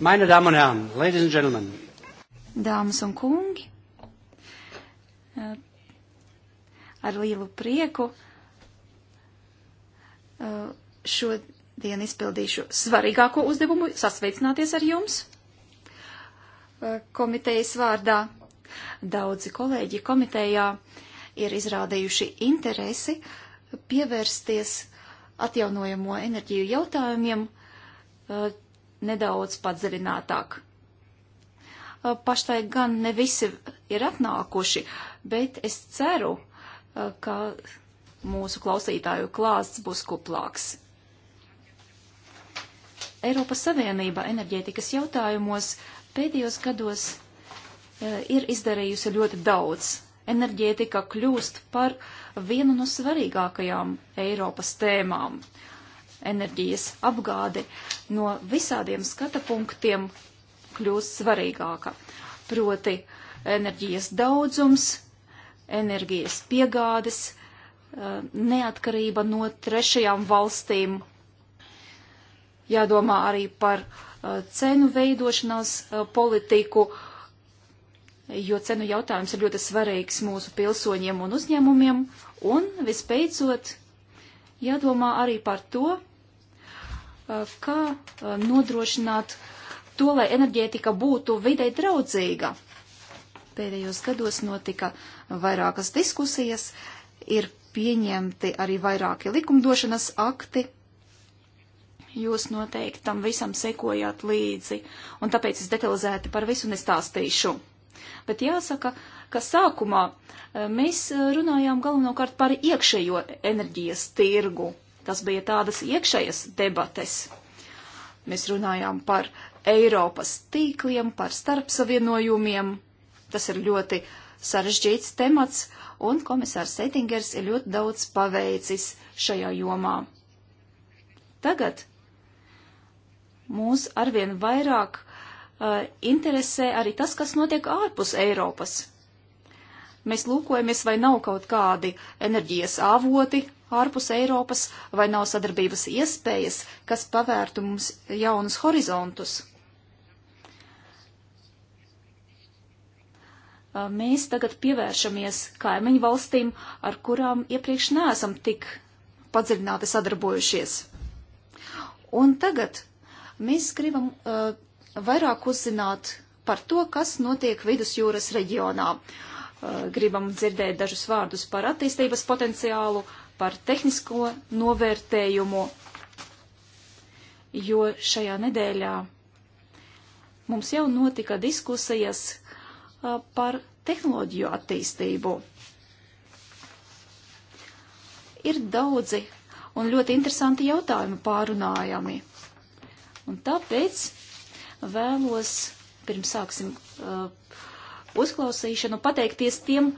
Meine Damen und Herren, Ladies and Gentlemen. Dāmas un kungi, eh, ar lielu prieku eh, šodien izpildīšu svarīgāko uzdevumu - sasveicināties ar jums eh, komitejas vārdā. Daudzi kolēģi komitejā ir izrādījuši interesi pievērsties atjaunojamo enerģiju jautājumiem nedaudz padziļinātāk. Paštai gan ne visi ir atnākuši, bet es ceru, ka mūsu klausītāju klāsts būs kuplāks. Eiropas Savienība enerģētikas jautājumos pēdējos gados ir izdarījusi ļoti daudz. Enerģētika kļūst par vienu no svarīgākajām Eiropas tēmām. Uh, enerģijas apgāde no visādiem skata punktiem kļūs svarīgāka. Proti enerģijas daudzums, enerģijas piegādes, eh, neatkarība no trešajām valstīm. Jādomā arī par eh, cenu veidošanās eh, politiku, jo cenu jautājums ir ļoti svarīgs mūsu pilsoņiem un uzņēmumiem. Un vispēcot jādomā arī par to, kā nodrošināt to, lai enerģētika būtu videi draudzīga. Pēdējos gados notika vairākas diskusijas, ir pieņemti arī vairāki likumdošanas akti. Jūs noteikti tam visam sekojāt līdzi, un tāpēc es detalizēti par visu nestāstīšu. Bet jāsaka, uh, ka sākumā eh, mēs eh, runājām galvenokārt par iekšējo enerģijas tirgu. Tas bija tādas iekšējas debates. Mēs runājām par Eiropas tīkliem, par starpsavienojumiem. Tas ir ļoti sarežģīts temats, un komisārs Ettingers ir ļoti daudz paveicis šajā jomā. Tagad mūs arvien vairāk uh, interesē arī tas, kas notiek ārpus Eiropas. Mēs lūkojamies, vai nav kaut kādi enerģijas avoti ārpus Eiropas, vai nav sadarbības iespējas, kas pavērtu mums jaunus horizontus. Mēs tagad pievēršamies kaimiņu valstīm, ar kurām iepriekš neesam tik padziļināti sadarbojušies. Un tagad mēs gribam uh, vairāk uzzināt par to, kas notiek vidusjūras reģionā. Uh, Eh, gribam dzirdēt dažus vārdus par attīstības potenciālu, par tehnisko novērtējumu, jo šajā nedēļā mums jau notika diskusijas eh, par tehnoloģiju attīstību. Ir daudzi un ļoti interesanti jautājumi pārunājami. Un tāpēc vēlos, pirms sāksim uh, uzklausīšanu, pateikties tiem,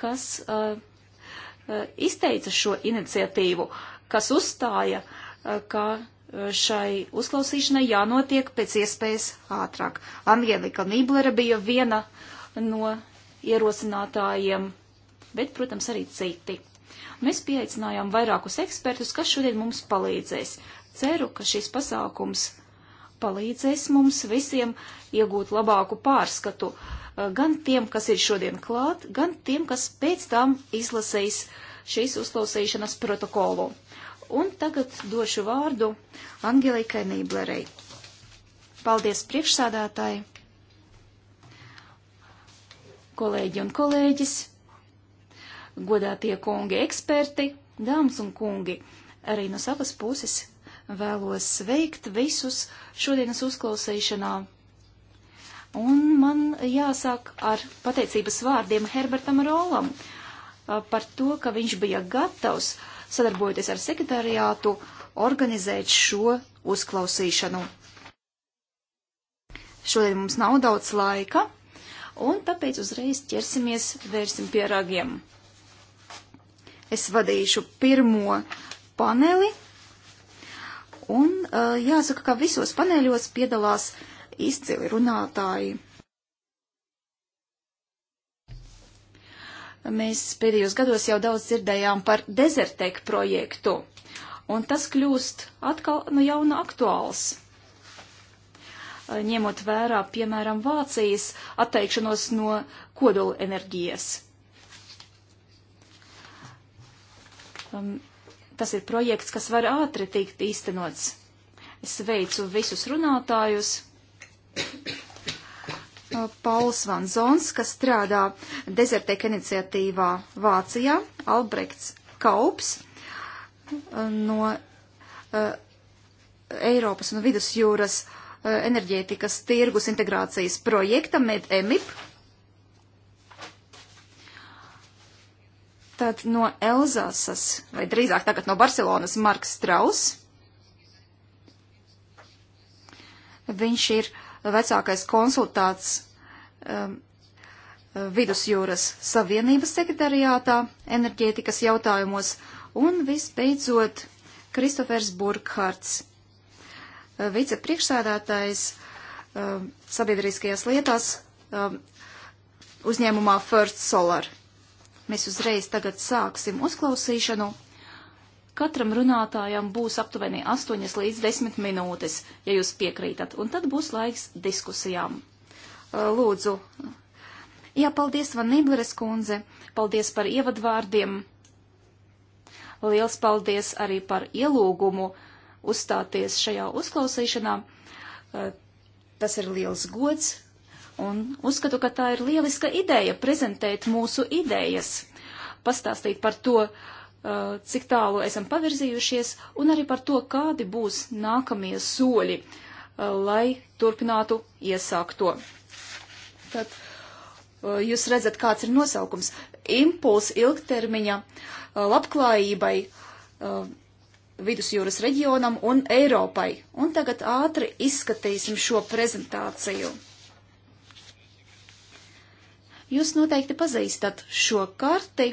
kas uh, uh, izteica šo iniciatīvu, kas uzstāja, uh, ka uh, šai uzklausīšanai jānotiek pēc iespējas ātrāk. Angelika Nīblere bija viena no ierosinātājiem, bet, protams, arī citi. Mēs pieaicinājām vairākus ekspertus, kas šodien mums palīdzēs. Ceru, ka šis pasākums palīdzēs mums visiem iegūt labāku pārskatu Eh, gan tiem, kas ir šodien klāt, gan tiem, kas pēc tam izlasīs šīs uzklausīšanas protokolu. Un tagad došu vārdu Angelikai Nīblerei. Paldies priekšsādātāji, kolēģi un kolēģis, godātie kungi eksperti, dāmas un kungi. Arī no savas puses vēlos sveikt visus šodienas uzklausīšanā Un man jāsāk ar pateicības vārdiem Herbertam Rolam par to, ka viņš bija gatavs, sadarbojoties ar sekretariātu, organizēt šo uzklausīšanu. Šodien mums nav daudz laika, un tāpēc uzreiz ķersimies, vērsim pie ragiem. Es vadīšu pirmo paneli, un jāsaka, ka visos paneļos piedalās uh, izcili runātāji. Mēs pēdējos gados jau daudz dzirdējām par dezertek projektu, un tas kļūst atkal no nu, jauna aktuāls. Ņemot vērā, piemēram, Vācijas atteikšanos no kodola enerģijas. Um, tas ir projekts, kas var ātri tikt īstenots. Es veicu visus runātājus. Pauls Vanzons, kas strādā dezertēka iniciatīvā Vācijā, Albrechts Kaups no eh, Eiropas un Vidusjūras eh, enerģētikas tirgus integrācijas projekta MedEmip. Tad no Elzasas, vai drīzāk tagad no Barcelonas, Marks Strauss. Viņš ir uh, vecākais konsultāts um, Vidusjūras Savienības sekretariātā enerģētikas jautājumos un visbeidzot Kristofers Burkhards, uh, vicepriekšsēdētājs um, sabiedriskajās lietās um, uzņēmumā First Solar. Mēs uzreiz tagad sāksim uzklausīšanu. Katram runātājam būs aptuveni 8 līdz 10 minūtes, ja jūs piekrītat, un tad būs laiks diskusijām. Lūdzu. Jā, paldies, Van Nibleres kundze, paldies par ievadvārdiem. Liels paldies arī par ielūgumu uzstāties šajā uzklausīšanā. Tas ir liels gods, un uzskatu, ka tā ir lieliska ideja prezentēt mūsu idejas, pastāstīt par to, uh, Uh, cik tālu esam pavirzījušies, un arī par to, kādi būs nākamie soļi, uh, lai turpinātu iesākto. Tad uh, jūs redzat, kāds ir nosaukums. Impuls ilgtermiņa labklājībai vidusjūras reģionam un Eiropai. Un tagad ātri izskatīsim šo prezentāciju. Jūs noteikti pazīstat šo karti.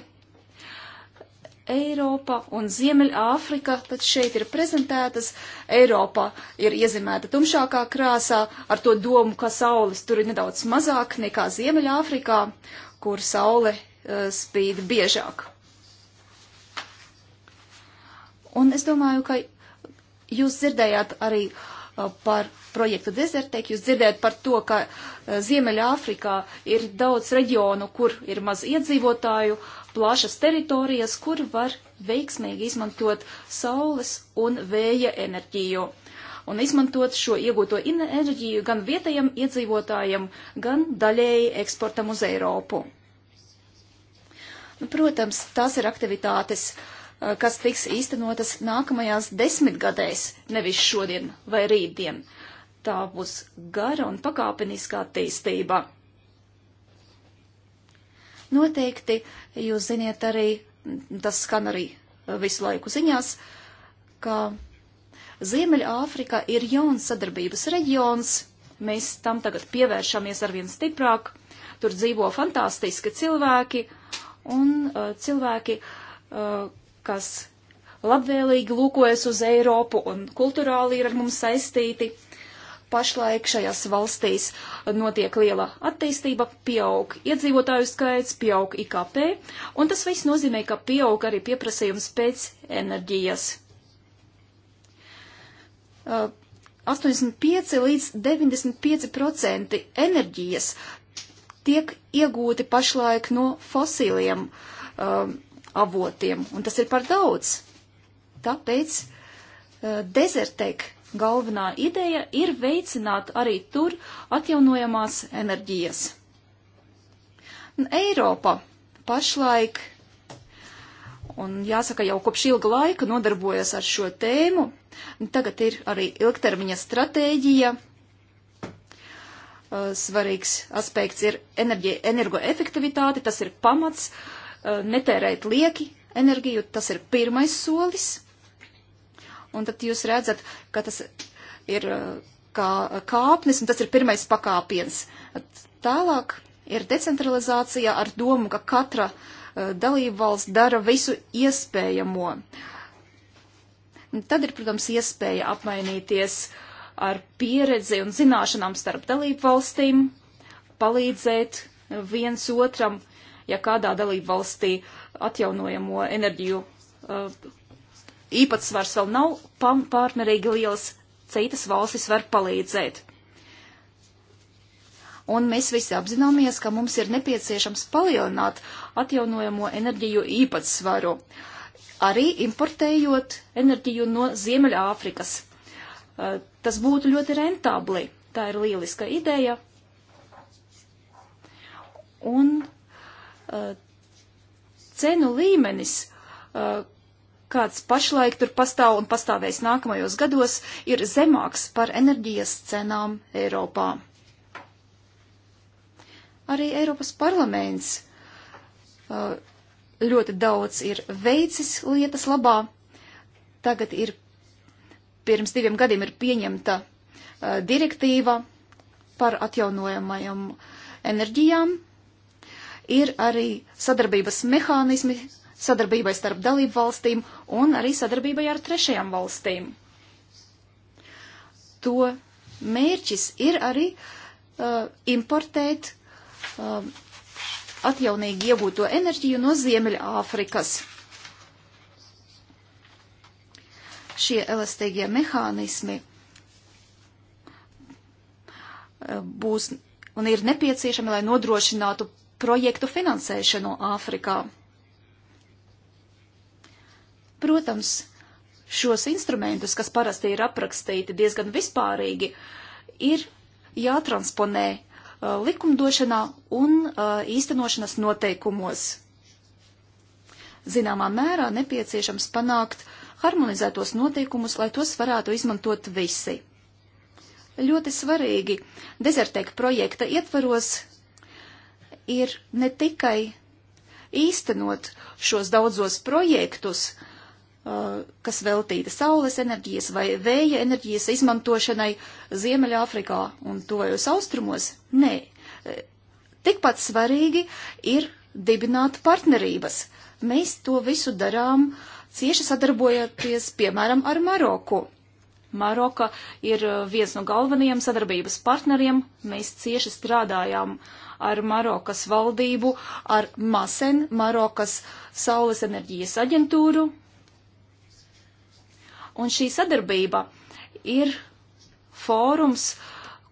Eiropa un Ziemeļāfrika, tad šeit ir prezentētas. Eiropa ir iezīmēta tumšākā krāsā ar to domu, ka saules tur ir nedaudz mazāk nekā Ziemeļāfrikā, kur saule uh, spīd biežāk. Un es domāju, ka jūs dzirdējāt arī uh, par projektu Desertek, jūs dzirdējāt par to, ka uh, Ziemeļāfrikā ir daudz reģionu, kur ir maz iedzīvotāju, uh, plašas teritorijas, kur var veiksmīgi izmantot saules un vēja enerģiju un izmantot šo iegūto enerģiju gan vietējiem iedzīvotājiem, gan daļēji eksportam uz Eiropu. Nu, protams, tās ir aktivitātes, eh, kas tiks īstenotas nākamajās desmitgadēs, nevis šodien vai rītdien. Tā būs gara un pakāpeniskā attīstība. Noteikti jūs ziniet arī, tas skan arī eh, visu laiku ziņās, ka Ziemeļāfrika ir jauns sadarbības reģions, mēs tam tagad pievēršamies arvien stiprāk, tur dzīvo fantastiski cilvēki un uh, cilvēki, uh, kas labvēlīgi lūkojas uz Eiropu un kulturāli ir ar mums saistīti. Pašlaik šajās valstīs notiek liela attīstība, pieaug iedzīvotāju skaits, pieaug IKP, un tas viss nozīmē, ka pieaug arī pieprasījums pēc enerģijas. 85 uh, līdz 95 procenti enerģijas tiek iegūti pašlaik no fosiliem um, uh, avotiem, un tas ir par daudz. Tāpēc uh, Desertek galvenā ideja ir veicināt arī tur atjaunojamās enerģijas. Un Eiropa pašlaik, un jāsaka jau kopš ilga laika nodarbojas ar šo tēmu, tagad ir arī ilgtermiņa stratēģija. Svarīgs aspekts ir enerģi, energoefektivitāte, tas ir pamats, netērēt lieki enerģiju, tas ir pirmais solis Un tad jūs redzat, ka tas ir uh, kā uh, kāpnes, un tas ir pirmais pakāpiens. Tālāk ir decentralizācija ar domu, ka katra uh, dalība valsts dara visu iespējamo. Un tad ir, protams, iespēja apmainīties ar pieredzi un zināšanām starp dalību valstīm, palīdzēt viens otram, ja kādā dalību valstī atjaunojamo enerģiju uh, īpatsvars vēl nav pārmērīgi liels, citas valstis var palīdzēt. Un mēs visi apzināmies, ka mums ir nepieciešams palielināt atjaunojamo enerģiju īpatsvaru, arī importējot enerģiju no Ziemeļāfrikas. Eh, tas būtu ļoti rentabli. Tā ir lieliska ideja. Un eh, cenu līmenis, eh, kāds pašlaik tur pastāv un pastāvēs nākamajos gados, ir zemāks par enerģijas cenām Eiropā. Arī Eiropas parlaments ļoti daudz ir veicis lietas labā. Tagad ir, pirms diviem gadiem ir pieņemta direktīva par atjaunojamajām enerģijām. Ir arī sadarbības mehānismi sadarbībai starp dalību valstīm un arī sadarbībai ar trešajām valstīm. To mērķis ir arī uh, importēt uh, atjaunīgi iegūto enerģiju no Ziemeļāfrikas. Šie elastīgie mehānismi uh, būs un ir nepieciešami, lai nodrošinātu projektu finansēšanu Āfrikā. No Protams, šos instrumentus, kas parasti ir aprakstīti diezgan vispārīgi, ir jātransponē uh, likumdošanā un uh, īstenošanas noteikumos. Zināmā mērā nepieciešams panākt harmonizētos noteikumus, lai tos varētu izmantot visi. Ļoti svarīgi dezertēka projekta ietvaros ir ne tikai īstenot šos daudzos projektus, uh, Uh, kas veltīta saules enerģijas vai vēja enerģijas izmantošanai Ziemeļāfrikā un tojos austrumos. Nē, tikpat svarīgi ir dibināt partnerības. Mēs to visu darām cieši sadarbojoties, piemēram, ar Maroku. Maroka ir uh, viens no galvenajiem sadarbības partneriem. Mēs cieši strādājām ar Marokas valdību, ar MASEN, Marokas saules enerģijas aģentūru, Un šī sadarbība ir fórums,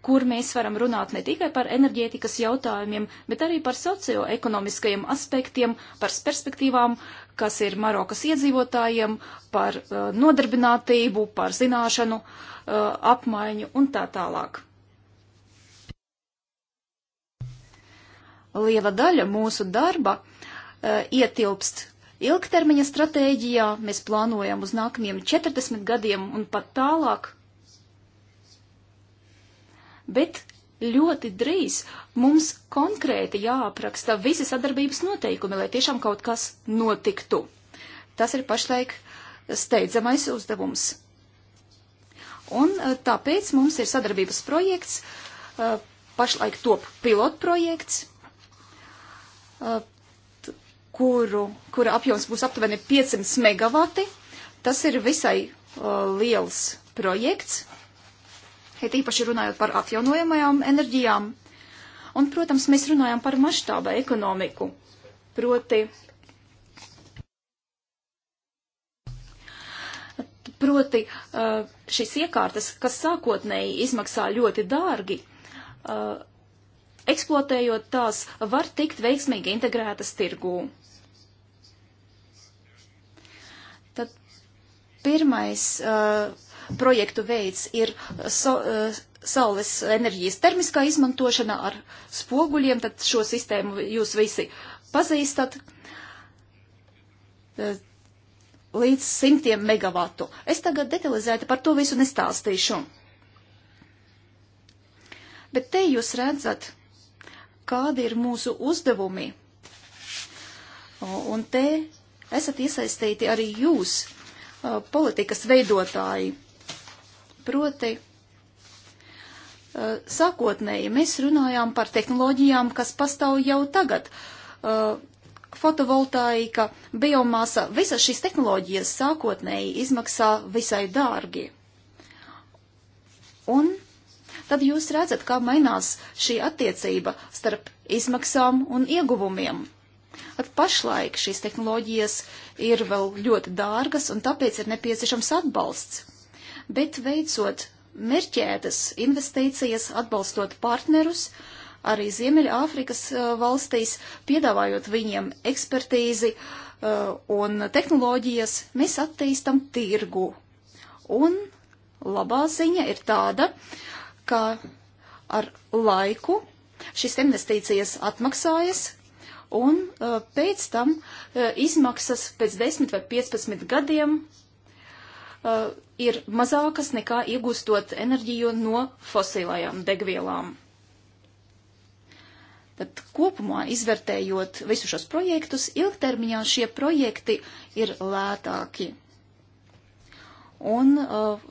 kur mēs varam runāt ne tikai par enerģētikas jautājumiem, bet arī par socioekonomiskajiem aspektiem, par perspektīvām, kas ir Marokas iedzīvotājiem, par uh, nodarbinātību, par zināšanu uh, apmaiņu un tā tālāk. Liela daļa mūsu darba uh, ietilpst Ilgtermiņa stratēģijā mēs plānojam uz nākamajiem 40 gadiem un pat tālāk. Bet ļoti drīz mums konkrēti jāapraksta visi sadarbības noteikumi, lai tiešām kaut kas notiktu. Tas ir pašlaik steidzamais uzdevums. Un e, tāpēc mums ir sadarbības projekts, e, pašlaik top pilotprojekts. E, kuru, kura apjoms būs aptuveni 500 megavati. Tas ir visai uh, liels projekts, it īpaši runājot par atjaunojamajām enerģijām. Un, protams, mēs runājam par maštāba ekonomiku, proti, proti uh, šīs iekārtas, kas sākotnēji izmaksā ļoti dārgi, uh, eksploatējot tās, var tikt veiksmīgi integrētas tirgū. Tad pirmais uh, projektu veids ir uh, so, uh, saules enerģijas termiskā izmantošana ar spoguļiem, tad šo sistēmu jūs visi pazīstat uh, līdz simtiem megavatu. Es tagad detalizēti par to visu nestāstīšu. Bet te jūs redzat, kādi ir mūsu uzdevumi. Un te esat iesaistīti arī jūs, uh, politikas veidotāji. Proti, uh, sākotnēji mēs runājām par tehnoloģijām, kas pastāv jau tagad. Uh, fotovoltaika, biomasa, visas šīs tehnoloģijas sākotnēji izmaksā visai dārgi. Un tad jūs redzat, kā mainās šī attiecība starp izmaksām un ieguvumiem. At pašlaik šīs tehnoloģijas ir vēl ļoti dārgas, un tāpēc ir nepieciešams atbalsts. Bet veicot mērķētas investīcijas, atbalstot partnerus, arī Ziemeļāfrikas uh, valstīs, piedāvājot viņiem ekspertīzi uh, un tehnoloģijas, mēs attīstam tirgu. Un labā ziņa ir tāda, ka ar laiku šīs investīcijas atmaksājas, un uh, pēc tam uh, izmaksas pēc 10 vai 15 gadiem uh, ir mazākas nekā iegūstot enerģiju no fosilajām degvielām. Tad kopumā izvērtējot visu šos projektus, ilgtermiņā šie projekti ir lētāki. Un uh,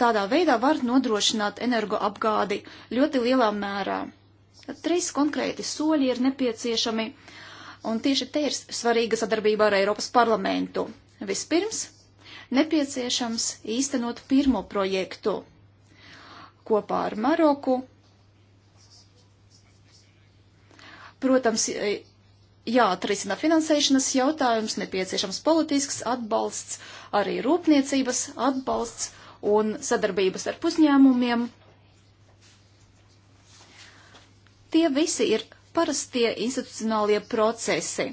tādā veidā var nodrošināt energoapgādi ļoti lielā mērā. Trīs konkrēti soļi ir nepieciešami, Un tieši te ir svarīga sadarbība ar Eiropas parlamentu. Vispirms nepieciešams īstenot pirmo projektu kopā ar Maroku. Protams, e, jāatrisina finansēšanas jautājums, nepieciešams politisks atbalsts, arī rūpniecības atbalsts un sadarbības ar uzņēmumiem. Tie visi ir parastie institucionālie procesi.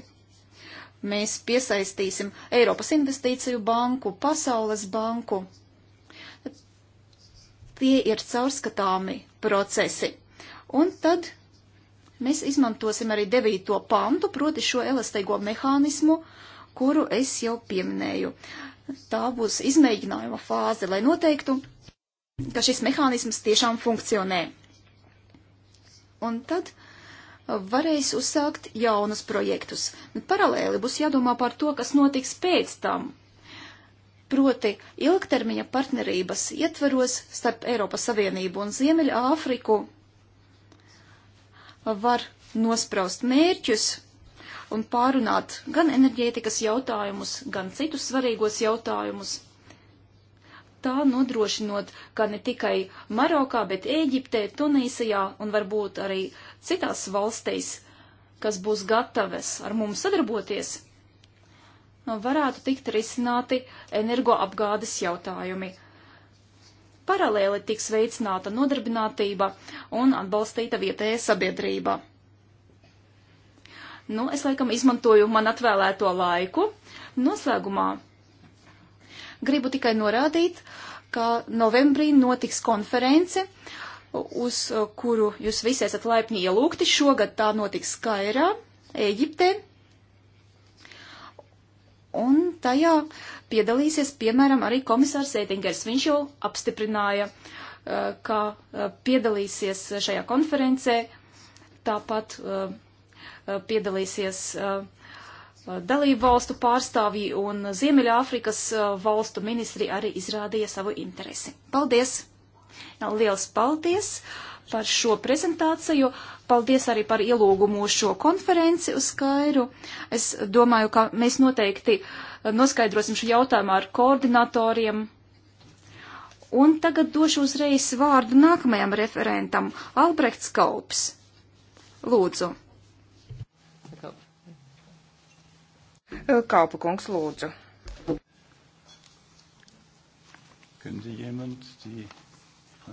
Mēs piesaistīsim Eiropas investīciju banku, Pasaules banku. Tie ir caurskatāmi procesi. Un tad mēs izmantosim arī devīto pantu, proti šo elastīgo mehānismu, kuru es jau pieminēju. Tā būs izmēģinājuma fāze, lai noteiktu, ka šis mehānisms tiešām funkcionē. Un tad varēs uzsākt jaunus projektus. Bet paralēli būs jādomā par to, kas notiks pēc tam. Proti ilgtermiņa partnerības ietveros starp Eiropas Savienību un Ziemeļa Āfriku var nospraust mērķus un pārunāt gan enerģētikas jautājumus, gan citus svarīgos jautājumus. Tā nodrošinot, ka ne tikai Marokā, bet Ēģiptē, Tunīsijā un varbūt arī uh, citās valstīs, kas būs gatavas ar mums sadarboties, nu, varētu tikt risināti energoapgādes jautājumi. Paralēli tiks veicināta nodarbinātība un atbalstīta vietējā sabiedrība. Nu, es laikam izmantoju man atvēlēto laiku. Noslēgumā gribu tikai norādīt, ka novembrī notiks konference uh, uz kuru jūs visi esat laipni ielūgti. Šogad tā notiks Kairā, Eģiptē. Un tajā piedalīsies, piemēram, arī komisārs Eitingers. Viņš jau apstiprināja, uh, ka uh, piedalīsies šajā konferencē. Tāpat uh, piedalīsies dalību valstu pārstāvji un Ziemeļāfrikas valstu ministri arī izrādīja savu interesi. Paldies! Liels paldies par šo prezentāciju. Paldies arī par ielūgumu šo konferenci uz Skairu. Es domāju, ka mēs noteikti eh, noskaidrosim šo jautājumu ar koordinatoriem. Un tagad došu uzreiz vārdu nākamajam referentam, Albrechts Kaups. Lūdzu. Kaupa kungs, lūdzu. Könnte jemand die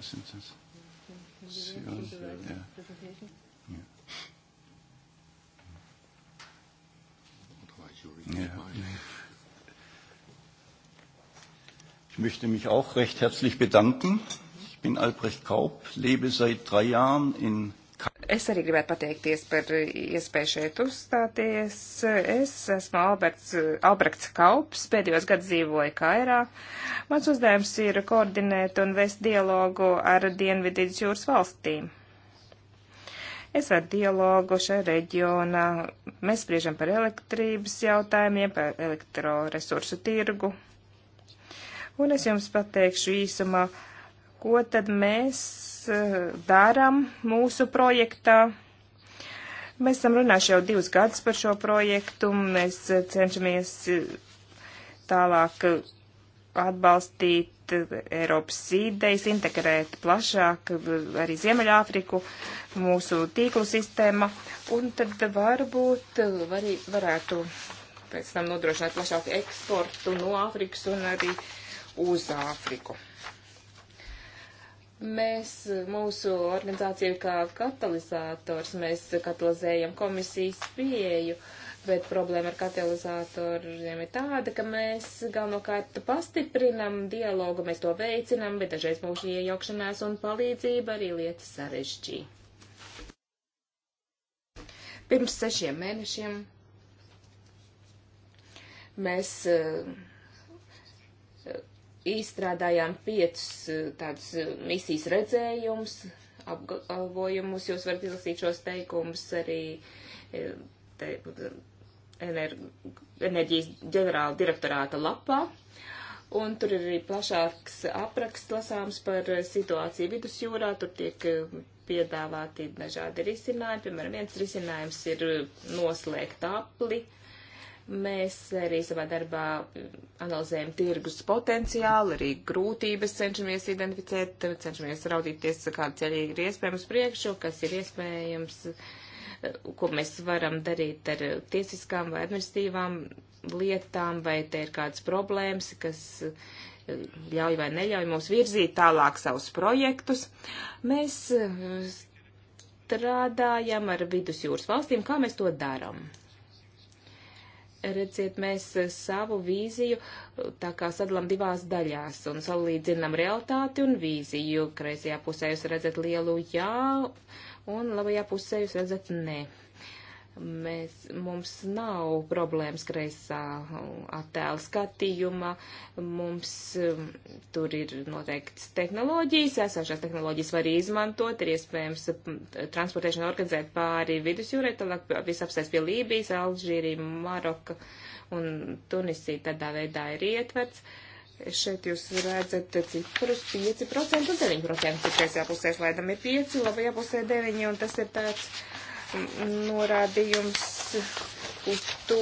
Since it's Sion, yeah. yeah. Yeah. Ich möchte mich auch recht herzlich bedanken. Ich bin Albrecht Kaub, lebe seit drei Jahren in Es arī gribētu pateikties par iespēju šeit uzstāties. Es esmu Alberts, Alberts Kaups, pēdējos gadus dzīvoju Kairā. Mans uzdevums ir koordinēt un vest dialogu ar Dienvidīdas jūras valstīm. Es ar dialogu šajā reģionā. Mēs spriežam par elektrības jautājumiem, par elektroresursu tirgu. Un es jums pateikšu īsumā ko tad mēs eh, darām mūsu projektā. Mēs esam runājuši jau divus gadus par šo projektu. Mēs eh, cenšamies eh, tālāk atbalstīt Eiropas idejas, integrēt plašāk arī Ziemeļāfriku mūsu tīklu sistēma. Un tad varbūt varī, varētu pēc tam nodrošināt plašāku eksportu no Āfrikas un arī uz Āfriku. Mēs, mūsu organizācija ir kā katalizators, mēs katalizējam komisijas pieeju, bet problēma ar katalizatoriem ir tāda, ka mēs galvenokārt pastiprinam dialogu, mēs to veicinam, bet dažreiz mūsu iejaukšanās un palīdzība arī lietas sarežģī. Pirms sešiem mēnešiem mēs. Uh, izstrādājām piecus eh, tādus eh, misijas redzējumus, apgalvojumus. Jūs varat izlasīt šos teikumus arī eh, te, ener, enerģijas ģenerāla direktorāta lapā. Un tur ir arī plašāks apraksts lasāms par situāciju vidusjūrā. Tur tiek piedāvāti dažādi risinājumi. Piemēram, viens risinājums ir noslēgt apli. Uh, Mēs arī savā darbā mm, analizējam tirgus potenciālu, arī grūtības cenšamies identificēt, cenšamies raudīties, kāda ceļa ir iespējams priekšu, kas ir iespējams, ko mēs varam darīt ar tiesiskām vai administratīvām lietām, vai te ir kādas problēmas, kas ļauj vai neļauj mums virzīt tālāk savus projektus. Mēs eh, strādājam ar vidusjūras valstīm, kā mēs to darām redziet, mēs eh, savu vīziju eh, tā kā sadalām divās daļās un salīdzinām realitāti un vīziju. Kreisajā pusē jūs redzat lielu jā un labajā pusē jūs redzat nē. Ne Mēs, mums nav problēmas kreisā attēla skatījuma, mums um, tur ir noteikts tehnoloģijas, esošās tehnoloģijas var izmantot, ir iespējams um, transportēšanu organizēt pāri vidusjūrē, tālāk visapsēs pie Lībijas, Alžīrija, Maroka un Tunisija tādā veidā ir ietverts. Šeit jūs redzat ciprus 5% un 9%, cik kreisajā pusē slaidam ir 5, labajā pusē 9, un tas ir tāds norādījums uz to,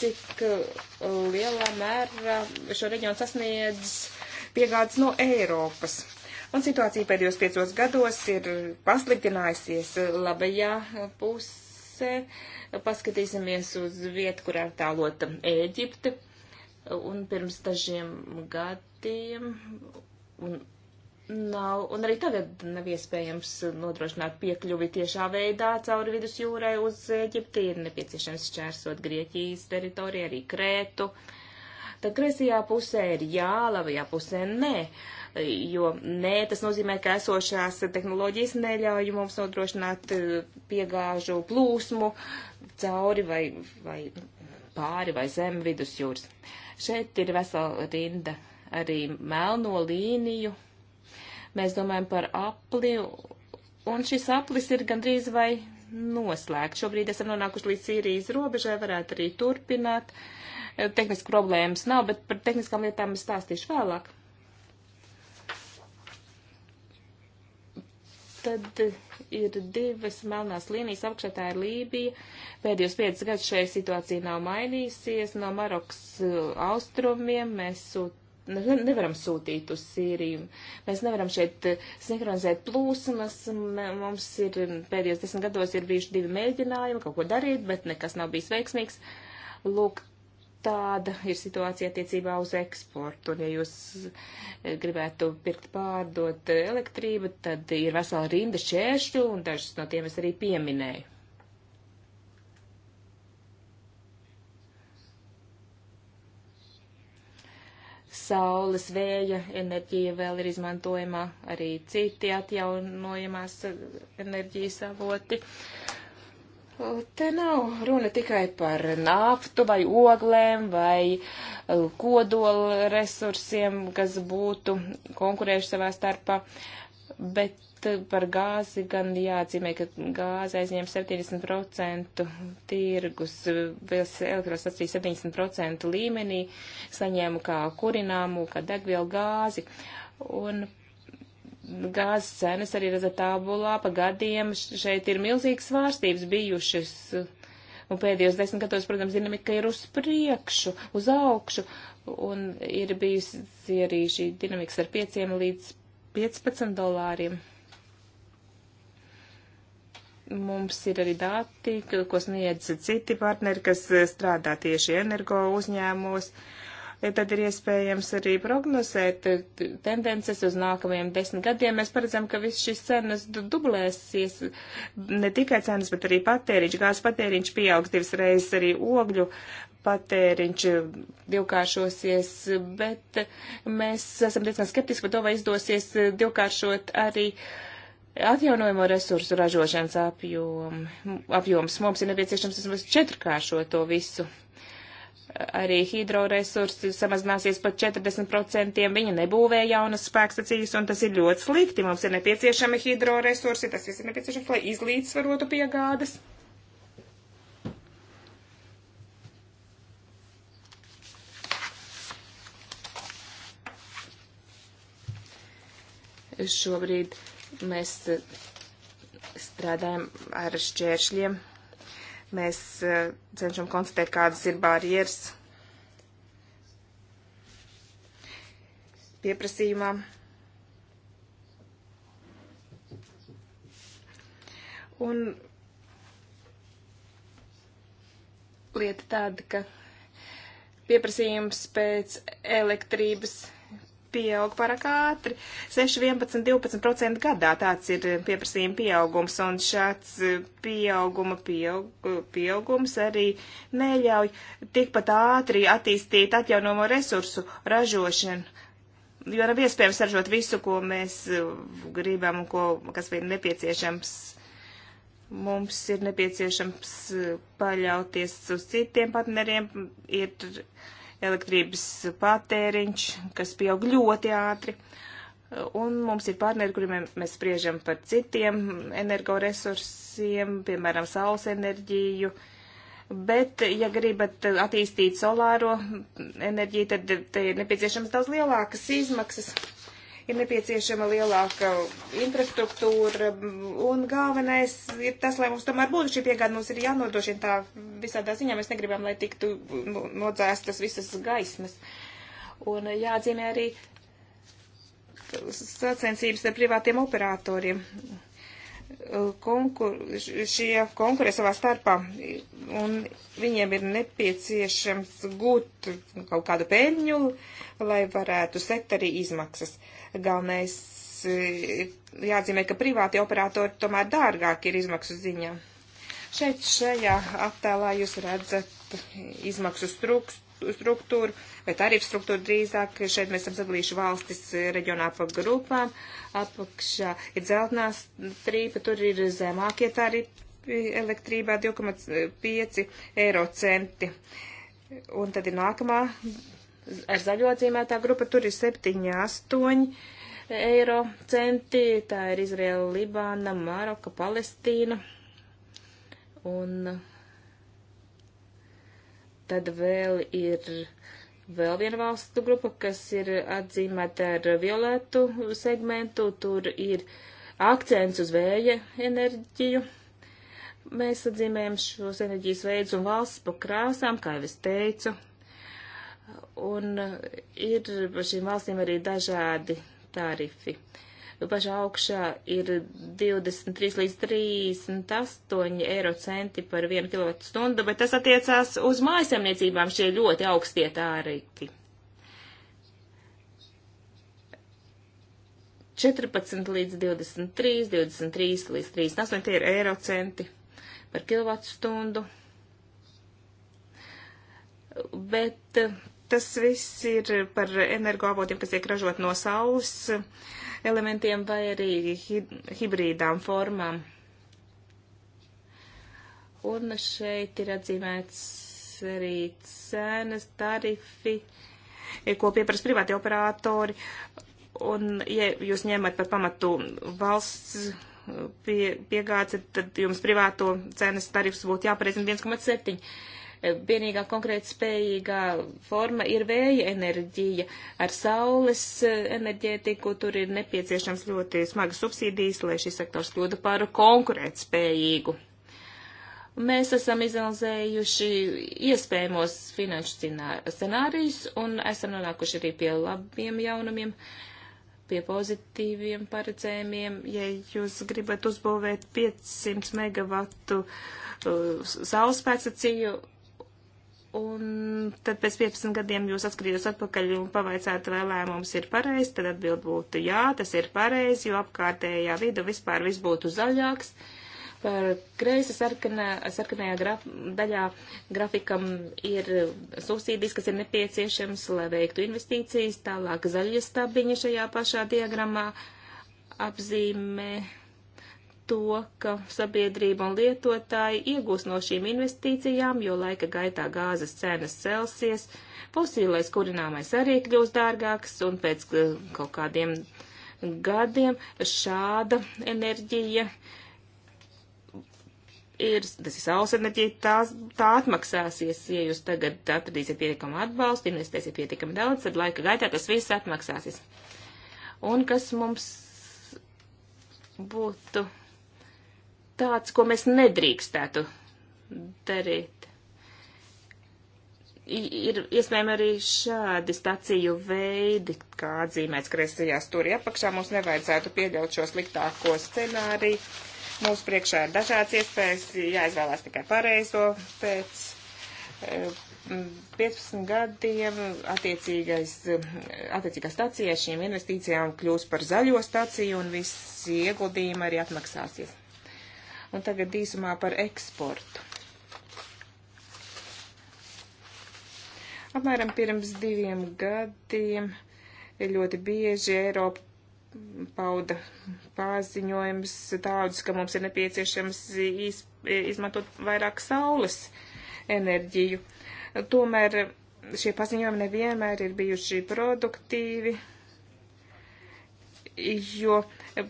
cik uh, lielā mērā šo reģionu sasniedz piegādes no Eiropas. Un situācija pēdējos piecos gados ir pasliktinājusies labajā pusē. Paskatīsimies uz vietu, kur ir tālota Ēģipte. Un pirms dažiem gadiem un nav, un arī tagad nav iespējams nodrošināt piekļuvi tiešā veidā cauri vidusjūrai uz Eģipti, ir nepieciešams šķērsot Grieķijas teritoriju, arī Krētu. Tad kreisajā pusē ir jā, labajā pusē nē, jo nē, tas nozīmē, ka esošās tehnoloģijas neļauj mums nodrošināt eh, piegāžu plūsmu cauri vai, vai pāri vai zem vidusjūras. Šeit ir vesela rinda arī melno līniju, Mēs domājam par apli, un šis aplis ir gandrīz vai noslēgt. Šobrīd esam nonākuši līdz Sīrijas robežai, varētu arī turpināt. Eh, Tehnisku problēmas nav, bet par tehniskām lietām es stāstīšu vēlāk. Tad ir divas melnās līnijas, apakšā tā ir Lībija. Pēdējos piecus gadus šajā situācija nav mainījusies. No Marokas eh, austrumiem mēs sūt nevaram sūtīt uz Sīriju. Mēs nevaram šeit eh, sinhronizēt plūsmas. Mums ir pēdējos desmit gados ir bijuši divi mēģinājumi kaut ko darīt, bet nekas nav bijis veiksmīgs. Lūk, tāda ir situācija attiecībā uz eksportu. Un, ja jūs eh, gribētu pirkt pārdot elektrību, tad ir vesela rinda šķēršļu, un dažus no tiem es arī pieminēju. saules vēja enerģija vēl ir izmantojama arī citi atjaunojamās enerģijas avoti. Te nav runa tikai par naftu vai oglēm vai eh, kodola resursiem, kas būtu konkurējuši savā starpā. Uh, bet eh, par gāzi gan jāatzīmē, ka gāze aizņem 70% tirgus, vēl elektrostacijas 70% līmenī saņēmu kā kurināmu, kā degvielu gāzi. Un gāzes cenas arī redzat tabulā pa gadiem. Šeit ir milzīgas svārstības bijušas. Un pēdējos desmit gados, protams, dinamika ir uz priekšu, uz augšu. Un ir bijusi arī šī dinamika ar pieciem līdz 15 dolāriem. Mums ir arī dati, ko sniedz citi partneri, kas strādā tieši energo uzņēmumos. Tad ir iespējams arī prognozēt tendences uz nākamajiem desmit gadiem. Mēs paredzam, ka viss šis cenas dublēsies, ne tikai cenas, bet arī patēriņš. Gāzes patēriņš pieaugs divas reizes, arī ogļu patēriņš divkāršosies, bet mēs esam diezgan skeptiski par to, vai izdosies divkāršot arī atjaunojamo resursu ražošanas apjom, apjoms. Mums ir nepieciešams vismaz četrkāršot to visu. Arī hidroresursi samazināsies par 40%, viņa nebūvē jaunas spēkstacijas, un tas ir ļoti slikti. Mums ir nepieciešami hidroresursi, tas viss ir nepieciešams, lai izlīdzsvarotu piegādes. Uh, Šobrīd mēs eh, strādājam ar šķēršļiem. Mēs eh, cenšam konstatēt, kādas ir barjeras pieprasījumā. Un lieta tāda, ka pieprasījums pēc elektrības pieaug pārāk ātri. 6, 11, 12% gadā tāds ir eh, pieprasījuma pieaugums, un šāds eh, pieauguma pieaug, eh, pieaugums arī neļauj tikpat ātri attīstīt atjaunomo resursu ražošanu. Jo nav iespējams ražot visu, ko mēs gribam un ko, kas ir nepieciešams mums ir nepieciešams paļauties uz citiem partneriem, ir elektrības patēriņš, kas pieaug ļoti ātri. Un mums ir partneri, kuriem mēs spriežam par citiem energoresursiem, piemēram, saules enerģiju. Bet, ja gribat attīstīt solāro enerģiju, tad te ir nepieciešams daudz lielākas izmaksas ir nepieciešama lielāka infrastruktūra, un galvenais ir tas, lai mums tomēr būtu šī piegāda, mums ir jānodrošina tā visādā ziņā, mēs negribam, lai tiktu nodzēstas visas gaismas. Un jāatzīmē arī sacensības ar privātiem operatoriem. Konkur, šie konkurē savā starpā, un viņiem ir nepieciešams gūt kaut kādu peļņu, lai varētu sekt arī izmaksas. Uh, Galvenais e, jāatzīmē, ka privāti operatori tomēr dārgāk ir izmaksu ziņā. Šeit šajā attēlā jūs redzat izmaksu struktūru, vai tarifu struktūru drīzāk. Šeit mēs esam sadalījuši valstis reģionā pa grupām. Apakšā ir dzeltenā strīpa, tur ir zemākie tarifi elektrībā 2,5 eiro centi. Un tad ir nākamā ar zaļo atzīmētā grupa, tur ir 7, 8 eiro centi, tā ir Izraela, Libāna, Maroka, Palestīna. Un tad vēl ir vēl viena valstu grupa, kas ir atzīmēta ar violetu segmentu, tur ir akcents uz vēja enerģiju. Mēs atzīmējam šos enerģijas veidus un valsts pa krāsām, kā jau es teicu. Un ir par šīm valstīm arī dažādi tarifi. Pašā augšā ir 23 līdz 38 eiro centi par 1 kWh stundu, bet tas attiecās uz mājasemniecībām šie ļoti augstie tarifi. 14 līdz 23, 23 līdz 38 tie ir eiro centi par kWh stundu bet Tas viss ir par energoavotiem, kas tiek ražot no saules elementiem vai arī hibrīdām formām. Un šeit ir atzīmēts arī cenas, tarifi, ko pieprasa privāti operatori. Un, ja jūs ņemat par pamatu valsts uh, pie, piegādes, tad jums privāto cenas tarifs būtu jāpareizina 1,7 vienīgā konkrēti spējīgā forma ir vēja enerģija. Ar saules eh, enerģētiku tur ir nepieciešams ļoti smagas subsīdijas, lai šis sektors kļūtu par konkurēt spējīgu. Mēs esam izanalizējuši iespējamos finanšu scenārijus un esam nonākuši arī pie labiem jaunumiem pie pozitīviem paredzējumiem. Ja jūs gribat uzbūvēt 500 megavatu uh, saules spēkstaciju, Un tad pēc 15 gadiem jūs atskatījos atpakaļ un pavaicāt, vai lēmums ir pareizs, tad atbild būtu jā, tas ir pareizi, jo apkārtējā vidu vispār viss būtu zaļāks. Par kreisa sarkanā, sarkanajā graf, daļā grafikam ir subsīdijas, kas ir nepieciešams, lai veiktu investīcijas, tālāk zaļa stabiņa šajā pašā diagramā apzīmē to, ka sabiedrība un lietotāji iegūs no šīm investīcijām, jo laika gaitā gāzes cenas celsies, fosīlais kurināmais arī kļūs dārgāks, un pēc eh, kaut kādiem gadiem šāda enerģija ir, tas ir saules enerģija, tā, tā atmaksāsies, ja jūs tagad atradīsiet pietiekamu atbalstu, investēsiet pietiekami daudz, tad laika gaitā tas viss atmaksāsies. Un kas mums būtu tāds, ko mēs nedrīkstētu darīt. Ir iespējami arī šādi staciju veidi, kā atzīmēts kreisajā stūri apakšā. Mums nevajadzētu pieļaut šo sliktāko scenāriju. Mūsu priekšā ir dažādas iespējas, jāizvēlās tikai pareizo pēc 15 e, gadiem attiecīgā stacija šīm investīcijām kļūs par zaļo staciju un visi ieguldījumi arī atmaksāsies. Un tagad īsumā par eksportu. Apmēram pirms diviem gadiem ļoti bieži Eiropa pauda paziņojums tādus, ka mums ir nepieciešams iz, izmantot vairāk saules enerģiju. Tomēr šie paziņojumi nevienmēr ir bijuši produktīvi, jo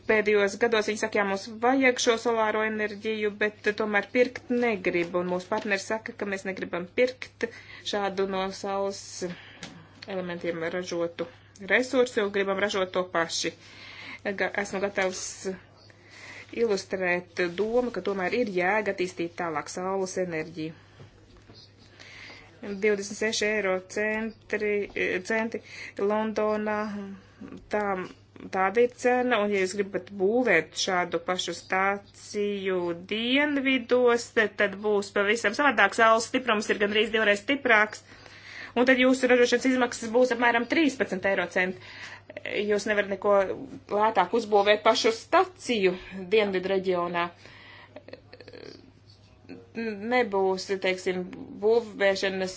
pēdējos gados viņi saka, jā, mums vajag šo solāro enerģiju, bet tomēr pirkt negrib. Un mūsu partneri saka, ka mēs negribam pirkt šādu no saules elementiem ražotu resursu, jo gribam ražot to paši. Esmu gatavs ilustrēt domu, ka tomēr ir jēga attīstīt tālāk saules enerģiju. 26 eiro centri, centi Londonā, tām tāda ir cena, un ja jūs gribat būvēt šādu pašu stāciju dienvidos, tad būs pavisam savādāk, saules stiprums ir gandrīz divreiz stiprāks, un tad jūsu ražošanas izmaksas būs apmēram 13 eiro centi. Jūs nevarat neko lētāk uzbūvēt pašu staciju dienvidu reģionā. Nebūs, teiksim, būvēšanas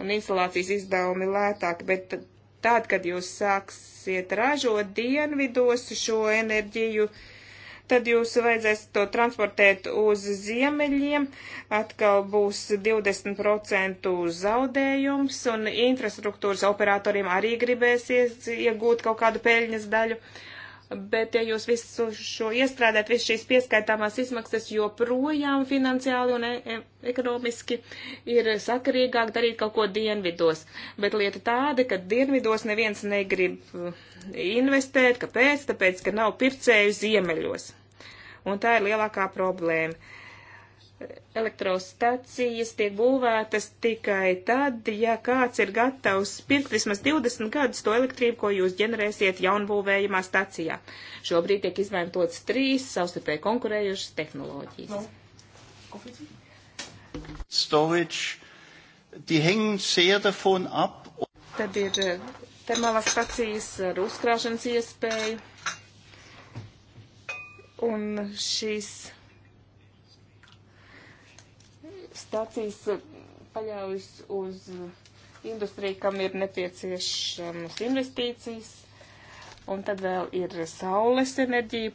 un instalācijas izdevumi lētāk, bet tad, kad jūs sāksiet ražot dienvidos šo enerģiju, tad jūs vajadzēs to transportēt uz ziemeļiem, atkal būs 20% zaudējums, un infrastruktūras operatoriem arī gribēsies iegūt kaut kādu peļņas daļu. Uh, bet ja jūs visu šo iestrādāt, visu šīs pieskaitāmās izmaksas joprojām finansiāli un e e ekonomiski ir sakarīgāk darīt kaut ko dienvidos. Bet lieta tāda, ka dienvidos neviens negrib uh, investēt, kāpēc? Tāpēc, ka nav pircēju ziemeļos. Un tā ir lielākā problēma elektrostacijas tiek būvētas tikai tad, ja kāds ir gatavs pirkt vismaz 20 gadus to elektrību, ko jūs ģenerēsiet jaunbūvējumā stacijā. Šobrīd tiek izmantotas trīs savstarpēji konkurējušas tehnoloģijas. Nu, Storage, die hängen sehr davon ab. Tad ir eh, termālās stacijas ar eh, uzkrāšanas iespēju. Un šīs stācijas eh, paļaujas uz eh, industriju, kam ir nepieciešamas investīcijas, un tad vēl ir saules enerģija,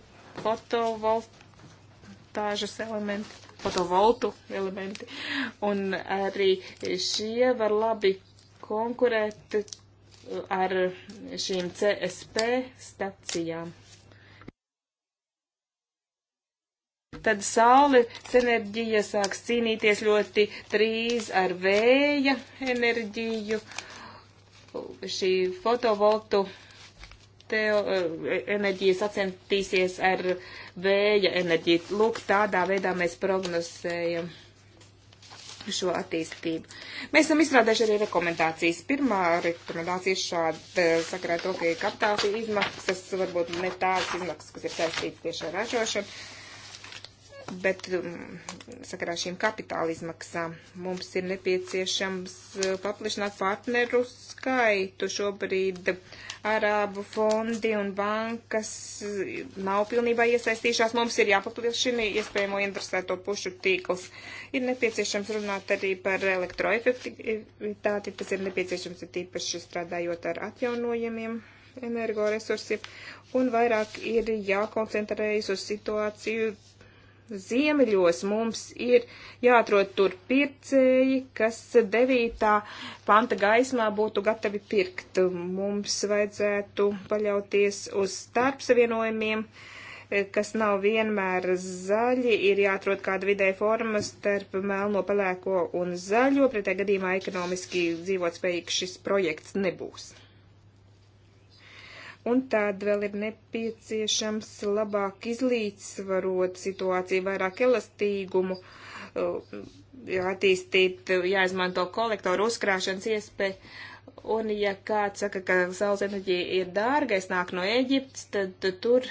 fotovoltāžas elementi, fotovoltu elementi, un arī šie var labi konkurēt eh, ar šīm CSP stacijām. tad saule enerģija sāks cīnīties ļoti drīz ar vēja enerģiju. Šī fotovoltu teo, eh, enerģija sacentīsies ar vēja enerģiju. Lūk, tādā veidā mēs prognozējam šo attīstību. Mēs esam izstrādājuši arī rekomendācijas. Pirmā rekomendācija ir šāda sakarā to, ka kapitāla izmaksas varbūt ne tās izmaksas, kas ir saistītas tieši ar ražošanu. Bet mm, sakarā šīm kapitāla izmaksām mums ir nepieciešams eh, paplašināt partneru skaitu. Šobrīd Arābu fondi un bankas eh, nav pilnībā iesaistījušās. Mums ir jāpaplašina iespējamo interesēto pušu tīkls. Ir nepieciešams runāt arī par elektroefektivitāti. Tas ir nepieciešams ir tīpaši strādājot ar atjaunojumiem energoresursiem. Un vairāk ir jākoncentrējas uz situāciju Ziemeļos mums ir jāatrod tur pircēji, kas 9. panta gaismā būtu gatavi pirkt. Mums vajadzētu paļauties uz starpsavienojumiem, kas nav vienmēr zaļi, ir jāatrod kāda vidēja forma starp melno, pelēko un zaļo, pretējā gadījumā ekonomiski dzīvotspējīgs šis projekts nebūs. Un tad vēl ir nepieciešams labāk izlīdzsvarot situāciju, vairāk elastīgumu, uh, attīstīt, jāizmanto kolektoru uzkrāšanas iespēju. Un ja kāds saka, ka saules enerģija ir dārga, es nāku no Eģiptes, tad tur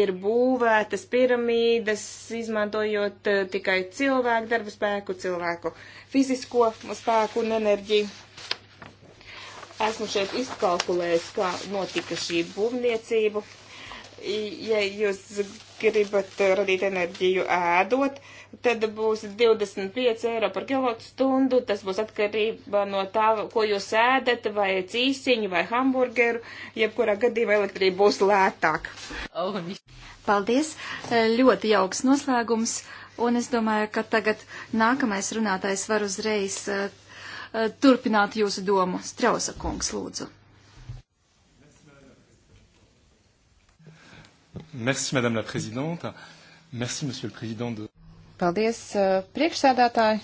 ir būvētas piramīdas, izmantojot uh, tikai cilvēku darba spēku, cilvēku fizisko spēku un enerģiju. Esmu šeit izkalkulējis, kā notika šī būvniecība. Ja jūs gribat radīt enerģiju ēdot, tad būs 25 eiro par kilovatu stundu. Tas būs atkarībā no tā, ko jūs ēdat, vai cīsiņu, vai hamburgeru. Jebkurā gadījumā elektrība būs lētāk. Paldies! Ļoti jauks noslēgums. Un es domāju, ka tagad nākamais runātājs var uzreiz Eh, turpināt jūsu domu. Strausa kungs, lūdzu. Merci, madame la présidente. Merci, monsieur le président. De... Paldies, eh, priekšsēdētāji,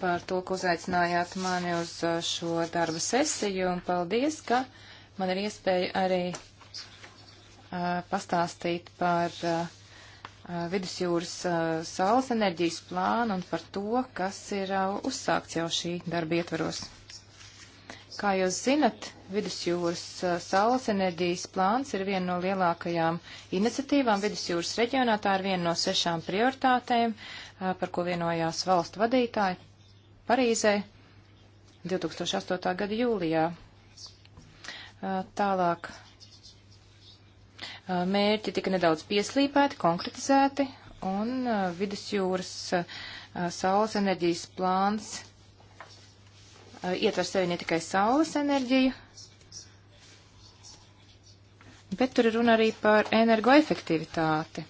par to, ka uzaicinājāt mani uz eh, šo darba sesiju, un paldies, ka man ir iespēja arī uh, pastāstīt par uh, Uh, vidusjūras uh, saules enerģijas plānu un par to, kas ir uh, uzsākts jau šī darba ietvaros. Kā jūs zinat, vidusjūras saules enerģijas plāns ir viena no lielākajām iniciatīvām vidusjūras reģionā. Tā ir viena no sešām prioritātēm, par ko vienojās valstu vadītāji Parīzē 2008. gada jūlijā. Tālāk mērķi tika nedaudz pieslīpēti, konkretizēti, un vidusjūras saules enerģijas plāns ietver sevi ne tikai saules enerģiju, bet tur ir runa arī par energoefektivitāti.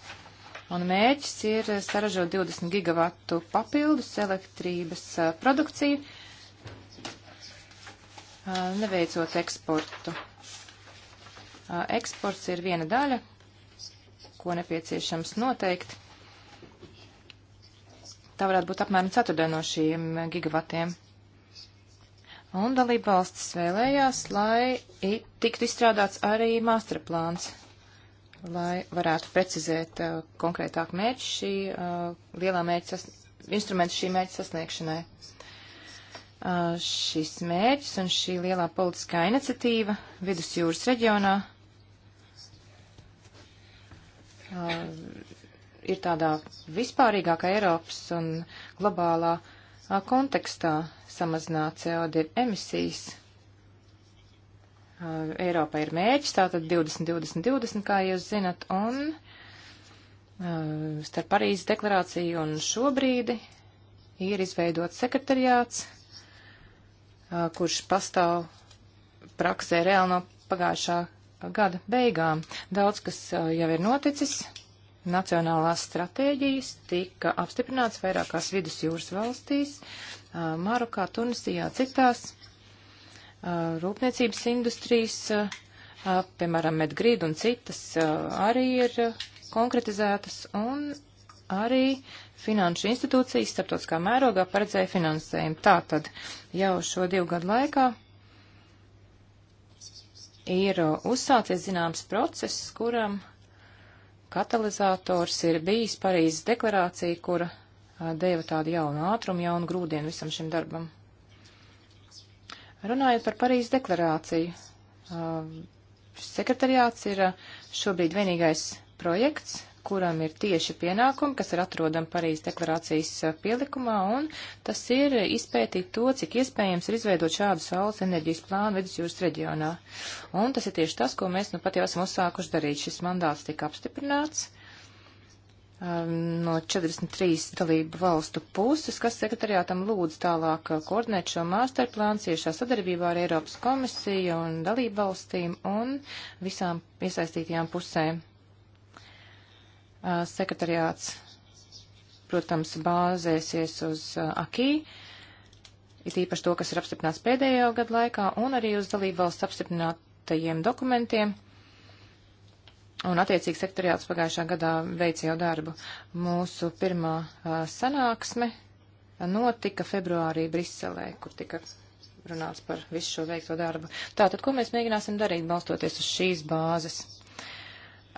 Un mērķis ir saražot 20 gigavatu papildus elektrības produkciju, neveicot eksportu. Eksports ir viena daļa, ko nepieciešams noteikt. Tā varētu būt apmēram ceturtdaļa no šiem gigavatiem. Un dalība valstis vēlējās, lai tiktu izstrādāts arī masterplāns, lai varētu precizēt uh, konkrētāk mērķi šī uh, lielā mērķa sas... instrumenta šī mērķa sasniegšanai. Uh, šis mērķis un šī lielā politiskā iniciatīva vidusjūras reģionā Uh, ir tādā vispārīgākā Eiropas un globālā uh, kontekstā samazināt CO2 emisijas. Uh, Eiropā ir mērķis, tātad 20-20-20, kā jūs zinat, un starp Parīzes deklarāciju un šobrīd ir izveidots sekretariāts, kurš pastāv praksē reāli no pagājušā gada beigām. Daudz, kas uh, jau ir noticis, nacionālās stratēģijas tika apstiprināts vairākās vidusjūras valstīs, uh, Marokā, Tunisijā, citās uh, rūpniecības industrijas, piemēram, Medgrid un citas arī ir konkretizētas un arī finanšu institūcijas starptautiskā mērogā paredzēja finansējumu. Tātad jau šo divu gadu laikā ir uh, uzsācies zināms process, kuram katalizators ir bijis Parīzes deklarācija, kura uh, deva tādu jaunu ātrumu, jaunu grūdienu visam šim darbam. Runājot par Parīzes deklarāciju, uh, sekretariāts ir šobrīd vienīgais projekts, kuram ir tieši pienākumi, kas ir atrodami Parīzes deklarācijas eh, pielikumā, un tas ir izpētīt to, cik iespējams ir izveidot šādu saules enerģijas plānu vidusjūras reģionā. Un tas ir tieši tas, ko mēs nu pat jau esam uzsākuši darīt. Šis mandāts tika apstiprināts um, no 43 dalību valstu puses, kas sekretariātam lūdz tālāk eh, koordinēt šo masterplānu ciešā sadarbībā ar Eiropas komisiju un dalību valstīm un visām iesaistītajām pusēm. Uh, sekretariāts, protams, bāzēsies uz uh, akī, it īpaši to, kas ir apstiprināts pēdējo gadu laikā, un arī uz dalību valsts apstiprinātajiem dokumentiem. Un attiecīgi sektoriāts pagājušā gadā veica jau darbu. Mūsu pirmā a, uh, sanāksme notika februārī Briselē, kur tika runāts par visu šo veikto darbu. Tātad, ko mēs mēģināsim darīt, balstoties uz šīs bāzes?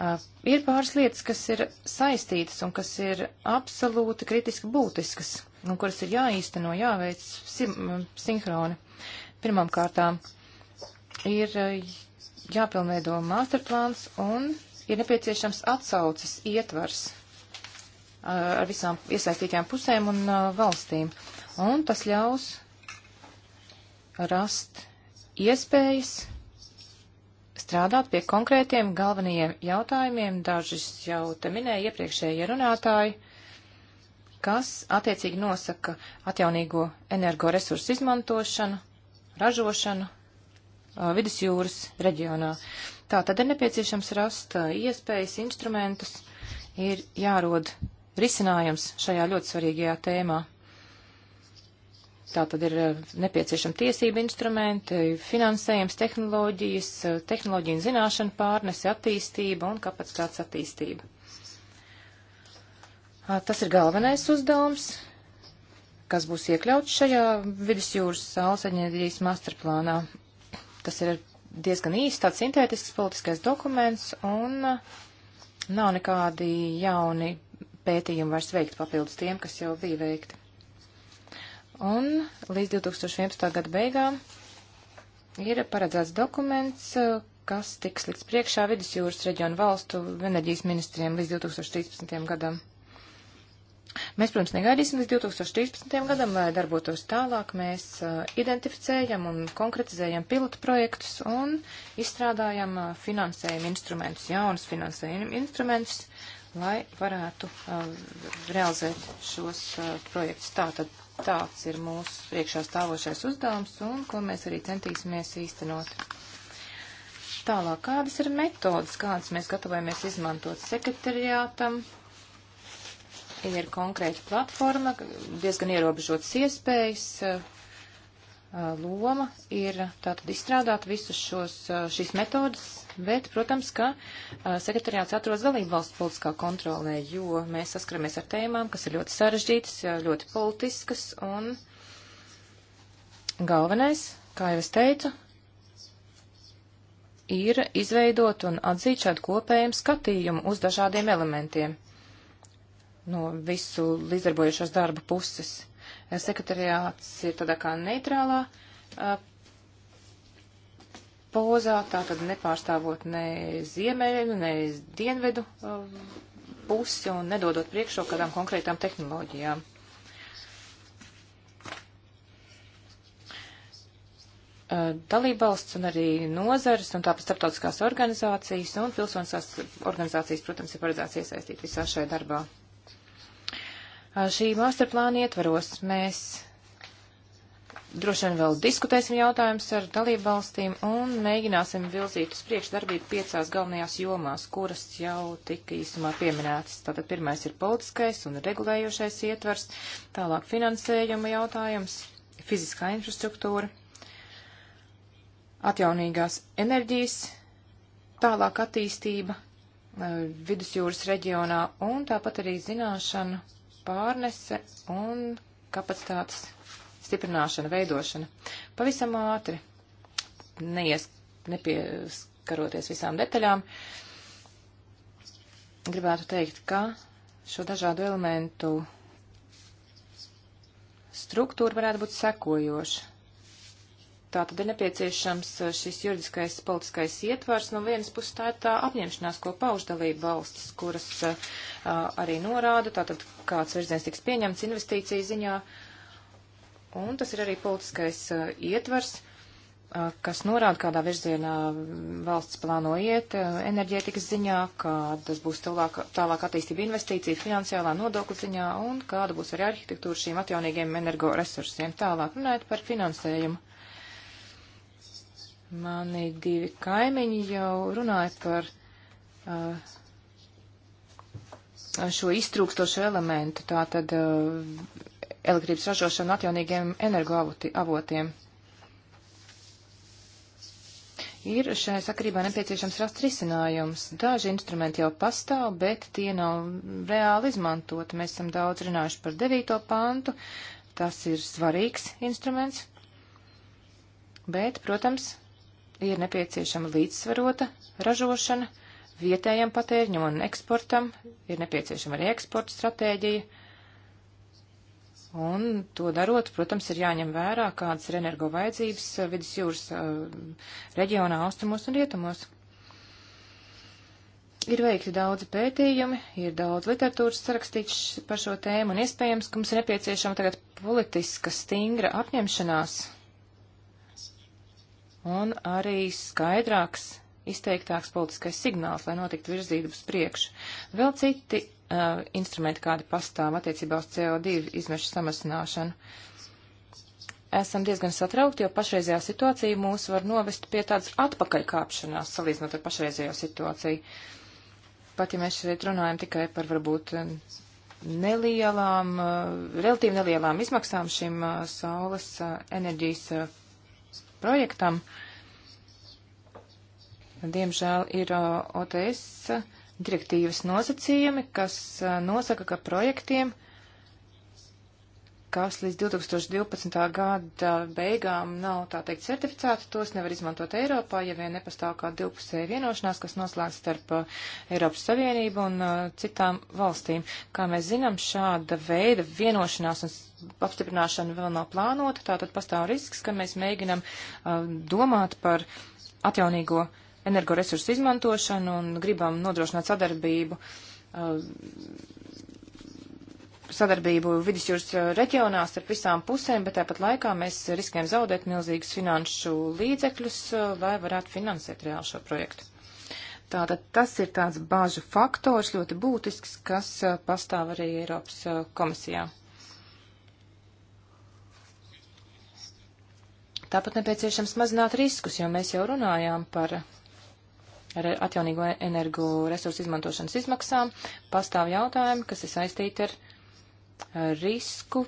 Uh, ir pāris lietas, kas ir saistītas un kas ir absolūti kritiski būtiskas un kuras ir jāīsteno, jāveic sim, sinhroni. Pirmām kārtām ir uh, jāpilnveido masterplāns un ir nepieciešams atsaucas ietvars uh, ar visām iesaistītajām pusēm un valstīm. Un tas ļaus rast iespējas strādāt pie konkrētiem galvenajiem jautājumiem, dažus jau te minēja iepriekšējie runātāji, kas attiecīgi nosaka atjaunīgo energoresursu izmantošanu, ražošanu vidusjūras reģionā. Tā tad ir nepieciešams rast iespējas, instrumentus, ir jārod risinājums šajā ļoti svarīgajā tēmā. Tā tad ir eh, nepieciešama tiesība instrumenti, finansējums, tehnoloģijas, eh, tehnoloģija un zināšana pārnese, attīstība un kapacitātes attīstība. Ah, tas ir galvenais uzdevums, kas būs iekļauts šajā vidusjūras saules enerģijas masterplānā. Tas ir diezgan īsts tāds sintētisks politiskais dokuments un eh, nav nekādi jauni pētījumi vairs veikt papildus tiem, kas jau bija veikti. Un līdz 2011. gada beigām ir paredzēts dokuments, kas tiks liks priekšā vidusjūras reģionu valstu enerģijas ministriem līdz 2013. gadam. Mēs, protams, negaidīsim līdz 2013. gadam, lai darbotos tālāk. Mēs uh, identificējam un konkretizējam pilotu projektus un izstrādājam uh, finansējuma instrumentus, jaunus finansējuma instrumentus, lai varētu uh, realizēt šos uh, projektus. Tātad Tāds ir mūsu priekšā stāvošais uzdevums un ko mēs arī centīsimies īstenot. Tālāk, kādas ir metodas, kādas mēs gatavojamies izmantot sekretariātam? Ir konkrēta platforma, diezgan ierobežotas iespējas, eh, loma ir tātad izstrādāt visus šos, eh, šīs metodas bet, protams, ka sekretariāts atrodas dalību valsts politiskā kontrolē, jo mēs saskaramies ar tēmām, kas ir ļoti sarežģītas, ļoti politiskas, un galvenais, kā jau es teicu, ir izveidot un atzīt šādu kopējumu skatījumu uz dažādiem elementiem no visu līdzdarbojušos darba puses. Sekretariāts ir tādā kā neitrālā pozā, tātad nepārstāvot ne ziemeļu, ne dienvedu uh, pusi un nedodot priekšro kādām konkrētām tehnoloģijām. Uh, dalībvalsts un arī nozares un tāpat starptautiskās organizācijas un pilsoniskās organizācijas, protams, ir paredzēts iesaistīt visā šajā darbā. Uh, šī masterplāna ietvaros mēs droši vien vēl diskutēsim jautājumus ar dalību valstīm un mēģināsim vilzīt uz priekšdarbību piecās galvenajās jomās, kuras jau tika īsumā pieminētas. Tātad pirmais ir politiskais un regulējošais ietvers, tālāk finansējuma jautājums, fiziskā infrastruktūra, atjaunīgās enerģijas, tālāk attīstība eh, vidusjūras reģionā un tāpat arī zināšanu pārnese un kapacitātes stiprināšana, veidošana. Pavisam ātri, neies, nepieskaroties visām detaļām, gribētu teikt, ka šo dažādu elementu struktūra varētu būt sekojoša. Tā tad ir nepieciešams šis juridiskais politiskais ietvars. No vienas puses tā ir tā apņemšanās, ko pauž dalība valstis, kuras a, arī norāda, tātad kāds virziens tiks pieņemts investīciju ziņā. A, Un tas ir arī politiskais uh, ietvers, uh, kas norāda, kādā virzienā mm, valsts plāno iet uh, enerģētikas ziņā, kādas būs tālāk, tālāk attīstība investīcija finansiālā nodokļu ziņā un kāda būs arī arhitektūra šīm atjaunīgiem energoresursiem. Tālāk runājot par finansējumu. Mani divi kaimiņi jau runāja par uh, šo iztrūkstošo elementu, tātad uh, elektrības ražošanu atjaunīgiem energoavotiem. Ir šajā sakarībā nepieciešams rast risinājums. Daži instrumenti jau pastāv, bet tie nav reāli izmantoti. Mēs esam daudz runājuši par devīto pantu. Tas ir svarīgs instruments. Bet, protams, ir nepieciešama līdzsvarota ražošana vietējam patēriņam un eksportam. Ir nepieciešama arī eksporta stratēģija Un to darot, protams, ir jāņem vērā, kādas ir energo vajadzības vidus jūras uh, eh, reģionā, austrumos un rietumos. Ir veikti daudzi pētījumi, ir daudz literatūras sarakstīts par šo tēmu, un iespējams, ka mums ir nepieciešama tagad politiska stingra apņemšanās un arī skaidrāks izteiktāks politiskais signāls, lai notiktu virzības priekš. Vēl citi uh, instrumenti, kādi pastāv attiecībā uz CO2 izmešu samazināšanu. Esam diezgan satraukti, jo pašreizējā situācija mūs var novest pie tādas atpakaļkāpšanās, salīdzinot ar pašreizējo situāciju. Pat ja mēs šeit runājam tikai par varbūt uh, nelielām, uh, relatīvi nelielām izmaksām šim uh, saules uh, enerģijas uh, projektam, uh, Diemžēl ir OTS direktīvas nosacījumi, kas nosaka, ka projektiem, kas līdz 2012. gada beigām nav, tā teikt, certificēti, tos nevar izmantot Eiropā, ja vien nepastāv kā divpusēja vienošanās, kas noslēgts starp Eiropas Savienību un uh, citām valstīm. Kā mēs zinām, šāda veida vienošanās un apstiprināšana vēl nav plānota, tātad pastāv risks, ka mēs mēģinam uh, domāt par atjaunīgo uh, energoresursu izmantošanu un gribam nodrošināt sadarbību, uh, sadarbību vidusjūras uh, reģionās ar visām pusēm, bet tāpat laikā mēs riskējam zaudēt milzīgus finanšu līdzekļus, uh, lai varētu finansēt reāli šo projektu. Tātad tas ir tāds bāžu faktors ļoti būtisks, kas pastāv arī Eiropas komisijā. Tāpat nepieciešams mazināt riskus, jo mēs jau runājām par atjaunīgo energu resursu izmantošanas izmaksām, pastāv jautājumi, kas ir saistīti ar risku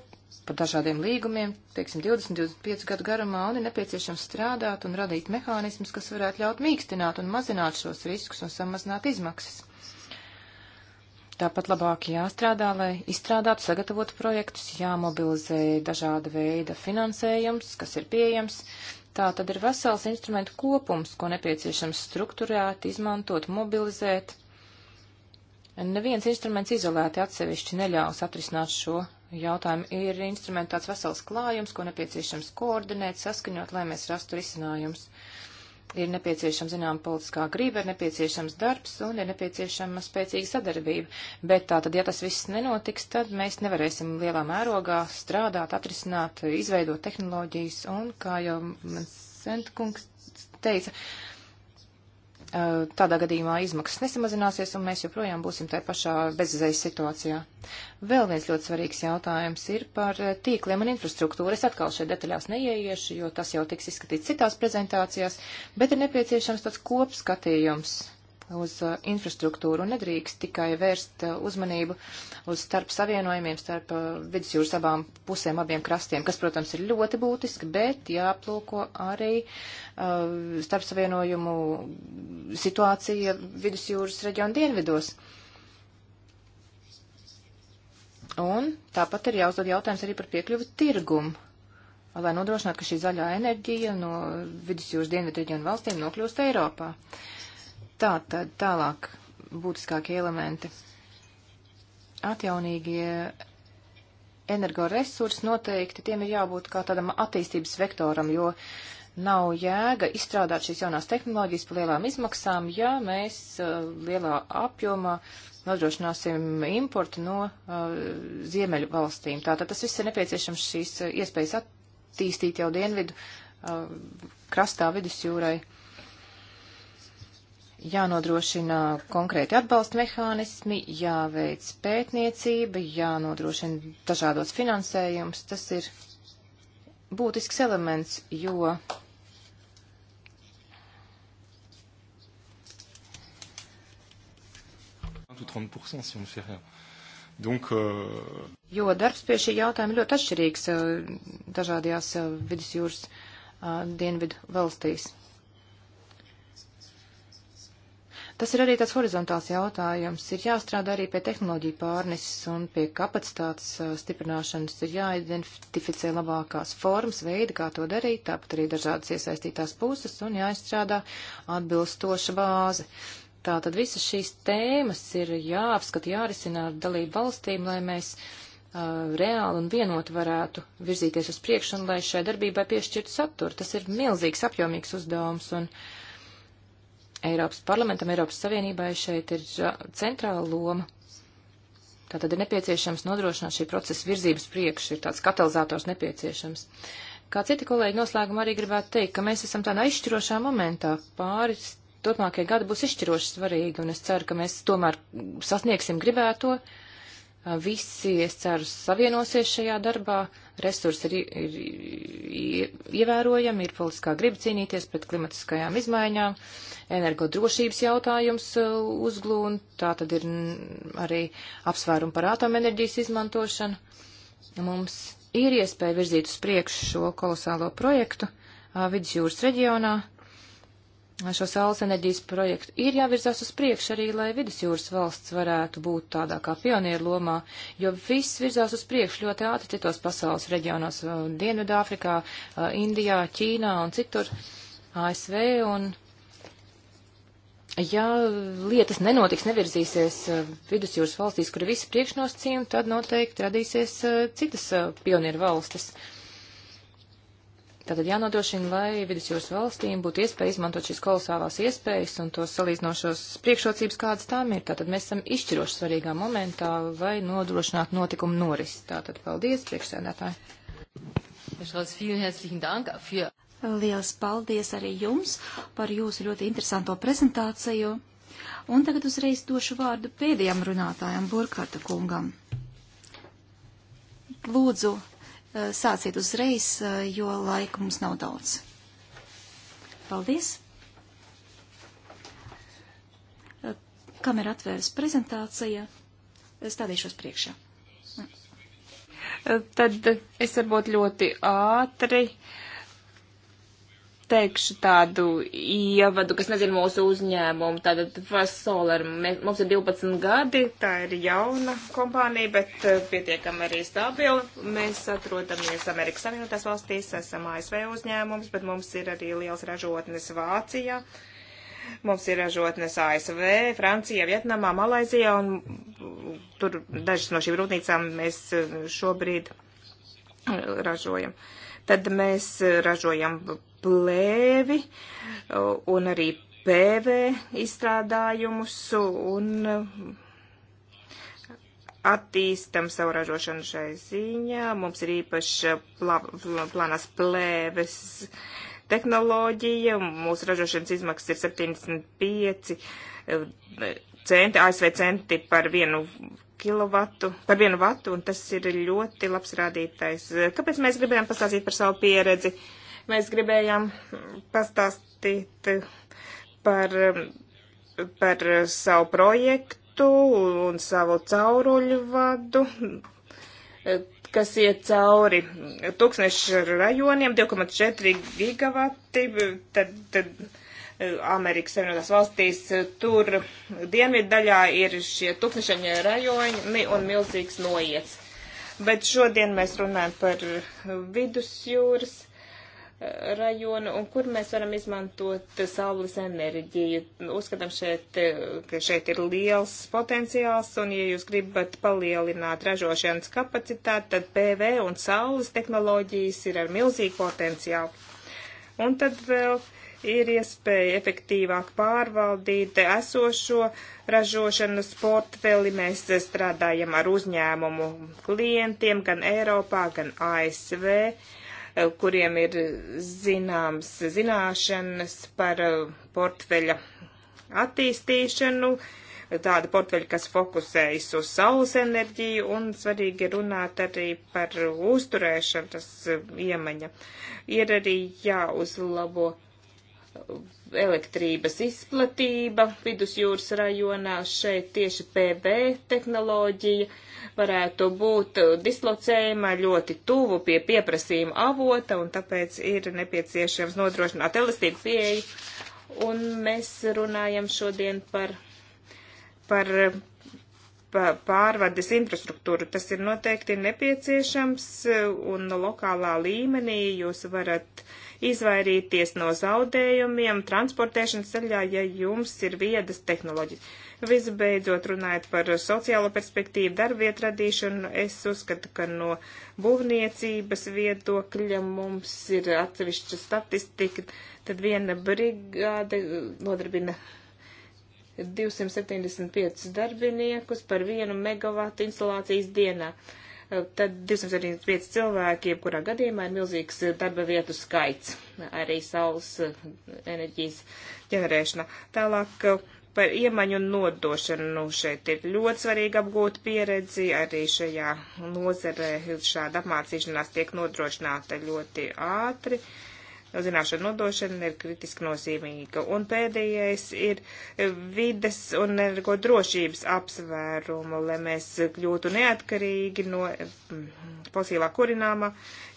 par dažādiem līgumiem, teiksim, 20-25 gadu garumā, un ir nepieciešams strādāt un radīt mehānismus, kas varētu ļaut mīkstināt un mazināt šos riskus un samazināt izmaksas. Tāpat labāk jāstrādā, lai izstrādātu, sagatavotu projektus, jāmobilizē dažāda veida finansējums, kas ir pieejams. Tā tad ir vesels instrumentu kopums, ko nepieciešams struktūrēt, izmantot, mobilizēt. Neviens instruments izolēti atsevišķi neļaus atrisināt šo jautājumu. Ir instruments tāds vesels klājums, ko nepieciešams koordinēt, saskaņot, lai mēs rastu risinājumus. Uh, ir nepieciešama zinām politiskā grība, ir nepieciešams darbs un ir nepieciešama spēcīga sadarbība. Bet tā tad, ja tas viss nenotiks, tad mēs nevarēsim lielā mērogā strādāt, atrisināt, izveidot tehnoloģijas un, kā jau mans centkungs teica, uh, Eh, tādā gadījumā izmaksas nesamazināsies un mēs joprojām būsim tajā pašā bezizējas situācijā. Vēl viens ļoti svarīgs jautājums ir par eh, tīkliem un infrastruktūru. Es atkal šeit detaļās neieiešu, jo tas jau tiks izskatīts citās prezentācijās, bet ir nepieciešams tāds kopskatījums uz uh, infrastruktūru un nedrīkst tikai vērst uh, uzmanību uz starp savienojumiem, starp uh, vidusjūras abām pusēm, abiem krastiem, kas, protams, ir ļoti būtiski, bet jāplūko arī starp savienojumu situācija vidusjūras reģiona dienvidos. Un tāpat ir jāuzdod jautājums arī par piekļuvu tirgumu, lai nodrošinātu, ka šī zaļā enerģija no vidusjūras dienvidu reģionu valstīm nokļūst Eiropā. Uh, Tā tad tālāk būtiskākie elementi. Atjaunīgie energoresursi noteikti tiem ir jābūt kā tādam attīstības vektoram, jo nav jēga izstrādāt šīs jaunās tehnoloģijas par lielām izmaksām, ja mēs uh, lielā apjomā nodrošināsim importu no uh, ziemeļu valstīm. Tātad tas viss ir nepieciešams šīs uh, iespējas attīstīt jau dienvidu uh, krastā vidusjūrai. Uh, jānodrošina konkrēti atbalsta mehānismi, jāveic pētniecība, jānodrošina dažādos finansējums. Tas ir būtisks elements, jo euh, Jo darbs pie šī jautājuma ļoti atšķirīgs eh, dažādajās eh, vidusjūras eh, dienvidu valstīs. Tas ir arī tāds horizontāls jautājums. Ir jāstrādā arī pie tehnoloģiju pārneses un pie kapacitātes uh, stiprināšanas. Ir jāidentificē labākās formas, veidi, kā to darīt, tāpat arī dažādas iesaistītās puses un jāizstrādā atbilstoša bāze. Tātad visas šīs tēmas ir jāapskata, jārisina ar dalību valstīm, lai mēs uh, reāli un vienot varētu virzīties uz priekšu un lai šai darbībai piešķirtu saturu. Tas ir milzīgs apjomīgs uzdevums un uh, Eiropas parlamentam, Eiropas Savienībai šeit ir uh, centrāla loma. Tātad ir nepieciešams nodrošināt šī procesa virzības priekš, ir tāds katalizators nepieciešams. Kā citi kolēģi noslēgumā arī gribētu teikt, ka mēs esam tādā izšķirošā momentā. Pāris turpmākie gadi būs izšķiroši svarīgi, un es ceru, ka mēs tomēr sasniegsim gribēto. Visi, es ceru, savienosies šajā darbā. Uh, resursi ir, ir, ir ievērojami, ir politiskā griba cīnīties pret klimatiskajām izmaiņām, energodrošības jautājums uh, uzglūn, tā tad ir arī apsvērumi par atomenerģijas izmantošanu. Mums ir iespēja virzīt uz priekšu šo kolosālo projektu uh, vidusjūras reģionā šo saules enerģijas projektu ir jāvirzās uz priekšu arī, lai vidusjūras valsts varētu būt tādā kā pionieru lomā, jo viss virzās uz priekšu ļoti ātri citos pasaules reģionos uh, - Dienvidāfrikā, uh, Indijā, Ķīnā un citur, ASV. Un ja lietas nenotiks, nevirzīsies uh, vidusjūras valstīs, kur ir visi priekšnosacījumi, tad noteikti radīsies citas pionieru valstis. Uh, Tātad jānodrošina, lai vidusjūras valstīm būtu iespēja izmantot šīs kolosālās iespējas un tos salīdzinošos priekšrocības, kādas tām ir. Tātad mēs esam izšķiroši svarīgā momentā, lai nodrošinātu notikumu noris. Tātad paldies, priekšsēdētāji. Liels paldies arī jums par jūsu ļoti interesanto prezentāciju. Un tagad uzreiz došu vārdu pēdējam runātājam, Burkharta kungam. Lūdzu, Eh, sāciet uzreiz, eh, jo laika mums nav daudz. Paldies! Eh, kamera atvērs prezentācija. Stādīšos priekšā. Tad es varbūt ļoti ātri. Uh, teikšu tādu ievadu, kas nezinu mūsu uzņēmumu. Tātad Solar, mums ir 12 gadi, tā ir jauna kompānija, bet eh, pietiekami arī stabila. Mēs atrodamies Amerikas Savienotās valstīs, esam ASV uzņēmums, bet mums ir arī liels ražotnes Vācijā. Mums ir ražotnes ASV, Francijā, Vietnamā, Malaizijā, un tur dažas no šīm rūpnīcām mēs eh, šobrīd eh, ražojam. Uh, Tad mēs e, ražojam plēvi e, un arī PV izstrādājumus un e, attīstam savu ražošanu šai ziņā. Mums ir īpaši plā, plānās plēves tehnoloģija. Mūsu ražošanas izmaksas ir 75 centi, ASV centi par vienu kilovatu, par vienu vatu, un tas ir ļoti labs rādītājs. Kāpēc mēs gribējām pastāstīt par savu pieredzi? Mēs gribējām pastāstīt par, par savu projektu un savu cauruļu vadu, kas iet cauri tūkstnešu rajoniem, 2,4 gigavati, tad, tad Amerikas Savienotās valstīs. Tur dienvidu daļā ir šie tuknešaņa rajoni un milzīgs noiets. Bet šodien mēs runājam par vidusjūras eh, rajonu un kur mēs varam izmantot saules enerģiju. Uzskatām šeit, eh, ka šeit ir liels potenciāls un ja jūs gribat palielināt ražošanas kapacitāti, tad PV un saules tehnoloģijas ir ar milzīgu potenciālu. Un tad vēl. Uh, ir iespēja efektīvāk pārvaldīt esošo ražošanas portfeli. Mēs strādājam ar uzņēmumu klientiem gan Eiropā, gan ASV, kuriem ir zināms zināšanas par portfeļa attīstīšanu. Tāda portfeļa, kas fokusējas uz saules enerģiju, un svarīgi runāt arī par uzturēšanas iemaņa. Ir arī jāuzlabo. Ja, elektrības izplatība vidusjūras rajonā. Šeit tieši PV tehnoloģija varētu būt dislocējama ļoti tuvu pie pieprasījuma avota, un tāpēc ir nepieciešams nodrošināt elastīgu pieeju. Un mēs runājam šodien par, par pārvades infrastruktūru. Tas ir noteikti nepieciešams, un lokālā līmenī jūs varat uh, izvairīties no zaudējumiem transportēšanas ceļā, ja jums ir viedas tehnoloģijas. Visbeidzot, runājot par sociālo perspektīvu, darbvietu radīšanu, es uzskatu, ka no būvniecības viedokļa mums ir atsevišķa statistika, tad viena brigāde nodarbina 275 darbiniekus par vienu megavātu instalācijas dienā. Uh, tad 275 cilvēki, jebkurā gadījumā, ir milzīgs darba vietu skaits, arī saules eh, enerģijas ģenerēšana. Tālāk eh, par iemaņu nodošanu nu, šeit ir ļoti svarīgi apgūt pieredzi, arī šajā nozerē šāda apmācīšanās tiek nodrošināta ļoti ātri. Uh, zināšanu nodošana ir kritiski nozīmīga. Un pēdējais ir eh, vides un energo drošības apsvērumu, lai mēs kļūtu neatkarīgi no mm, fosilā kurināmā,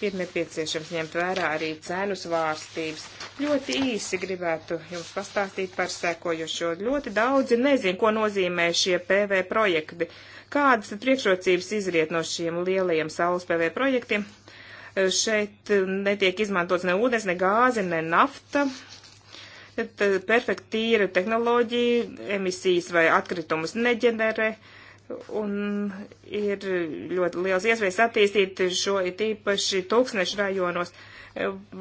ir nepieciešams ņemt vērā arī cenu svārstības. Ļoti īsi gribētu jums pastāstīt par sekojošo. Ļoti daudzi nezin, ko nozīmē šie PV projekti. Kādas priekšrocības izriet no šiem lielajiem saules PV projektiem? Šeit netiek izmantots ne ūdens, ne gāze, ne nafta. Eh, Perfekti tīra tehnoloģija, emisijas vai atkritumus neģenerē. Un ir ļoti liels iespējas attīstīt šo it īpaši tūkstnešu rajonos.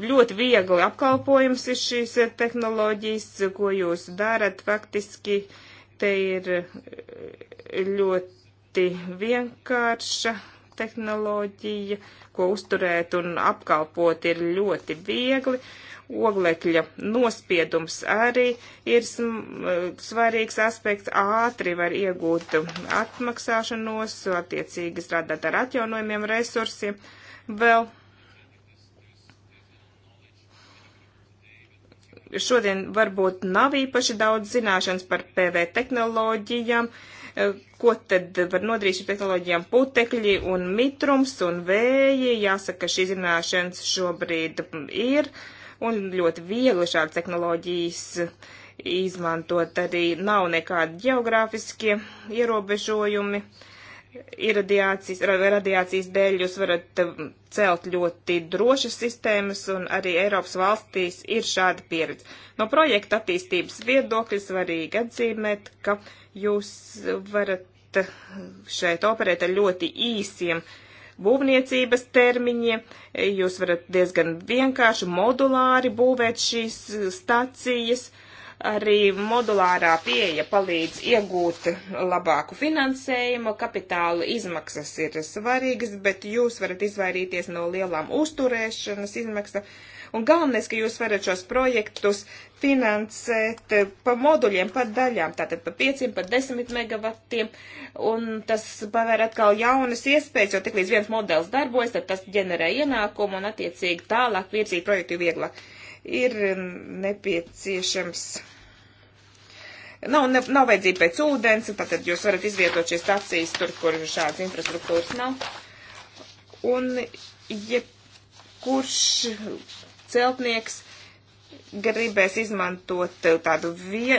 Ļoti viegli apkalpojums ir šīs tehnoloģijas, ko jūs darat faktiski. Te ir ļoti vienkārša tehnoloģija, ko uzturēt un apkalpot ir ļoti viegli. Oglekļa nospiedums arī ir e, svarīgs aspekts. Ātri var iegūt atmaksāšanos, attiecīgi strādāt ar atjaunojumiem resursiem. Vēl šodien varbūt nav īpaši daudz zināšanas par PV tehnoloģijām. Uh, Eh, ko tad var nodarīt šīm tehnoloģijām putekļi un mitrums un vēji? Jāsaka, šī zināšanas šobrīd ir un ļoti viegli šādas tehnoloģijas izmantot arī nav nekādi geogrāfiskie ierobežojumi. Uh, iradiācijas, radiācijas dēļ jūs varat um, celt ļoti drošas sistēmas, un arī Eiropas valstīs ir šāda pieredze. No projekta attīstības viedokļa svarīgi atzīmēt, ka jūs varat uh, šeit operēt ar ļoti īsiem būvniecības termiņiem, jūs varat diezgan vienkārši modulāri būvēt šīs uh, stacijas, uh, Arī modulārā pieeja palīdz iegūt labāku finansējumu, kapitāla izmaksas ir svarīgas, bet jūs varat izvairīties no lielām uzturēšanas izmaksām. Un galvenais, ka jūs varat šos projektus finansēt pa moduļiem, pa daļām, tātad pa 5, pa 10 megavatiem, un tas pavēr atkal jaunas iespējas, jo tik līdz viens modelis darbojas, tad tas ģenerē ienākumu un attiecīgi tālāk virzīt projektu vieglāk ir nepieciešams. Nav, ne, nav vajadzība pēc ūdens, tātad jūs varat izvietot šīs stacijas tur, kur šādas infrastruktūras nav. Un jebkurš celtnieks gribēs izmantot eh, tādu, vie,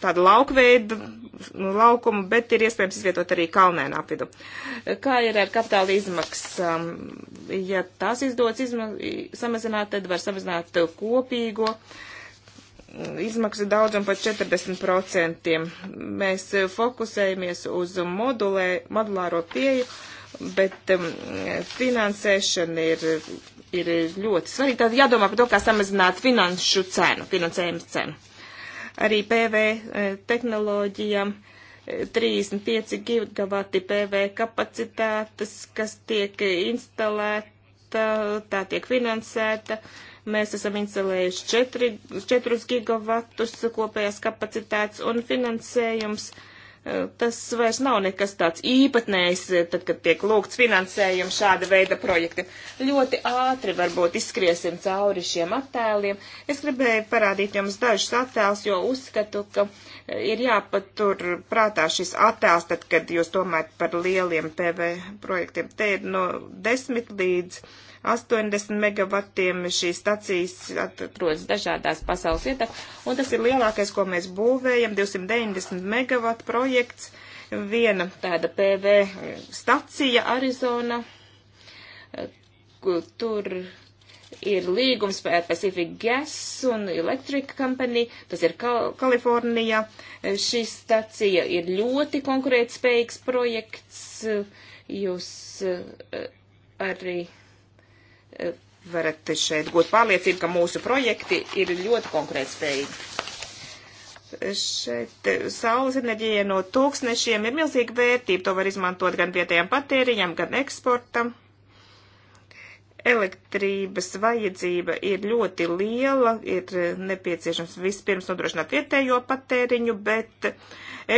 tādu laukveidu nu, laukumu, bet ir iespējams izvietot arī kalnēnu apvidu. Kā ir ar kapitāla izmaksām? Ja tās izdodas izma samazināt, tad var samazināt kopīgo izmaksu daudzumu par 40%. Mēs eh, fokusējamies uz modulē, modulāro pieju, bet um, finansēšana ir ir ļoti svarīgi. Tad jādomā par to, kā samazināt finanšu cenu, finansējumu cenu. Arī PV eh, tehnoloģijām eh, 35 gigavati PV kapacitātes, kas tiek instalēta, tā tiek finansēta. Mēs esam instalējuši 4, 4 gigavatus kopējās kapacitātes un finansējums Tas vairs nav nekas tāds īpatnējs, eh, tad, kad tiek lūgts finansējums šāda veida projekti. Ļoti ātri varbūt izskriesim cauri šiem attēliem. Es gribēju parādīt jums dažus attēlus, jo uzskatu, ka eh, ir jāpatur prātā šis attēls, tad, kad jūs domājat par lieliem PV projektiem. Te ir no 10 līdz 80 megavatiem šīs stacijas atrodas dažādās pasaules vietās, un tas ir lielākais, ko mēs būvējam, 290 megavatu projekts, viena tāda PV stacija Arizona, tur ir līgums ar Pacific Gas un Electric Company, tas ir Kal Kalifornijā. Šī stacija ir ļoti konkurētspējīgs projekts. Jūs eh, arī varat šeit gūt pārliecību, ka mūsu projekti ir ļoti konkrētspējīgi. Šeit eh, saules enerģija no tūkstnešiem ir milzīga vērtība. To var izmantot gan vietējām patēriņam, gan eksportam elektrības vajadzība ir ļoti liela, ir nepieciešams vispirms nodrošināt vietējo patēriņu, bet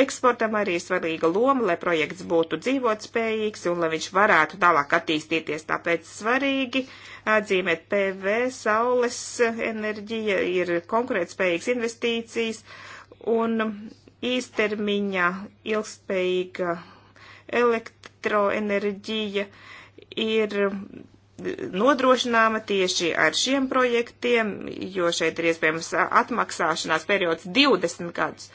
eksportam arī svarīga loma, lai projekts būtu dzīvotspējīgs un lai viņš varētu tālāk attīstīties. Tāpēc svarīgi atzīmēt PV, saules enerģija, ir konkurētspējīgas investīcijas un īstermiņa ilgspējīga elektroenerģija ir nodrošināma tieši ar šiem projektiem, jo šeit ir iespējams atmaksāšanās periods 20 gadus.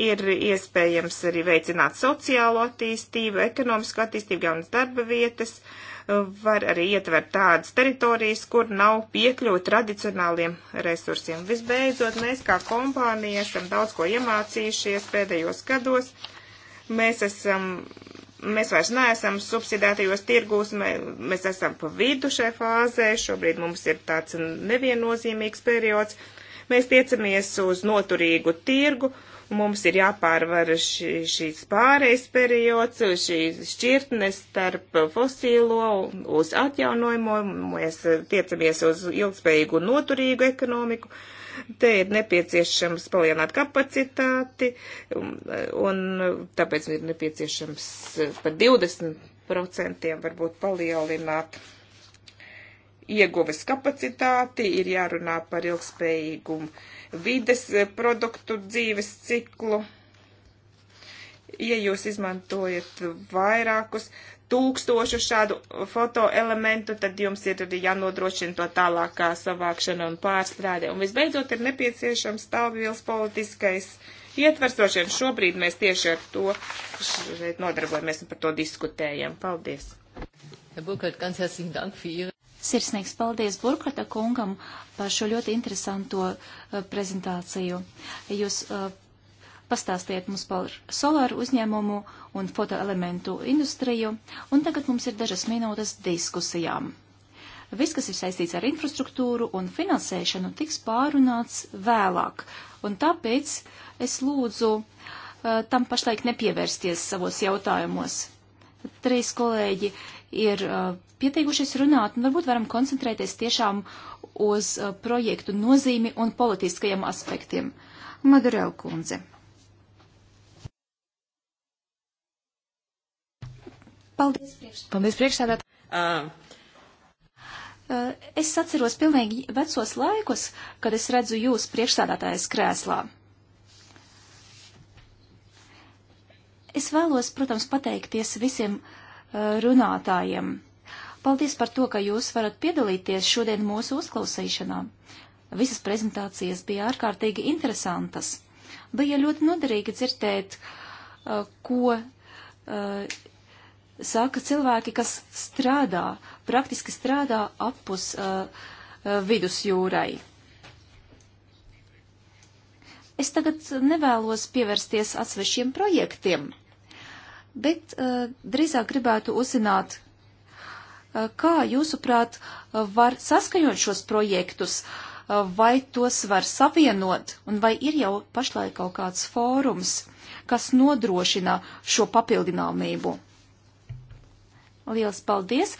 Ir iespējams arī veicināt sociālo attīstību, ekonomisku attīstību, jaunas darba vietas, var arī ietvert tādas teritorijas, kur nav piekļuvi tradicionāliem resursiem. Visbeidzot, mēs kā kompānija esam daudz ko iemācījušies pēdējos gados. Mēs esam mēs vairs neesam subsidētajos tirgūs, mē, mēs esam pa vidu šai fāzē, šobrīd mums ir tāds neviennozīmīgs periods. Mēs tiecamies uz noturīgu tirgu, mums ir jāpārvar šī, šīs pārejas periods, šīs šķirtnes starp fosīlo uz atjaunojumu, mēs tiecamies uz ilgspējīgu noturīgu ekonomiku. Uh, Te ir nepieciešams palielināt kapacitāti, um, un uh, tāpēc ir nepieciešams uh, par 20% varbūt palielināt ieguves kapacitāti, ir jārunā par ilgspējīgumu vides uh, produktu dzīves ciklu. Ja jūs izmantojat vairākus tūkstošu šādu fotoelementu, tad jums ir arī jānodrošina to tālākā savākšana un pārstrāde. Un visbeidzot ir nepieciešams stāvvielas politiskais ietversošana. Šobrīd mēs tieši ar to šeit nodarbojamies un par to diskutējam. Paldies! Sirsnīgs paldies Burkrata kungam par šo ļoti interesanto uh, prezentāciju. Jūs uh, Pastāstiet mums par solāru uzņēmumu un fotoelementu industriju, un tagad mums ir dažas minūtes diskusijām. Viss, kas ir saistīts ar infrastruktūru un finansēšanu, tiks pārunāts vēlāk, un tāpēc es lūdzu uh, tam pašlaik nepievērsties savos jautājumos. Trīs kolēģi ir uh, pieteikušies runāt, un varbūt varam koncentrēties tiešām uz uh, projektu nozīmi un politiskajiem aspektiem. Madurel kundze. Paldies, priekš... Paldies priekšsēdāt. Uh. Uh, es atceros pilnīgi vecos laikus, kad es redzu jūs priekšsādātājas krēslā. Es vēlos, protams, pateikties visiem uh, runātājiem. Paldies par to, ka jūs varat piedalīties šodien mūsu uzklausīšanā. Visas prezentācijas bija ārkārtīgi interesantas. Bija ļoti noderīgi dzirdēt, ko saka cilvēki, kas strādā, praktiski strādā apus uh, uh, vidusjūrai. Es tagad nevēlos pievērsties atsevišķiem projektiem, bet uh, drīzāk gribētu uzzināt, uh, kā jūsuprāt uh, var saskaņot šos projektus, uh, vai tos var savienot, un vai ir jau pašlaik kaut kāds fórums, kas nodrošina šo papildināmību. Lielas paldies!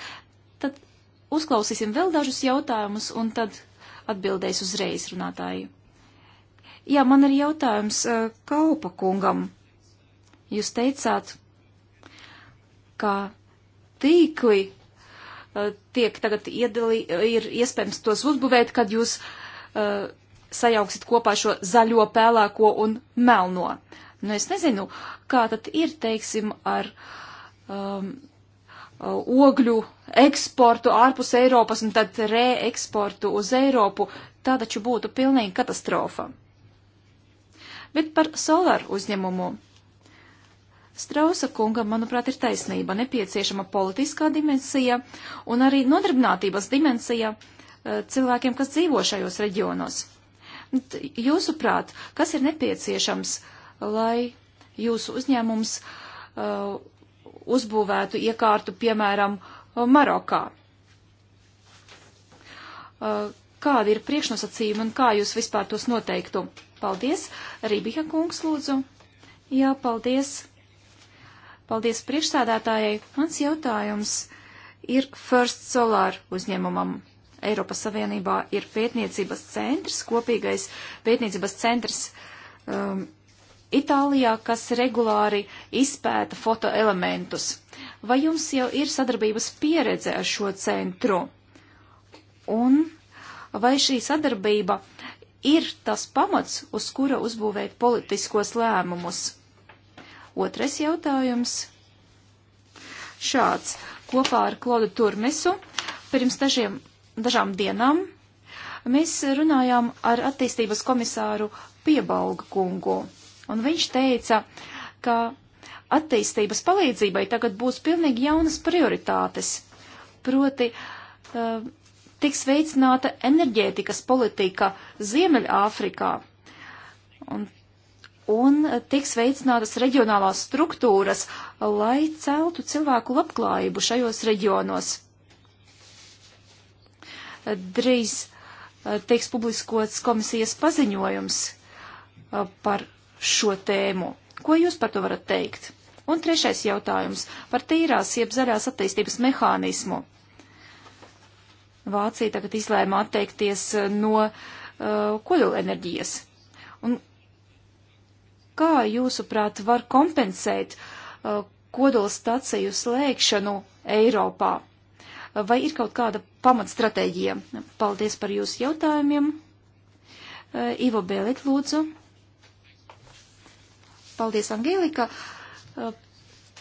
Tad uzklausīsim vēl dažus jautājumus un tad atbildēs uzreiz runātāji. Jā, man ir jautājums uh, eh, Kaupa kungam. Jūs teicāt, ka tīkli uh, tiek tagad iedalī, ir iespējams tos uzbūvēt, kad jūs uh, sajauksit kopā šo zaļo, pēlēko un melno. Nu, es nezinu, kā tad ir, teiksim, ar um, Uh, ogļu eksportu ārpus Eiropas un tad reeksportu uz Eiropu, tā taču būtu pilnīgi katastrofa. Bet par solāru uzņēmumu. Strausa kunga, manuprāt, ir taisnība, nepieciešama politiskā dimensija un arī nodarbinātības dimensija uh, cilvēkiem, kas dzīvo šajos reģionos. Jūsuprāt, kas ir nepieciešams, lai jūsu uzņēmums uh, uzbūvētu iekārtu, piemēram, Marokā. Uh, kādi ir priekšnosacījumi un kā jūs vispār tos noteiktu? Paldies, Rībika kungs, lūdzu. Jā, paldies. Paldies priekšstādātājai. Mans jautājums ir First Solar uzņēmumam. Eiropas Savienībā ir pētniecības centrs, kopīgais pētniecības centrs um, Itālijā, kas regulāri izpēta fotoelementus. Vai jums jau ir sadarbības pieredze ar šo centru? Un vai šī sadarbība ir tas pamats, uz kura uzbūvēt politiskos lēmumus? Otrais jautājums. Šāds. Kopā ar Klodu Turmesu pirms dažiem, dažām dienām mēs runājām ar attīstības komisāru Piebalga kungu un viņš teica, ka attīstības palīdzībai tagad būs pilnīgi jaunas prioritātes, proti uh, tiks veicināta enerģētikas politika Ziemeļāfrikā un, un tiks veicinātas reģionālās struktūras, lai celtu cilvēku labklājību šajos reģionos. Drīz tiks publiskots komisijas paziņojums par šo tēmu. Ko jūs par to varat teikt? Un trešais jautājums par tīrās jeb zaļās attīstības mehānismu. Vācija tagad izlēma atteikties uh, no uh, kodolenerģijas. Un kā jūsuprāt var kompensēt uh, kodola staciju slēgšanu Eiropā? Vai ir kaut kāda pamatstratēģija? Paldies par jūsu jautājumiem. Uh, Ivo Bēlik lūdzu. Paldies, Angelika. Eh,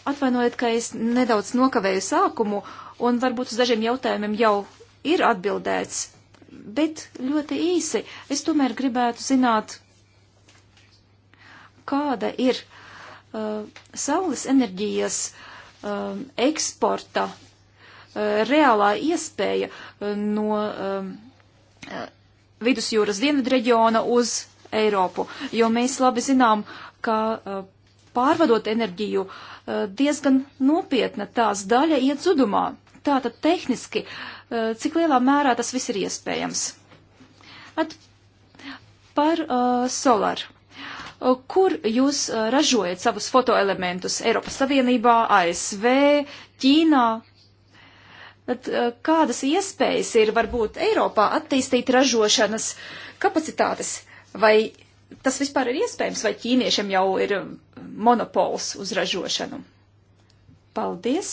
atvainojiet, ka es nedaudz nokavēju sākumu, un varbūt uz dažiem jautājumiem jau ir atbildēts, bet ļoti īsi. Es tomēr gribētu zināt, kāda ir uh, saules enerģijas uh, eksporta uh, reālā iespēja uh, no uh, vidusjūras dienvidu reģiona uz Eiropu, jo mēs labi zinām, uh, ka pārvadot enerģiju diezgan nopietna tās daļa iet zudumā. Tātad tehniski, cik lielā mērā tas viss ir iespējams. At par uh, solāru. Kur jūs ražojat savus fotoelementus? Eiropas Savienībā, ASV, Ķīnā? Tad, kādas iespējas ir varbūt Eiropā attīstīt ražošanas kapacitātes? Vai tas vispār ir iespējams, vai ķīniešiem jau ir um, monopols uz ražošanu? Paldies!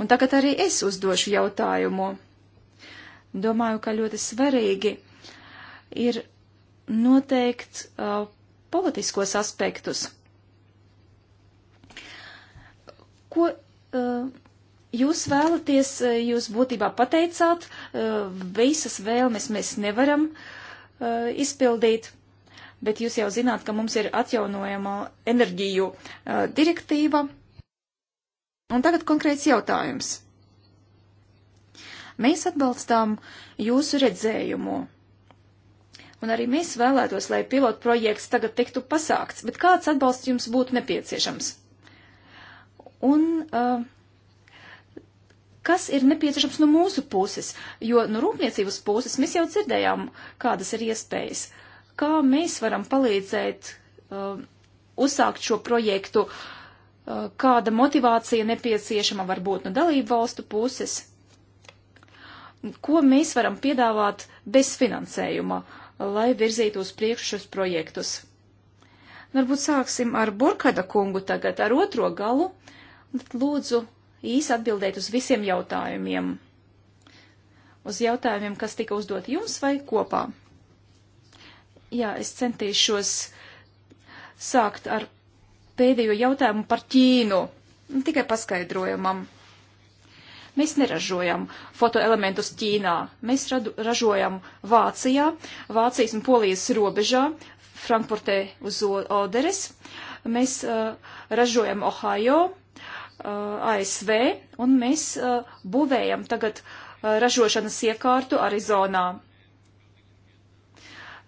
Un tagad arī es uzdošu jautājumu. Domāju, ka ļoti svarīgi ir noteikt uh, politiskos aspektus. Ko uh, jūs vēlaties, uh, jūs būtībā pateicāt, uh, visas vēlmes mēs nevaram uh, izpildīt bet jūs jau zināt, ka mums ir atjaunojama enerģiju uh, direktīva. Un tagad konkrēts jautājums. Mēs atbalstām jūsu redzējumu. Un arī mēs vēlētos, lai pilotu projekts tagad tiktu pasākts, bet kāds atbalsts jums būtu nepieciešams? Un uh, kas ir nepieciešams no mūsu puses, jo no rūpniecības puses mēs jau dzirdējām, kādas ir iespējas. Uh, kā mēs varam palīdzēt uh, uzsākt šo projektu, uh, kāda motivācija nepieciešama var būt no dalību valstu puses, ko mēs varam piedāvāt bez finansējuma, lai virzītu uz priekšu šos projektus. Varbūt sāksim ar Burkada kungu tagad, ar otro galu, tad lūdzu īsi atbildēt uz visiem jautājumiem. Uz jautājumiem, kas tika uzdoti jums vai kopā? Jā, es centīšos sākt ar pēdējo jautājumu par Ķīnu. Tikai paskaidrojumam. Mēs neražojam fotoelementus Ķīnā. Mēs radu, ražojam Vācijā, Vācijas un Polijas robežā, Frankfurtē uz Oderes. Mēs uh, ražojam Ohio, uh, ASV, un mēs uh, būvējam tagad uh, ražošanas iekārtu Arizonā.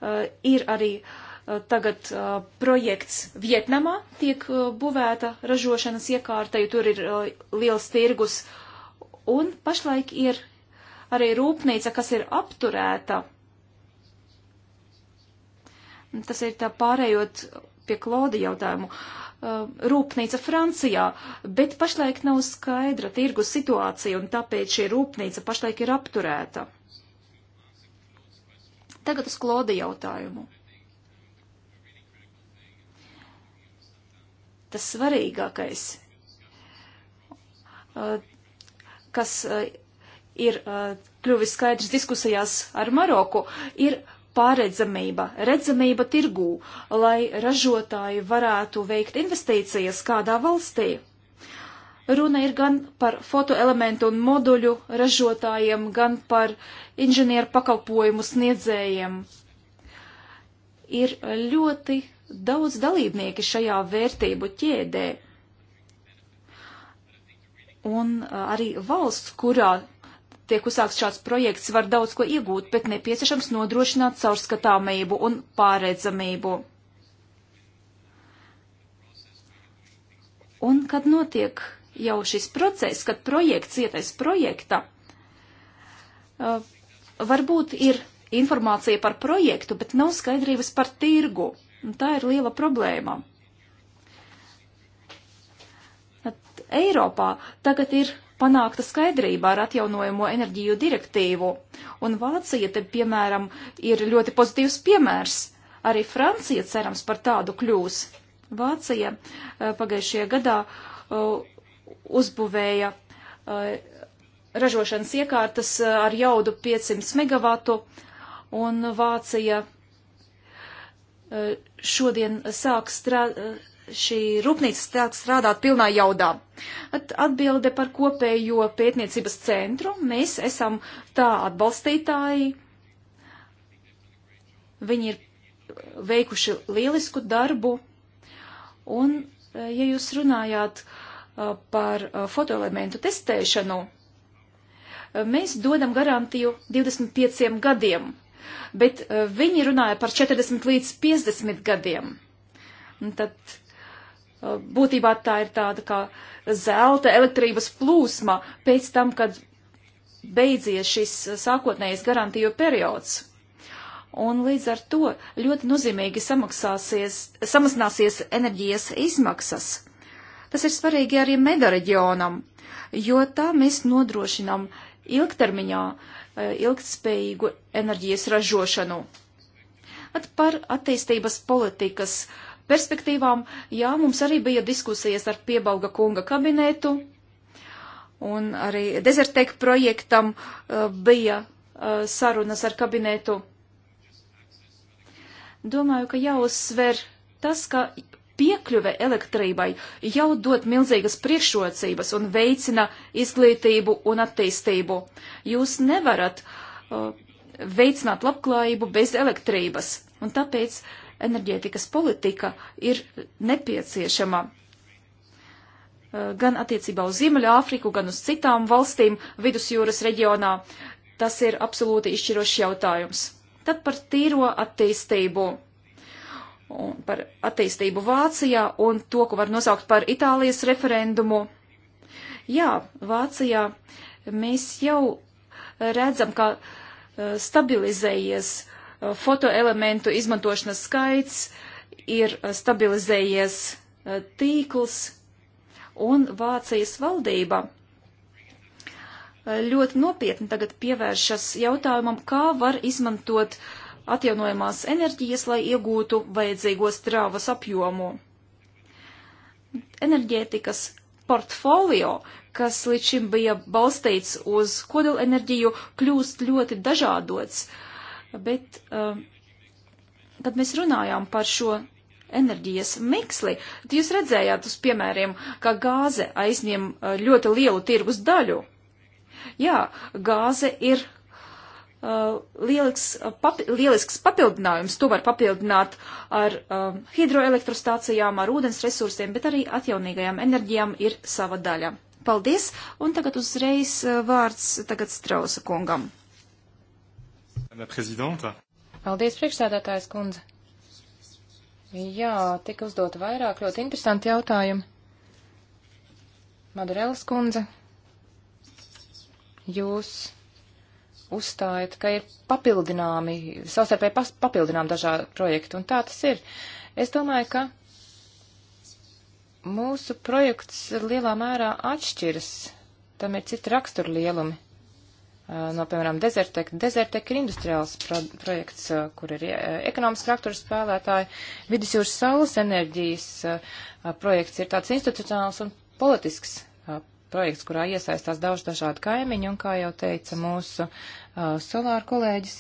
Eh, ir arī eh, tagad eh, projekts Vietnamā, tiek būvēta ražošanas iekārta, jo tur ir liels tirgus. Un pašlaik ir arī rūpnīca, kas ir apturēta. Tas ir tā pārējot pie Klauda jautājumu. Rūpnīca Francijā, bet pašlaik nav skaidra tirgus situācija, un tāpēc šī rūpnīca pašlaik ir apturēta. Tagad uz kloda jautājumu. Tas svarīgākais, uh, kas uh, ir uh, kļuvis skaidrs diskusijās ar Maroku, ir pārredzamība, redzamība tirgū, lai ražotāji varētu veikt investīcijas kādā valstī Runa ir gan par fotoelementu un moduļu ražotājiem, gan par inženieru pakalpojumu sniedzējiem. Ir ļoti daudz dalībnieki šajā vērtību ķēdē. Un arī valsts, kurā tiek uzsākts šāds projekts, var daudz ko iegūt, bet nepieciešams nodrošināt caurskatāmību un pārredzamību. Un kad notiek jau šis process, kad projekts ietais projekta, eh, varbūt ir informācija par projektu, bet nav skaidrības par tirgu. Un tā ir liela problēma. At Eiropā tagad ir panākta skaidrība ar atjaunojamo enerģiju direktīvu, un Vācija te, piemēram, ir ļoti pozitīvs piemērs. Arī Francija cerams par tādu kļūs. Vācija eh, pagājušajā gadā uh, uzbūvēja eh, ražošanas iekārtas eh, ar jaudu 500 megavatu, un Vācija eh, šodien sāk strādāt, šī rūpnīca sāk strādāt pilnā jaudā. At atbilde par kopējo pētniecības centru. Mēs esam tā atbalstītāji. Viņi ir veikuši lielisku darbu. Un, ja jūs runājāt uh, par fotoelementu testēšanu, mēs dodam garantiju 25 gadiem, bet viņi runāja par 40 līdz 50 gadiem. Un tad būtībā tā ir tāda kā zelta elektrības plūsma pēc tam, kad beidzies šis sākotnējais garantiju periods. Un līdz ar to ļoti nozīmīgi samaksāsies, samazināsies enerģijas izmaksas Tas ir svarīgi arī medareģionam, jo tā mēs nodrošinām ilgtermiņā eh, ilgtspējīgu enerģijas ražošanu. At par attīstības politikas perspektīvām, jā, mums arī bija diskusijas ar piebalga kunga kabinetu, un arī Desertek projektam eh, bija eh, sarunas ar kabinetu. Domāju, ka jāuzsver tas, ka piekļuve elektrībai jau dod milzīgas priekšrocības un veicina izglītību un attīstību. Jūs nevarat uh, veicināt labklājību bez elektrības, un tāpēc enerģētikas politika ir nepieciešama uh, gan attiecībā uz Ziemeļāfriku, gan uz citām valstīm vidusjūras reģionā. Tas ir absolūti izšķirošs jautājums. Tad par tīro attīstību par attīstību Vācijā un to, ko var nosaukt par Itālijas referendumu. Jā, Vācijā mēs jau redzam, ka e, stabilizējies e, fotoelementu izmantošanas skaits, ir e, stabilizējies tīkls un Vācijas valdība ļoti nopietni tagad pievēršas jautājumam, kā var izmantot uh, atjaunojamās enerģijas, lai iegūtu vajadzīgos trāvas apjomu. Enerģētikas portfolio, kas līdz šim bija balstīts uz kodolenerģiju, kļūst ļoti dažādots. Bet, uh, kad mēs runājām par šo enerģijas miksli, tad jūs redzējāt uz piemēriem, ka gāze aizņem uh, ļoti lielu tirgus daļu. Jā, gāze ir Uh, lielisks, uh, papi, lielisks papildinājums. To var papildināt ar um, hidroelektrostācijām, ar ūdens resursiem, bet arī atjaunīgajām enerģijām ir sava daļa. Paldies, un tagad uzreiz uh, vārds tagad Strausa kungam. Paldies, priekšsēdētājs kundze. Jā, tika uzdot vairāk ļoti interesanti jautājumi. Madurelas kundze, jūs uzstājat, ka ir papildināmi, savstarpēji papildinām dažādi projekti, un tā tas ir. Es domāju, ka mūsu projekts lielā mērā atšķiras, tam ir citi raksturlielumi. No, piemēram, Desertek. Desertek ir industriāls pro projekts, kur ir ekonomiski raktura spēlētāji. Vidusjūras saules enerģijas projekts ir tāds institucionāls un politisks projekts, kurā iesaistās daudz dažādu kaimiņu, un, kā jau teica mūsu uh, solāra kolēģis,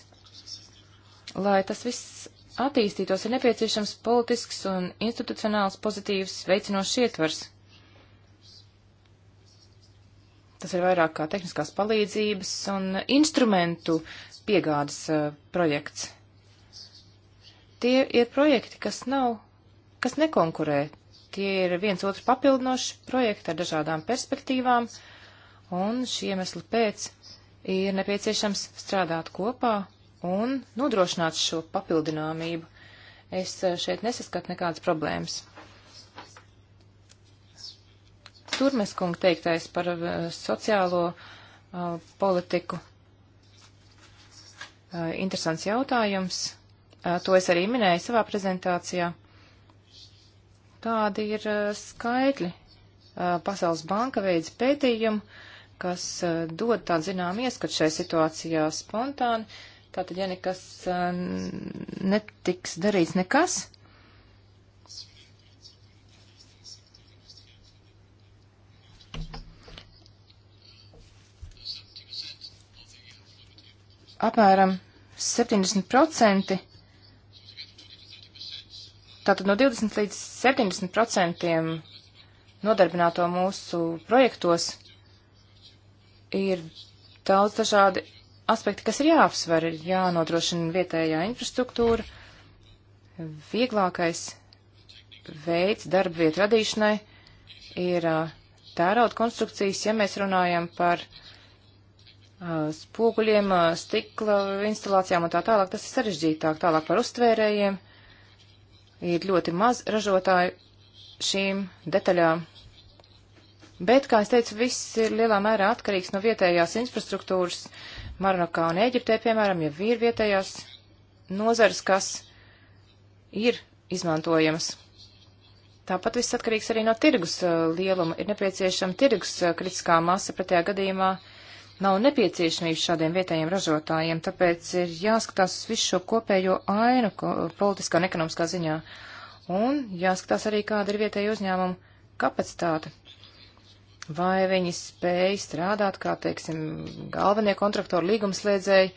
lai tas viss attīstītos, ir nepieciešams politisks un institucionāls pozitīvs veicinošs ietvars. Tas ir vairāk kā tehniskās palīdzības un instrumentu piegādes uh, projekts. Tie ir projekti, kas nav, kas nekonkurē Tie ir viens otru papildinoši projekti ar dažādām perspektīvām, un šī iemesla pēc ir nepieciešams strādāt kopā un nodrošināt šo papildināmību. Es eh, šeit nesaskatu nekādas problēmas. Turmes kunga teiktais par uh, sociālo uh, politiku. Uh, interesants jautājums. To es arī minēju savā prezentācijā. Tādi ir eh, skaitļi. Eh, Pasaules banka veids pētījumu, kas eh, dod tādu zinām ieskatu šai situācijā spontāni. Tātad, ja nekas netiks darīts nekas, apmēram 70% Tātad no 20 līdz 70 procentiem nodarbināto mūsu projektos ir daudz dažādi aspekti, kas ir jāapsver, ir jānodrošina vietējā infrastruktūra, vieglākais veids darba vietu radīšanai ir tērauda konstrukcijas, ja mēs runājam par spoguļiem, stikla instalācijām un tā tālāk, tas ir sarežģītāk, tālāk par uztvērējiem ir ļoti maz ražotāju šīm detaļām. Bet, kā es teicu, viss ir lielā mērā atkarīgs no vietējās infrastruktūras. Marnokā un Eģiptē, piemēram, jau ir vietējās nozares, kas ir izmantojamas. Tāpat viss atkarīgs arī no tirgus uh, lieluma. Ir nepieciešama tirgus uh, kritiskā masa, pretējā gadījumā uh, nav nepieciešamības šādiem vietējiem ražotājiem, tāpēc ir jāskatās uz visu šo kopējo ainu ko, politiskā un ekonomiskā ziņā. Un jāskatās arī, kāda ir vietēja uzņēmuma kapacitāte. Vai viņi spēj strādāt, kā, teiksim, galvenie kontraktori līgumslēdzēji,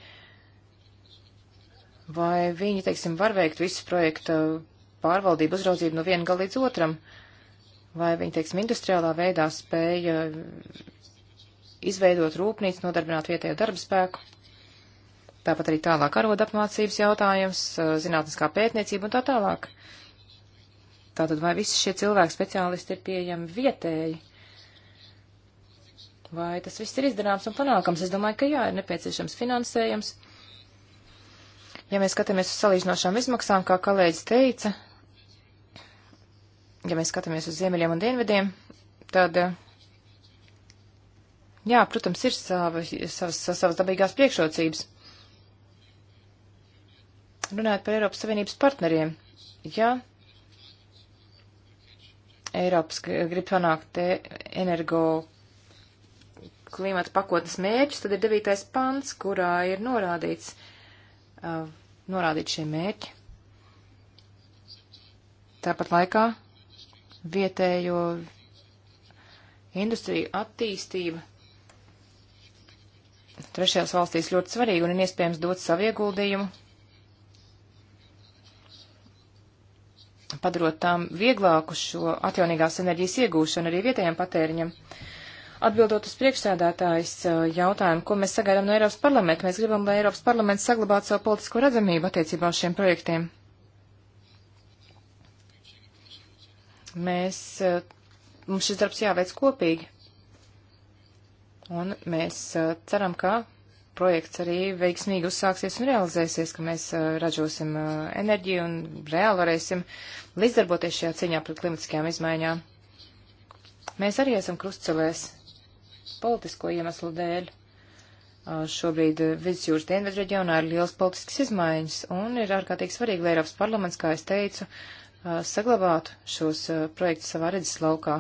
vai viņi, teiksim, var veikt visu projektu pārvaldību uzraudzību no viena gala līdz otram, vai viņi, teiksim, industriālā veidā spēja izveidot rūpnīcu, nodarbināt vietējo darba spēku. Tāpat arī tālāk aroda apmācības jautājums, zinātniskā pētniecība un tā tālāk. Tātad vai visi šie cilvēki speciālisti ir pieejami vietēji? Vai tas viss ir izdarāms un panākams? Es domāju, ka jā, ir nepieciešams finansējums. Ja mēs skatāmies uz salīdzinošām izmaksām, kā kolēģis teica, ja mēs skatāmies uz ziemeļiem un dienvidiem, tad uh, Jā, protams, ir sava, savas, savas dabīgās priekšrocības. Runājot par Eiropas Savienības partneriem, ja Eiropas grib panākt energo klimata pakotnes mērķus, tad ir devītais pants, kurā ir norādīts, uh, norādīts šie mērķi. Tāpat laikā vietējo industriju attīstība trešajās valstīs ļoti svarīga un ir iespējams dot savu ieguldījumu, padarot tām vieglāku šo atjaunīgās enerģijas iegūšanu arī vietējiem patēriņam. Atbildot uz priekšsēdētājs uh, jautājumu, ko mēs sagaidām no Eiropas parlamenta, mēs gribam, lai Eiropas parlaments saglabātu savu politisko redzamību attiecībā uz šiem projektiem. Mēs, uh, mums šis darbs jāveic kopīgi. Un mēs uh, ceram, ka projekts arī veiksmīgi uzsāksies un realizēsies, ka mēs uh, ražosim uh, enerģiju un reāli varēsim līdzdarboties šajā cīņā pret klimatiskajām izmaiņām. Mēs arī esam krustcelēs politisko iemeslu dēļ. Šobrīd vidusjūras dienvidu reģionā ir liels politisks izmaiņas un ir ārkārtīgi svarīgi, lai Eiropas parlaments, kā es teicu, saglabātu šos projektus savā redzes laukā.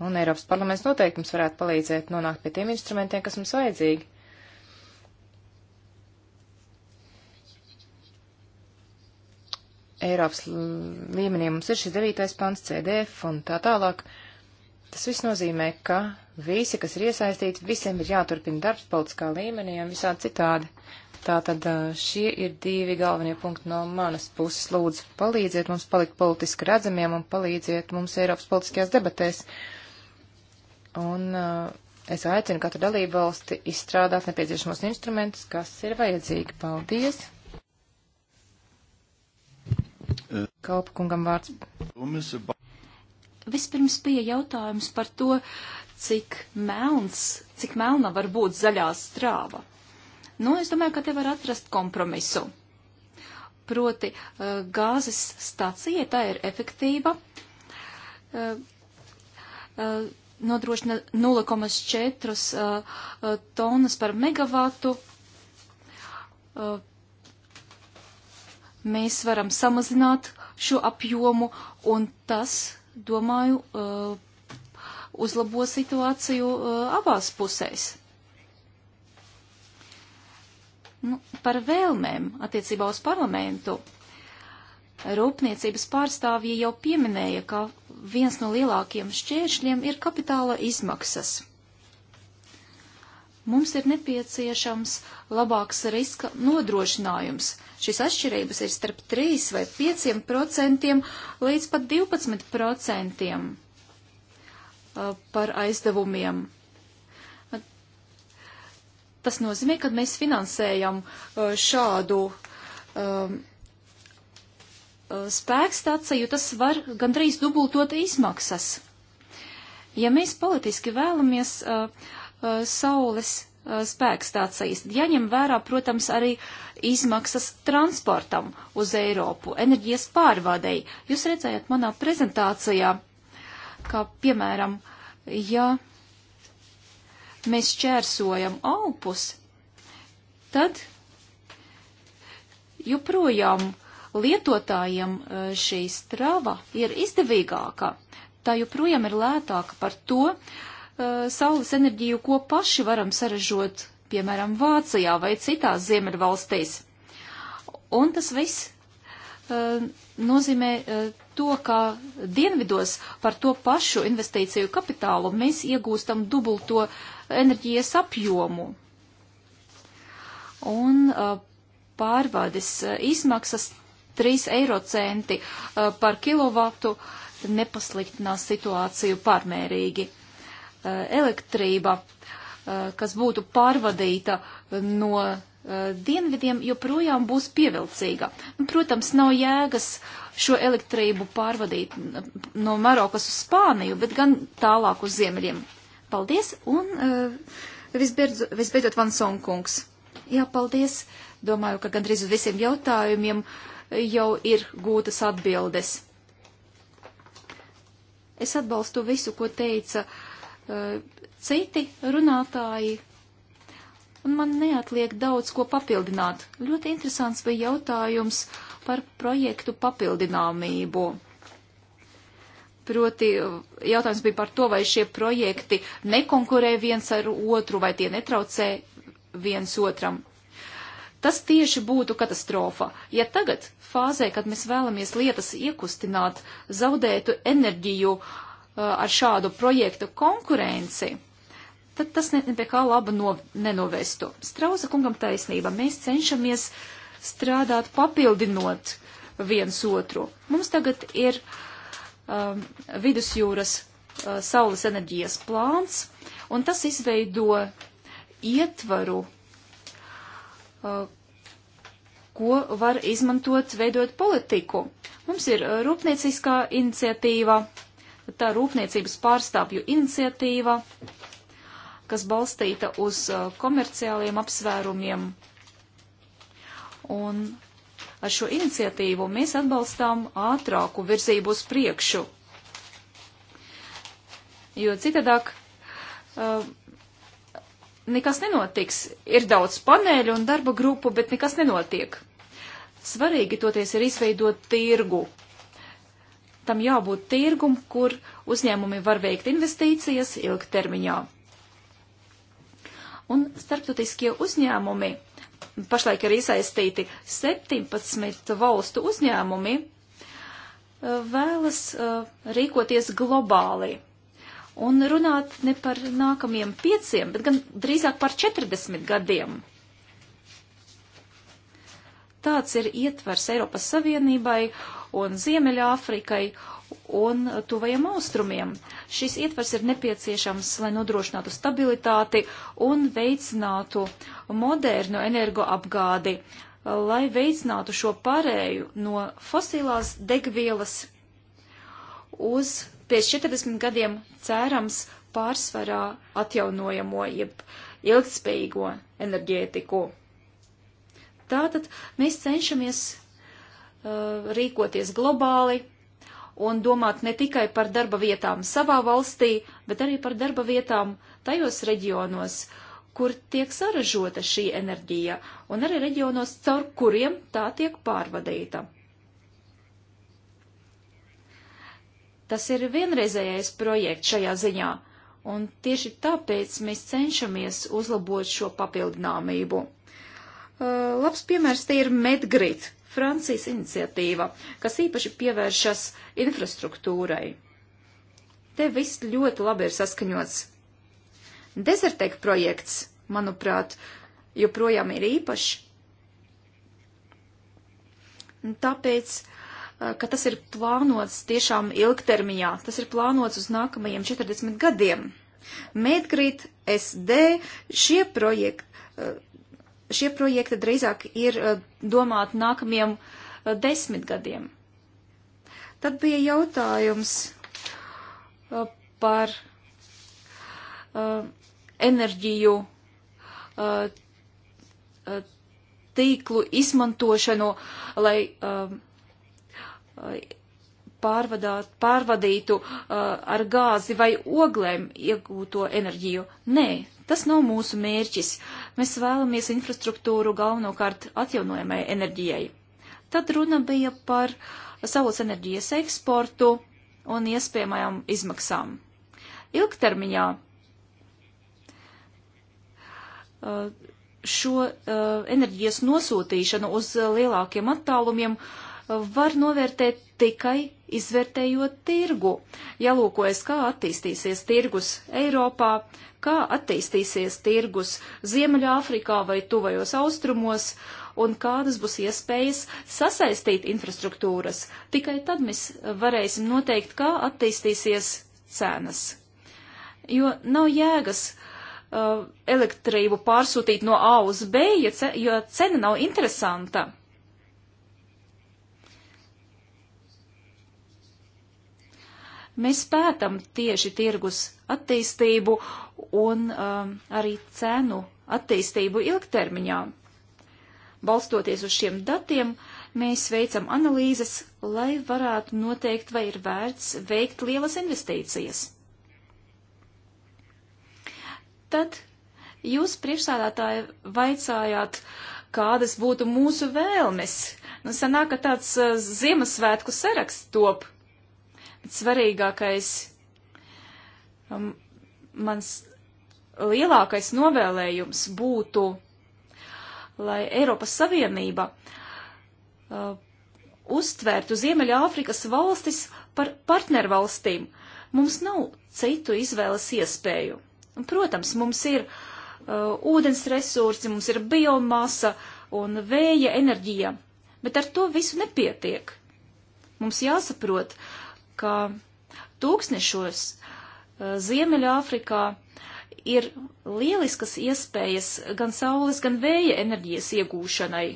Un Eiropas parlaments noteikti mums varētu palīdzēt nonākt pie tiem instrumentiem, kas mums vajadzīgi. Eiropas līmenī mums ir šis devītais pants CDF un tā tālāk. Tas viss nozīmē, ka visi, kas ir iesaistīti, visiem ir jāturpina darbs politiskā līmenī un visā citādi. Tātad šie ir divi galvenie punkti no manas puses. Lūdzu, palīdziet mums palikt politiski redzamiem un palīdziet mums Eiropas politiskajās debatēs. Uh, Un uh, es aicinu katru dalību valsti izstrādāt nepieciešamos instrumentus, kas ir vajadzīgi. Paldies! Kalpa kungam vārds. Vispirms bija jautājums par to, cik melns, cik melna var būt zaļā strāva. Nu, es domāju, ka te var atrast kompromisu. Proti, uh, gāzes stācija tā ir efektīva. Uh, uh, nodrošina 0,4 uh, uh tonas par megavatu. Uh, mēs varam samazināt šo apjomu, un tas, domāju, uh, uzlabo situāciju uh, abās pusēs. Nu, par vēlmēm attiecībā uz parlamentu. Rūpniecības pārstāvji jau pieminēja, ka viens no lielākiem šķēršļiem ir kapitāla izmaksas. Mums ir nepieciešams labāks riska nodrošinājums. Šīs atšķirības ir starp 3 vai 5 procentiem līdz pat 12 procentiem par aizdevumiem. Tas nozīmē, ka mēs finansējam šādu um, spēkstacija, jo tas var gandrīz dubultot izmaksas. Ja mēs politiski vēlamies uh, uh, saules uh, spēkstacijas, tad jāņem vērā, protams, arī izmaksas transportam uz Eiropu, enerģijas pārvadei. Jūs redzējāt manā prezentācijā, ka, piemēram, ja mēs čērsojam aupus, tad joprojām lietotājiem eh, šī strava ir izdevīgāka. Tā joprojām ir lētāka par to eh, saules enerģiju, ko paši varam saražot, piemēram, Vācijā vai citās ziemeļvalstīs. Un tas viss eh, nozīmē to, ka dienvidos par to pašu investīciju kapitālu mēs iegūstam dubulto enerģijas apjomu. Un pārvades izmaksas 3 eiro centi uh, par kilovatu nepasliktinās situāciju pārmērīgi. Uh, elektrība, uh, kas būtu pārvadīta no dienvidiem, joprojām būs pievilcīga. Nu, protams, nav jēgas šo elektrību pārvadīt no Marokas uz Spāniju, bet gan tālāk uz ziemeļiem. Paldies, un visbeidzot, Vansonkungs. Jā, paldies. Domāju, ka gandrīz uz visiem jautājumiem jau ir gūtas atbildes. Es atbalstu visu, ko teica uh, citi runātāji, un man neatliek daudz ko papildināt. Ļoti interesants bija jautājums par projektu papildināmību. Proti, jautājums bija par to, vai šie projekti nekonkurē viens ar otru, vai tie netraucē viens otram. Tas tieši būtu katastrofa, ja tagad, fāzē, kad mēs vēlamies lietas iekustināt, zaudētu enerģiju uh, ar šādu projektu konkurenci, tad tas ne, ne pie kā laba no, nenovestu. Strausa kungam taisnība, mēs cenšamies strādāt papildinot viens otru. Mums tagad ir um, vidusjūras uh, saules enerģijas plāns, un tas izveido ietvaru Uh, ko var izmantot, veidot politiku. Mums ir uh, rūpnieciskā iniciatīva, tā rūpniecības pārstāvju iniciatīva, kas balstīta uz uh, komerciāliem apsvērumiem. Un ar šo iniciatīvu mēs atbalstām ātrāku virzību uz priekšu. Jo citādāk nekas nenotiks. Ir daudz paneļu un darba grupu, bet nekas nenotiek. Svarīgi toties ir izveidot tirgu. Tam jābūt tirgum, kur uzņēmumi var veikt investīcijas ilgtermiņā. Un starptautiskie uzņēmumi, pašlaik ir iesaistīti 17 valstu uzņēmumi, eh, vēlas eh, rīkoties globāli un runāt ne par nākamajiem pieciem, bet gan drīzāk par 40 gadiem. Tāds ir ietvers Eiropas Savienībai un Ziemeļāfrikai un tuvajiem austrumiem. Šis ietvers ir nepieciešams, lai nodrošinātu stabilitāti un veicinātu modernu energoapgādi, lai veicinātu šo pārēju no fosilās degvielas uz pēc 40 gadiem cerams pārsvarā atjaunojamo, jeb ilgtspējīgo enerģētiku. Tātad mēs cenšamies uh, rīkoties globāli un domāt ne tikai par darba vietām savā valstī, bet arī par darba vietām tajos reģionos, kur tiek saražota šī enerģija, un arī reģionos, caur kuriem tā tiek pārvadīta. Tas ir vienreizējais projekts šajā ziņā, un tieši tāpēc mēs cenšamies uzlabot šo papildināmību. Uh, labs piemērs te ir Medgrid, Francijas iniciatīva, kas īpaši pievēršas infrastruktūrai. Te viss ļoti labi ir saskaņots. Desertek projekts, manuprāt, joprojām ir īpašs. Tāpēc uh, Eh, ka tas ir plānots tiešām ilgtermiņā. Tas ir plānots uz nākamajiem 40 gadiem. Medgrid, SD, šie projekti, eh, šie projekti drīzāk ir eh, domāti nākamajiem desmit gadiem. Tad bija jautājums par enerģiju tīklu izmantošanu, lai um, pārvadāt, pārvadītu uh, ar gāzi vai oglēm iegūto enerģiju. Nē, tas nav mūsu mērķis. Mēs vēlamies infrastruktūru galvenokārt atjaunojamai enerģijai. Tad runa bija par savas enerģijas eksportu un iespējamajām izmaksām. Ilgtermiņā uh, šo uh, enerģijas nosūtīšanu uz lielākiem attālumiem uh, var novērtēt tikai izvērtējot tirgu. Jālūkojas, kā attīstīsies tirgus Eiropā, kā attīstīsies tirgus Ziemeļāfrikā vai tuvajos austrumos, un kādas būs iespējas sasaistīt infrastruktūras. Tikai tad mēs varēsim noteikt, kā attīstīsies cenas. Jo nav jēgas uh, elektrību pārsūtīt no A uz B, ja, ce, jo cena nav interesanta. Mēs pētam tieši tirgus attīstību un um, arī cenu attīstību ilgtermiņā. Balstoties uz šiem datiem, mēs veicam analīzes, lai varētu noteikt, vai ir vērts veikt lielas investīcijas. Tad jūs priekšsādātāji vaicājāt, kādas būtu mūsu vēlmes. Nu, sanāk, ka tāds uh, Ziemassvētku saraksts top svarīgākais, um, mans lielākais novēlējums būtu, lai Eiropas Savienība uh, uztvērtu Ziemeļāfrikas valstis par partnervalstīm. Mums nav citu izvēles iespēju. Un, protams, mums ir uh, ūdens resursi, mums ir biomasa un vēja enerģija, bet ar to visu nepietiek. Mums jāsaprot, uh, ka tūkstnešos Ziemeļāfrikā ir lieliskas iespējas gan saules, gan vēja enerģijas iegūšanai.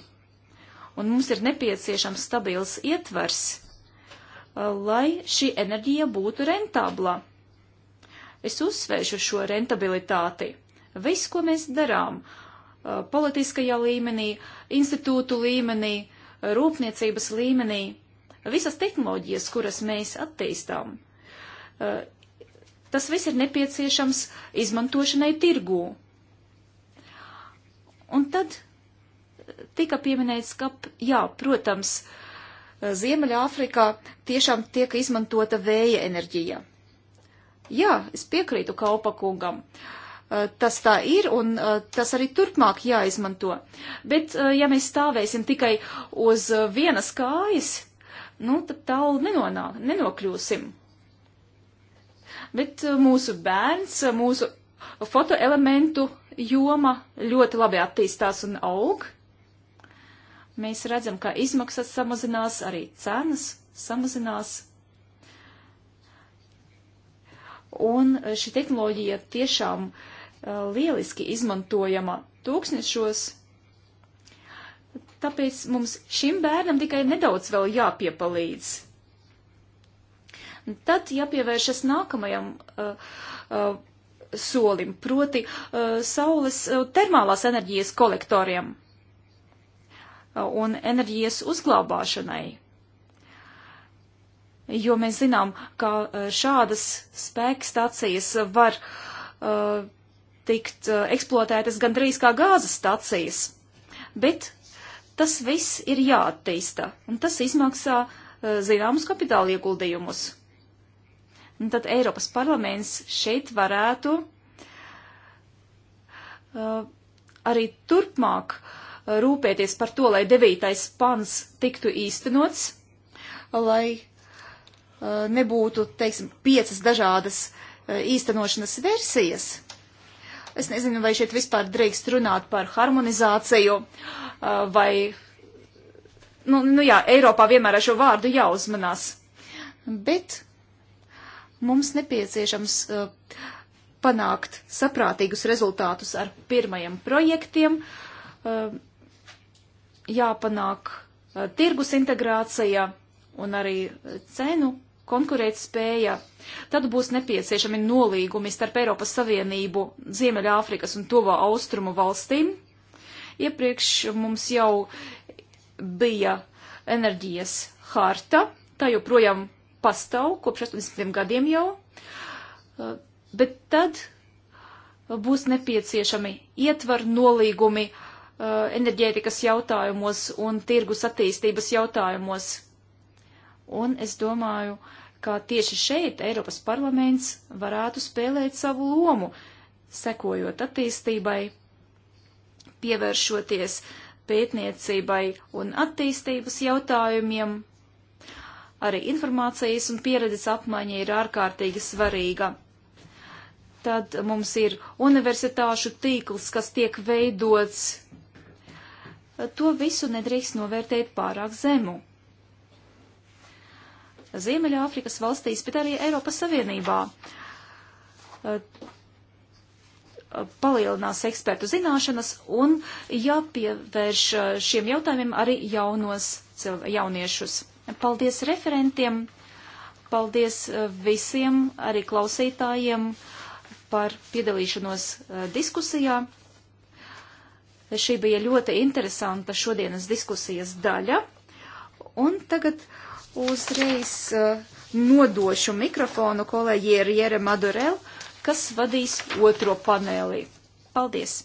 Un mums ir nepieciešams stabils ietvers, lai šī enerģija būtu rentabla. Es uzsvēršu šo rentabilitāti. Viss, ko mēs darām, politiskajā līmenī, institūtu līmenī, rūpniecības līmenī, visas tehnoloģijas, kuras mēs attīstām. Eh, tas viss ir nepieciešams izmantošanai tirgū. Un tad eh, tika pieminēts, ka, jā, protams, eh, Ziemeļāfrikā tiešām tiek izmantota vēja enerģija. Jā, es piekrītu Kaupakungam. Tas tā ir, un tas arī turpmāk jāizmanto. Bet, ja mēs stāvēsim tikai uz vienas kājas, nu tad tālu nenonāk, nenokļūsim. Bet eh, mūsu bērns, eh, mūsu fotoelementu joma ļoti labi attīstās un aug. Mēs redzam, ka izmaksas samazinās, arī cenas samazinās. Un eh, šī tehnoloģija tiešām uh, lieliski izmantojama tūkstnešos Tāpēc mums šim bērnam tikai nedaudz vēl jāpiepalīdz. Tad jāpievēršas nākamajam uh, uh, solim, proti uh, saules uh, termālās enerģijas kolektoriem uh, un enerģijas uzglabāšanai. Jo mēs zinām, ka uh, šādas spēkstacijas var uh, tikt uh, eksploatētas gandrīz kā gāzes stacijas, bet Tas viss ir jāattīsta, un tas izmaksā eh, zināmus kapitāla ieguldījumus. Un tad Eiropas parlaments šeit varētu uh, arī turpmāk eh, rūpēties par to, lai devītais pants tiktu īstenots, lai uh, nebūtu, teiksim, piecas dažādas uh, īstenošanas versijas. Es nezinu, vai šeit vispār drīkst runāt par harmonizāciju. Uh, Eh, vai, nu, nu jā, Eiropā vienmēr ar šo vārdu jāuzmanās. Bet mums nepieciešams eh, panākt saprātīgus rezultātus ar pirmajiem projektiem, eh, jāpanāk tirgus integrācija un arī cenu konkurēt spēja, tad būs nepieciešami nolīgumi starp Eiropas Savienību, Ziemeļāfrikas un Tovo Austrumu valstīm, Iepriekš mums jau bija enerģijas harta, tā joprojām pastāv kopš 80 gadiem jau, uh, bet tad būs nepieciešami ietvar nolīgumi uh, enerģētikas jautājumos un tirgus attīstības jautājumos. Un es domāju, ka tieši šeit Eiropas parlaments varētu spēlēt savu lomu, sekojot attīstībai pievēršoties pētniecībai un attīstības jautājumiem. Arī informācijas un pieredzes apmaiņa ir ārkārtīgi svarīga. Tad mums ir universitāšu tīkls, kas tiek veidots. To visu nedrīkst novērtēt pārāk zemu. Ziemeļāfrikas valstīs, bet arī Eiropas Savienībā palielinās ekspertu zināšanas un jāpievērš šiem jautājumiem arī jaunos jauniešus. Paldies referentiem, paldies visiem arī klausītājiem par piedalīšanos diskusijā. Šī bija ļoti interesanta šodienas diskusijas daļa. Un tagad uzreiz nodošu mikrofonu kolēģi Jere Madurel kas vadīs otro paneli. Paldies!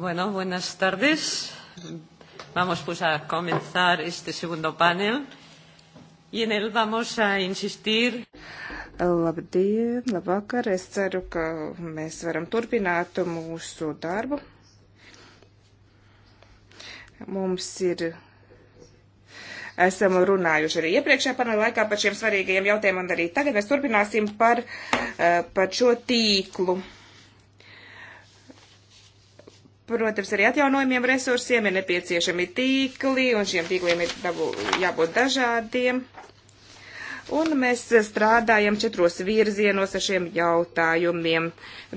Bueno, buenas tardes. Vamos pues a comenzar este segundo panel y en él vamos a insistir. Labdien, labvakar. Es ceru, ka mēs varam turpināt mūsu darbu. Mums ir esam runājuši arī iepriekšējā panela laikā par šiem svarīgajiem jautājumiem, un arī tagad mēs turpināsim par, eh, par šo tīklu. Protams, arī atjaunojumiem resursiem ir nepieciešami tīkli, un šiem tīkliem ir dabu, jābūt dažādiem. Uh, Un mēs strādājam četros virzienos ar šiem jautājumiem.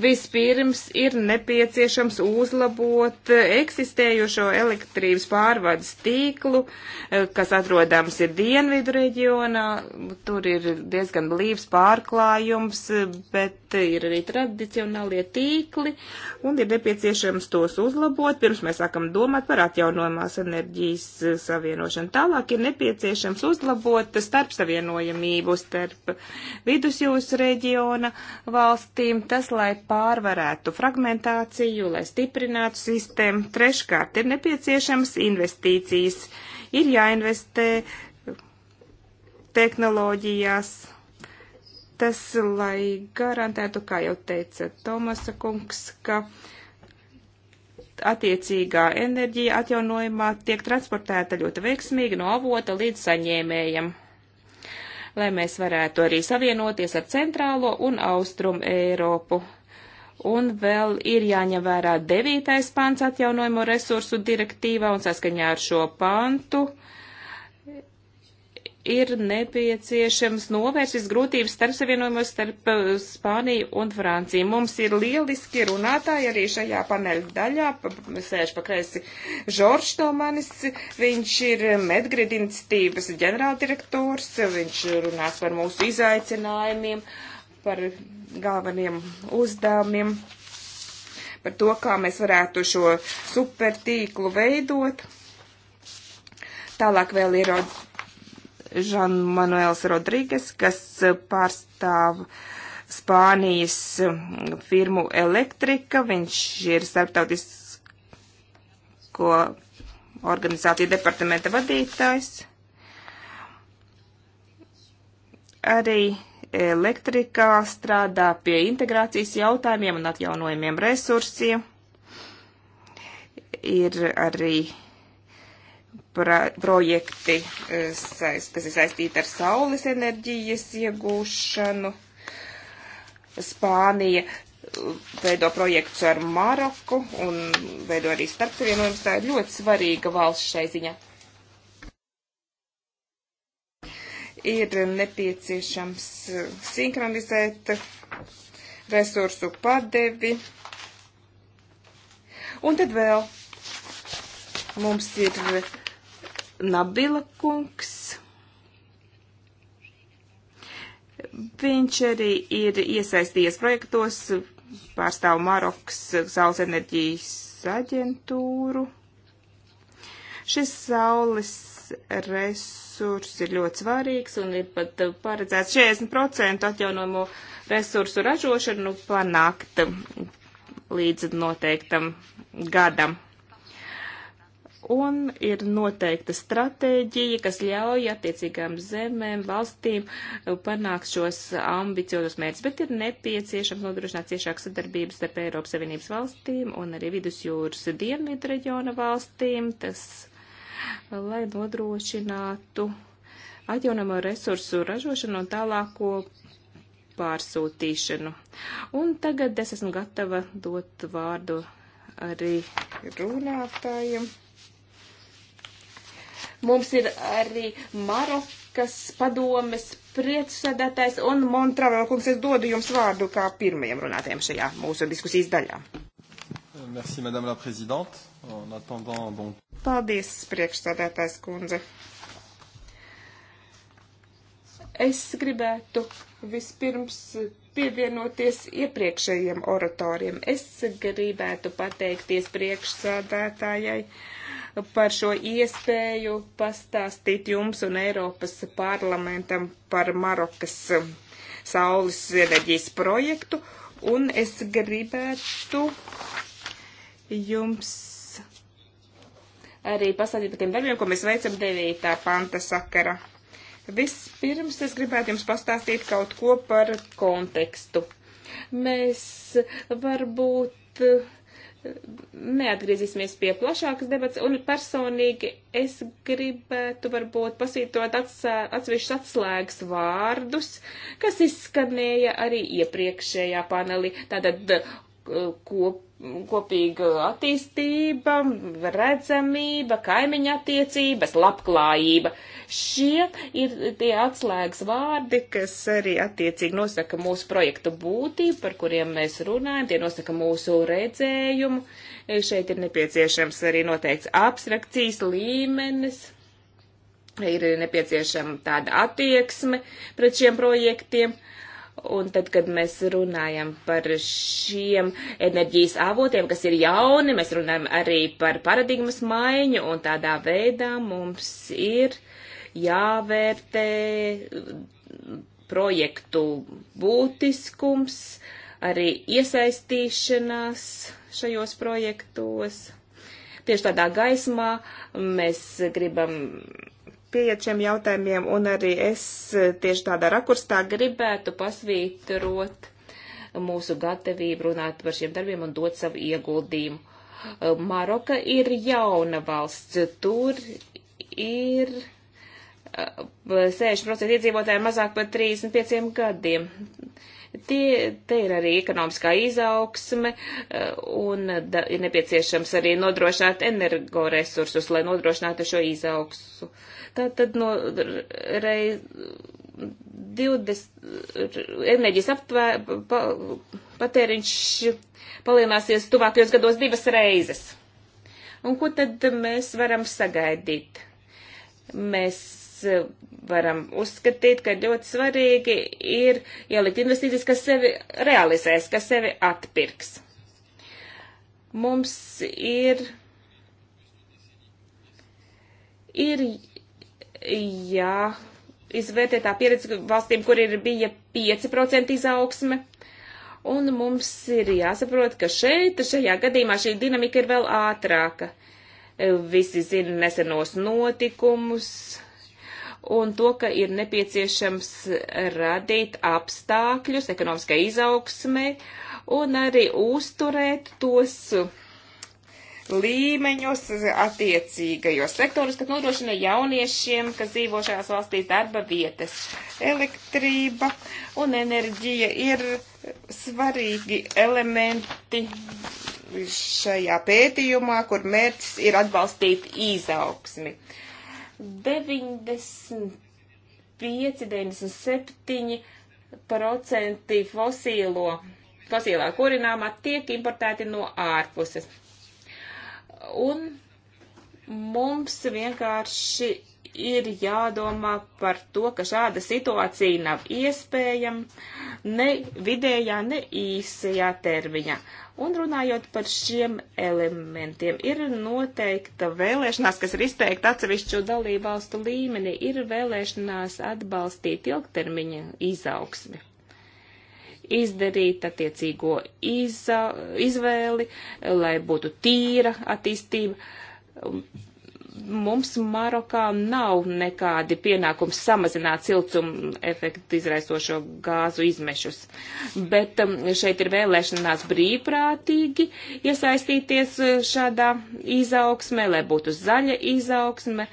Vispirms ir nepieciešams uzlabot eksistējošo elektrības pārvades tīklu, eh, kas atrodams ir dienvidu reģionā. Tur ir diezgan blīvs pārklājums, bet ir arī tradicionālie tīkli, un ir nepieciešams tos uzlabot. Pirms mēs sākam domāt par atjaunojumās enerģijas eh, savienošanu. Tālāk ir nepieciešams uzlabot starpsavienojumu savienojamību starp vidusjūras reģiona valstīm, tas, lai pārvarētu fragmentāciju, lai stiprinātu sistēmu. Treškārt ir nepieciešams investīcijas, ir jāinvestē tehnoloģijās. Tas, lai garantētu, kā jau teica Tomasa kungs, ka attiecīgā enerģija atjaunojumā tiek transportēta ļoti veiksmīgi no avota līdz saņēmējam lai mēs varētu arī savienoties ar centrālo un austrumu Eiropu. Un vēl ir jāņem vērā devītais pants atjaunojumu resursu direktīvā un saskaņā ar šo pantu ir nepieciešams novērst grūtības starp savienojumos starp eh, Spāniju un Franciju. Mums ir lieliski runātāji arī šajā paneļa daļā, sēž pa kreisi Žorž Tomanis, viņš ir Medgrid institīvas ģenerāldirektors, viņš runās par mūsu izaicinājumiem, par galveniem uzdevumiem, par to, kā mēs varētu šo supertīklu veidot. Tālāk vēl ir Žanmanuēls Rodrīgas, kas pārstāv Spānijas um, firmu Elektrika. Viņš ir starptautisko organizāciju departamenta vadītājs. Arī elektrikā strādā pie integrācijas jautājumiem un atjaunojumiem resursiem. Ir arī projekti, e, kas ir saistīti ar saules enerģijas iegūšanu. Spānija e, veido projekts ar Maroku un veido arī starpsavienojumus. Tā ir ļoti svarīga valsts šai ziņā. Ir nepieciešams e, sinhronizēt resursu padevi. Un tad vēl mums ir Nabila kungs. Viņš arī ir iesaistījies projektos, pārstāv Marokas saules enerģijas aģentūru. Šis saules resurs ir ļoti svarīgs un ir pat paredzēts 40% atjaunojumu resursu ražošanu panākt līdz noteiktam gadam un ir noteikta stratēģija, kas ļauj attiecīgām zemēm, valstīm uh, panākt šos ambiciozus mērķus, bet ir nepieciešams nodrošināt ciešāku sadarbību starp Eiropas Savienības valstīm un arī vidusjūras dienvidu reģiona valstīm, tas, uh, lai nodrošinātu atjaunamo resursu ražošanu un tālāko pārsūtīšanu. Un tagad es esmu gatava dot vārdu arī runātājiem. Mums ir arī Marokas padomes priekšsēdētājs un Montravēl kungs, es dodu jums vārdu kā pirmajam runātājam šajā mūsu diskusijas daļā. Euh, merci, madame la présidente. En attendant, bon. Paldies, priekšsēdētājs kundze. Es gribētu vispirms pievienoties iepriekšējiem oratoriem. Es gribētu pateikties priekšsādātājai par šo iespēju pastāstīt jums un Eiropas parlamentam par Marokas saules enerģijas projektu. Un es gribētu jums arī pastāstīt par tiem darbiem, ko mēs veicam 9. panta sakara. Vispirms es gribētu jums pastāstīt kaut ko par kontekstu. Mēs varbūt uh, neatgriezīsimies pie plašākas debats, un personīgi es gribētu varbūt pasītot atsevišķus atslēgas vārdus, kas izskanēja arī iepriekšējā panelī, tātad kop kopīga attīstība, redzamība, kaimiņa attiecības, labklājība. Šie ir tie atslēgas vārdi, kas arī attiecīgi nosaka mūsu projektu būtību, par kuriem mēs runājam, tie nosaka mūsu redzējumu. Šeit ir nepieciešams arī noteikts abstrakcijas līmenis. Ir nepieciešama tāda attieksme pret šiem projektiem. Uh, Un tad, kad mēs runājam par šiem enerģijas avotiem, kas ir jauni, mēs runājam arī par paradigmas maiņu, un tādā veidā mums ir jāvērtē projektu būtiskums, arī iesaistīšanās šajos projektos. Tieši tādā gaismā mēs gribam pieiet šiem jautājumiem, un arī es eh, tieši tādā rakurstā gribētu pasvītrot mūsu gatavību runāt par šiem darbiem un dot savu ieguldījumu. Eh, Maroka ir jauna valsts, tur ir 60% eh, iedzīvotāji mazāk par 35 gadiem. Tie, te ir arī ekonomiskā izaugsme eh, un da, ir nepieciešams arī nodrošināt energoresursus, lai nodrošinātu šo izaugsmu. Tātad no reiz 20 enerģijas aptvē, pa, patēriņš palielināsies tuvākajos gados divas reizes. Un ko tad mēs varam sagaidīt? Mēs varam uzskatīt, ka ļoti svarīgi ir ielikt investīcijas, kas sevi realizēs, kas sevi atpirks. Mums ir, ir jāizvērtē tā pieredze valstīm, kur ir bija 5% izaugsme. Un mums ir jāsaprot, ka šeit, šajā gadījumā šī dinamika ir vēl ātrāka. Visi zina nesenos notikumus, un to, ka ir nepieciešams radīt apstākļus ekonomiskai izaugsmē un arī uzturēt tos līmeņos attiecīgajos sektoros, kas nodrošina jauniešiem, kas dzīvo šajās valstīs darba vietas. Elektrība un enerģija ir svarīgi elementi šajā pētījumā, kur mērķis ir atbalstīt izaugsmi. Uh, 95-97% fosīlo, fosīlā kurināmā tiek importēti no ārpuses. Un mums vienkārši ir jādomā par to, ka šāda situācija nav iespējama ne vidējā, ne īsajā termiņā. Uh, Un runājot par šiem elementiem, ir noteikta vēlēšanās, kas ir izteikta atsevišķu dalību valstu līmenī, ir vēlēšanās atbalstīt ilgtermiņa izaugsmi izdarīt attiecīgo iza, izvēli, lai būtu tīra attīstība mums Marokā nav nekādi pienākums samazināt siltuma efektu izraisošo gāzu izmešus. Bet um, šeit ir vēlēšanās brīvprātīgi iesaistīties uh, šādā izaugsmē, lai būtu zaļa izaugsme,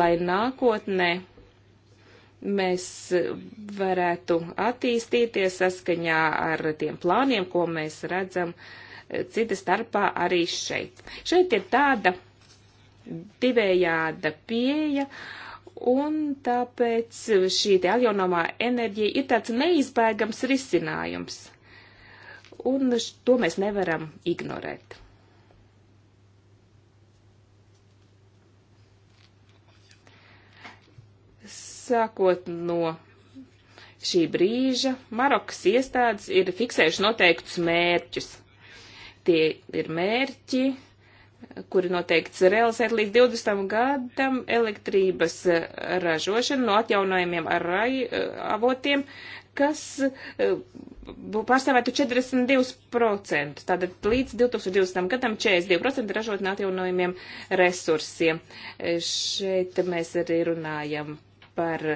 lai nākotnē mēs uh, varētu attīstīties saskaņā ar tiem plāniem, ko mēs redzam uh, cita starpā arī šeit. Šeit ir tāda divējāda pieeja. Un tāpēc šī te atjaunamā enerģija ir tāds neizbēgams risinājums. Un to mēs nevaram ignorēt. Sākot no šī brīža, Marokas iestādes ir fiksējuši noteiktus mērķus. Tie ir mērķi, kuri noteikts realizēt līdz 20. gadam elektrības ražošanu no atjaunojumiem ar rai, eh, avotiem, kas eh, pārstāvētu 42%, tātad līdz 2020. gadam 42% ražot no atjaunojumiem resursiem. Eh, šeit mēs arī runājam par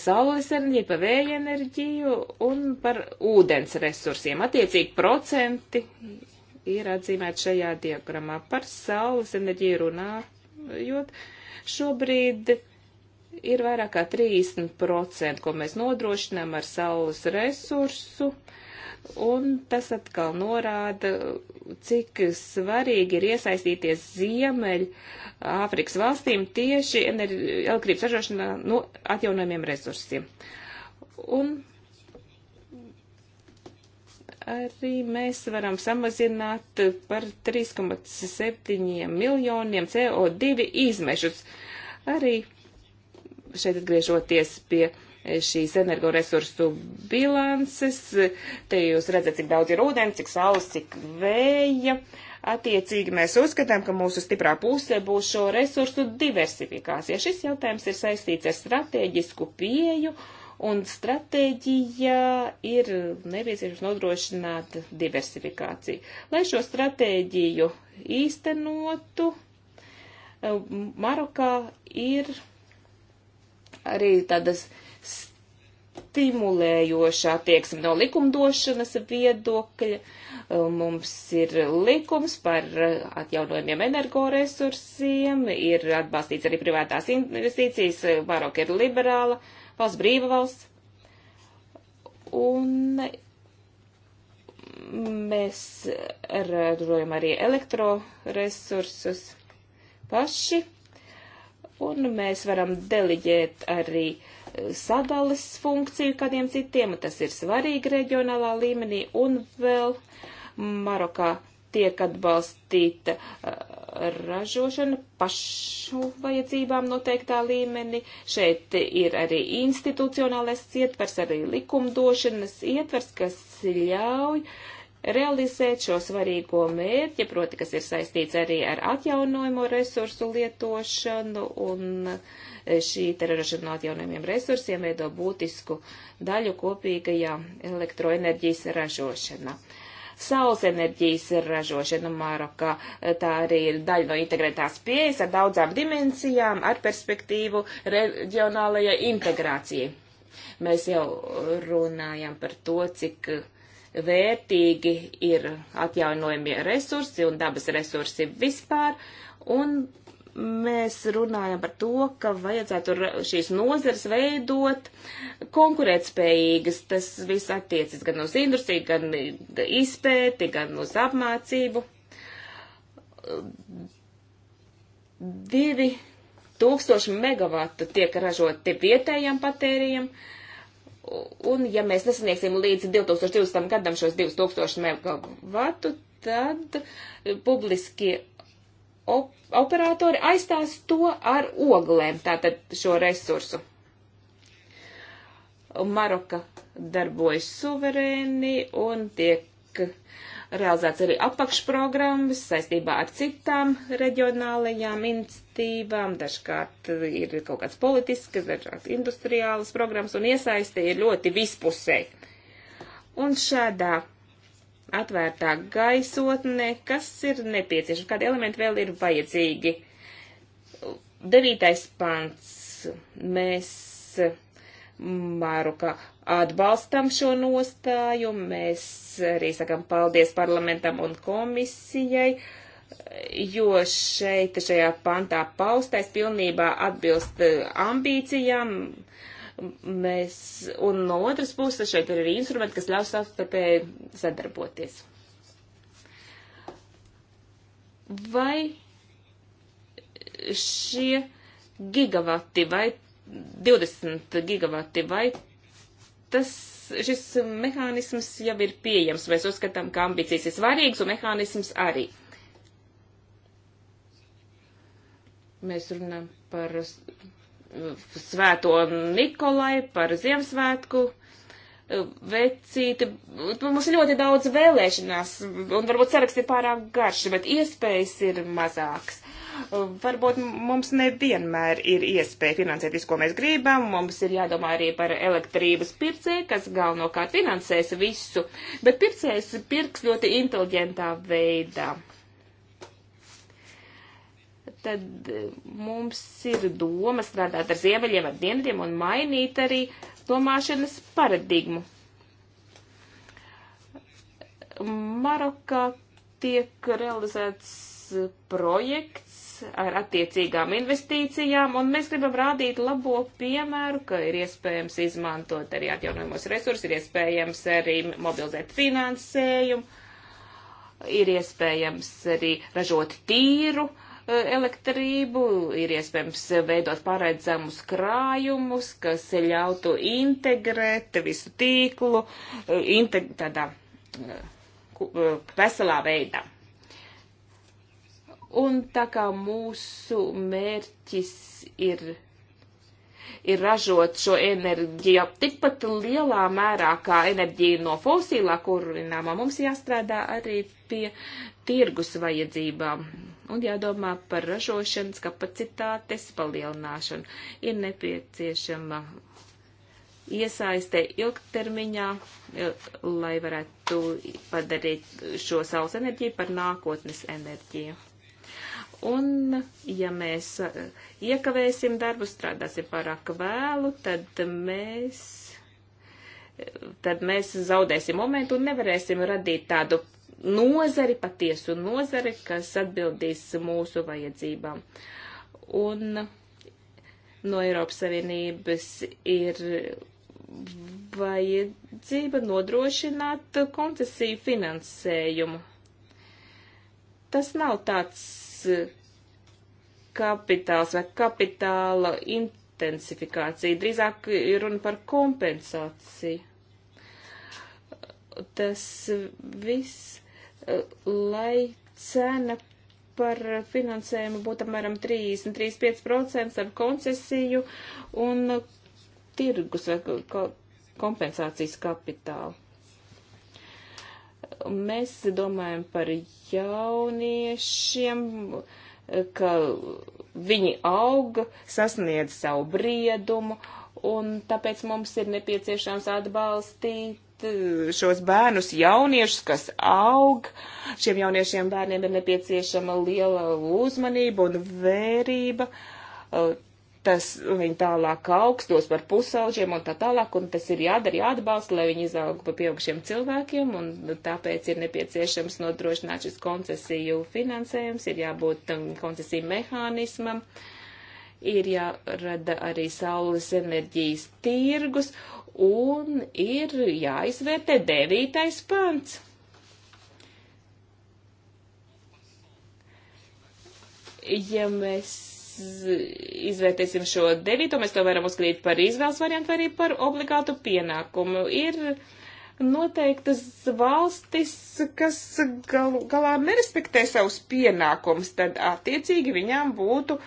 saules enerģiju, par vēja enerģiju un par ūdens resursiem. Attiecīgi procenti ir atzīmēta šajā diagramā. Par saules enerģiju runājot, šobrīd ir vairāk kā 30%, ko mēs nodrošinām ar saules resursu. Un tas atkal norāda, cik svarīgi ir iesaistīties Ziemeļ Āfrikas valstīm tieši elektrības ražošanā no atjaunojumiem resursiem. Un arī mēs varam samazināt par 3,7 miljoniem CO2 izmešus. Arī šeit atgriežoties pie šīs energoresursu bilances, te jūs redzat, cik daudz ir ūdens, cik saules, cik vēja. Attiecīgi mēs uzskatām, ka mūsu stiprā puse būs šo resursu diversifikācija. Šis jautājums ir saistīts ar strateģisku pieju Un stratēģijā ir nepieciešams nodrošināt diversifikāciju. Lai šo stratēģiju īstenotu, eh, Marokā ir arī tādas stimulējoša attieksme no likumdošanas viedokļa. Eh, mums ir likums par eh, atjaunojumiem energoresursiem, ir atbalstīts arī privātās investīcijas, Maroka ir liberāla. Uh, valsts brīva valsts. Un mēs ražojam arī elektroresursus paši, un mēs varam deliģēt arī sadales funkciju kādiem citiem, un tas ir svarīgi reģionālā līmenī, un vēl Marokā tiek atbalstīta uh, ražošana pašu vajadzībām noteiktā līmenī. Šeit ir arī institucionālais ietvers, arī likumdošanas ietvers, kas ļauj realizēt šo svarīgo mērķi, proti, kas ir saistīts arī ar atjaunojumu resursu lietošanu, un šī ražošana no atjaunojumiem resursiem veido būtisku daļu kopīgajā elektroenerģijas ražošanā. Uh, saules enerģijas ražošanu Marokā. Tā arī ir daļa no integrētās pieejas ar daudzām dimensijām, ar perspektīvu reģionālajai integrācijai. Mēs jau runājam par to, cik vērtīgi ir atjaunojamie resursi un dabas resursi vispār, un mēs runājam par to, ka vajadzētu šīs nozars veidot konkurētspējīgas. Tas viss attiecas gan uz industriju, gan izpēti, gan uz apmācību. 2000 megavatu tiek ražoti vietējiem patērijiem. Un, ja mēs nesaniegsim līdz 2020. gadam šos 2000 megavatu, tad publiskie op operatori aizstās to ar oglēm, tātad šo resursu. Maroka darbojas suverēni un tiek realizēts arī apakšprogrammas saistībā ar citām reģionālajām institīvām. Dažkārt ir kaut kāds politisks, dažkārt industriāls programmas un iesaisti ir ļoti vispusēji. Un šādā atvērtā gaisotne, kas ir nepieciešams, kādi elementi vēl ir vajadzīgi. Devītais pants. Mēs Marukā atbalstam šo nostāju, mēs arī sakam paldies parlamentam un komisijai, jo šeit šajā pantā paustais pilnībā atbilst eh, ambīcijām. Uh, Mēs, un no otras puses šeit ir arī instrumenti, kas ļaus savstarpēji sadarboties. Vai šie gigavati vai 20 gigavati vai tas, šis mehānisms jau ir pieejams. Mēs uzskatām, ka ambīcijas ir svarīgas un mehānisms arī. Mēs runājam par svēto Nikolai, par Ziemassvētku vecīti. Mums ir ļoti daudz vēlēšanās, un varbūt saraksts ir pārāk garš, bet iespējas ir mazāks. Varbūt mums nevienmēr ir iespēja finansēt visu, ko mēs gribam. Mums ir jādomā arī par elektrības pircēju, kas galvenokārt finansēs visu, bet pircējs pirks ļoti inteliģentā veidā tad eh, mums ir doma strādāt ar ziemeļiem, ar dienvidiem un mainīt arī domāšanas paradigmu. Marokā tiek realizēts eh, projekts ar attiecīgām investīcijām, un mēs gribam rādīt labo piemēru, ka ir iespējams izmantot arī atjaunojumos resursus, ir iespējams arī mobilizēt finansējumu, ir iespējams arī ražot tīru uh, elektrību, ir iespējams veidot paredzamus krājumus, kas ļautu integrēt visu tīklu integ tādā veselā veidā. Un tā kā mūsu mērķis ir, ir ražot šo enerģiju tikpat lielā mērā kā enerģija no fosīlā kurināmā, mums jāstrādā arī pie tirgus vajadzībām un jādomā par ražošanas kapacitātes palielināšanu. Ir nepieciešama iesaistē ilgtermiņā, e, lai varētu padarīt šo saules enerģiju par nākotnes enerģiju. Un, ja mēs e, iekavēsim darbu, strādāsim pārāk vēlu, tad mēs, e, tad mēs zaudēsim momentu un nevarēsim radīt tādu nozari, patiesu nozari, kas atbildīs mūsu vajadzībām. Un no Eiropas Savienības ir vajadzība nodrošināt koncesiju finansējumu. Tas nav tāds kapitāls vai kapitāla intensifikācija, drīzāk ir runa par kompensāciju. Tas viss lai cena par finansējumu būtu apmēram 30-35% ar koncesiju un tirgus vai kompensācijas kapitālu. Mēs domājam par jauniešiem, ka viņi auga, sasniedz savu briedumu, un tāpēc mums ir nepieciešams atbalstīt Eh, šos bērnus, jauniešus, kas aug. Šiem jauniešiem bērniem ir nepieciešama liela uzmanība un vērība. Eh, tas viņi tālāk augstos par pusauģiem un tā tālāk, un tas ir jādara, jāatbalsta, lai viņi izaug pa pieaugušiem cilvēkiem, un tāpēc ir nepieciešams nodrošināt šis koncesiju finansējums, ir jābūt um, koncesiju mehānismam. Uh, ir jārada arī saules enerģijas tirgus, un ir jāizvērtē devītais pants. Ja mēs izvērtēsim šo devīto, mēs to varam uzskatīt par izvēles variantu vai arī par obligātu pienākumu. Ir noteiktas valstis, kas gal, galā nerespektē savus pienākumus, tad attiecīgi viņām būtu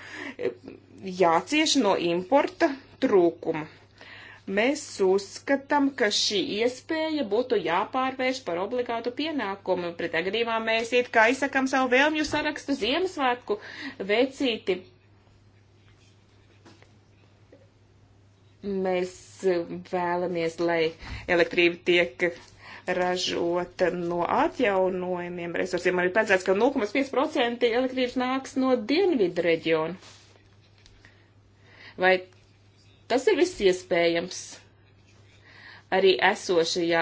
jācieš no importa trūkuma. Mēs uzskatām, ka šī iespēja būtu jāpārvērš par obligātu pienākumu. Pretējā gadījumā mēs it kā izsakām savu vēlmju sarakstu Ziemassvētku vecīti. Mēs um, vēlamies, lai elektrība tiek ražot no atjaunojumiem resursiem. Man ir paredzēts, ka 0,5% elektrības nāks no dienvidu reģiona. Vai Tas ir viss iespējams arī esošajā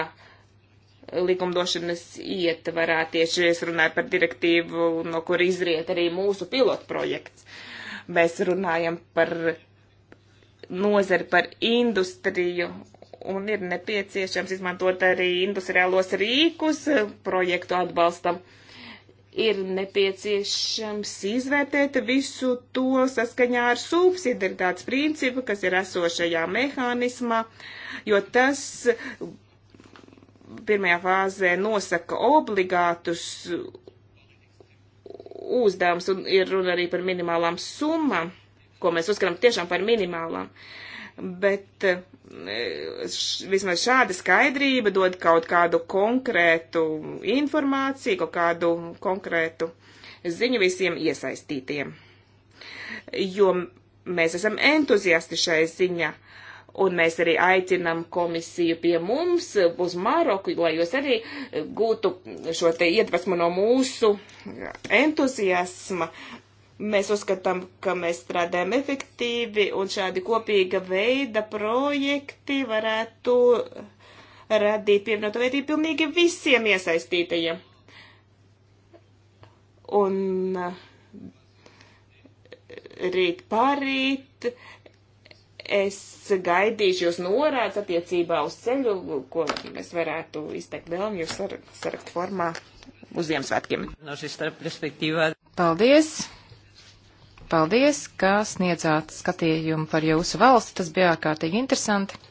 likumdošanas ietvarā. Tieši es runāju par direktīvu, no kur izriet arī mūsu pilotprojekts. Mēs runājam par nozari, par industriju un ir nepieciešams izmantot arī industriālos rīkus projektu atbalstam. Uh, ir nepieciešams izvērtēt visu to saskaņā ar subsidiaritātes principu, kas ir esošajā mehānismā, jo tas pirmajā fāzē nosaka obligātus uzdevums un ir runa arī par minimālām summām, ko mēs uzskatām tiešām par minimālām. Bet uh, vismaz šāda skaidrība dod kaut kādu konkrētu informāciju, kaut kādu konkrētu ziņu visiem iesaistītiem. Jo mēs esam entuziasti šai ziņā, un mēs arī aicinam komisiju pie mums uz Maroku, lai jūs arī gūtu šo te iedvesmu no mūsu entuziasma Mēs uzskatām, ka mēs strādājam efektīvi un šādi kopīga veida projekti varētu radīt pievienotu vērtību pilnīgi visiem iesaistītajiem. Un eh, rīt pārīt es gaidīšu jūs norādes attiecībā uz ceļu, ko mēs varētu izteikt vēlmi jūs sarakstu formā uz Ziemassvētkiem. No Paldies! Paldies, ka sniedzāt skatījumu par jūsu valsti. Tas bija ārkārtīgi interesanti.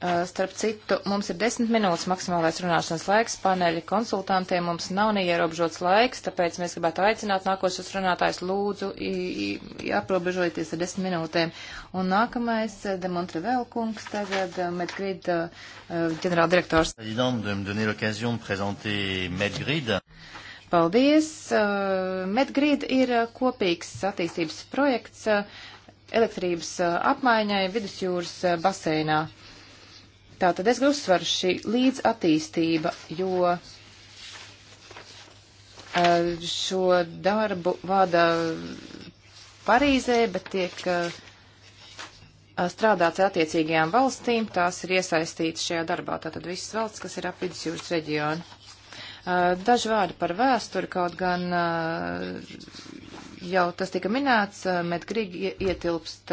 Uh, starp citu, mums ir desmit minūtes maksimālais runāšanas laiks, paneļa konsultantiem mums nav neierobežots laiks, tāpēc mēs gribētu aicināt nākošos runātājus lūdzu aprobežojieties ar desmit minūtēm. Un nākamais, eh, Demontre Velkungs, tagad eh, Medgrid eh, ģenerāldirektors. Paldies! Medgrid ir kopīgs attīstības projekts elektrības apmaiņai vidusjūras baseinā. Tātad es uzsveru šī līdzatīstība, jo eh, šo darbu vada Parīzē, bet tiek eh, strādāts attiecīgajām valstīm, tās ir iesaistītas šajā darbā, tātad visas valsts, kas ir ap vidusjūras reģionu. Eh, daži vārdi par vēsturi, kaut gan jau tas tika minēts, Medgrīgi ietilpst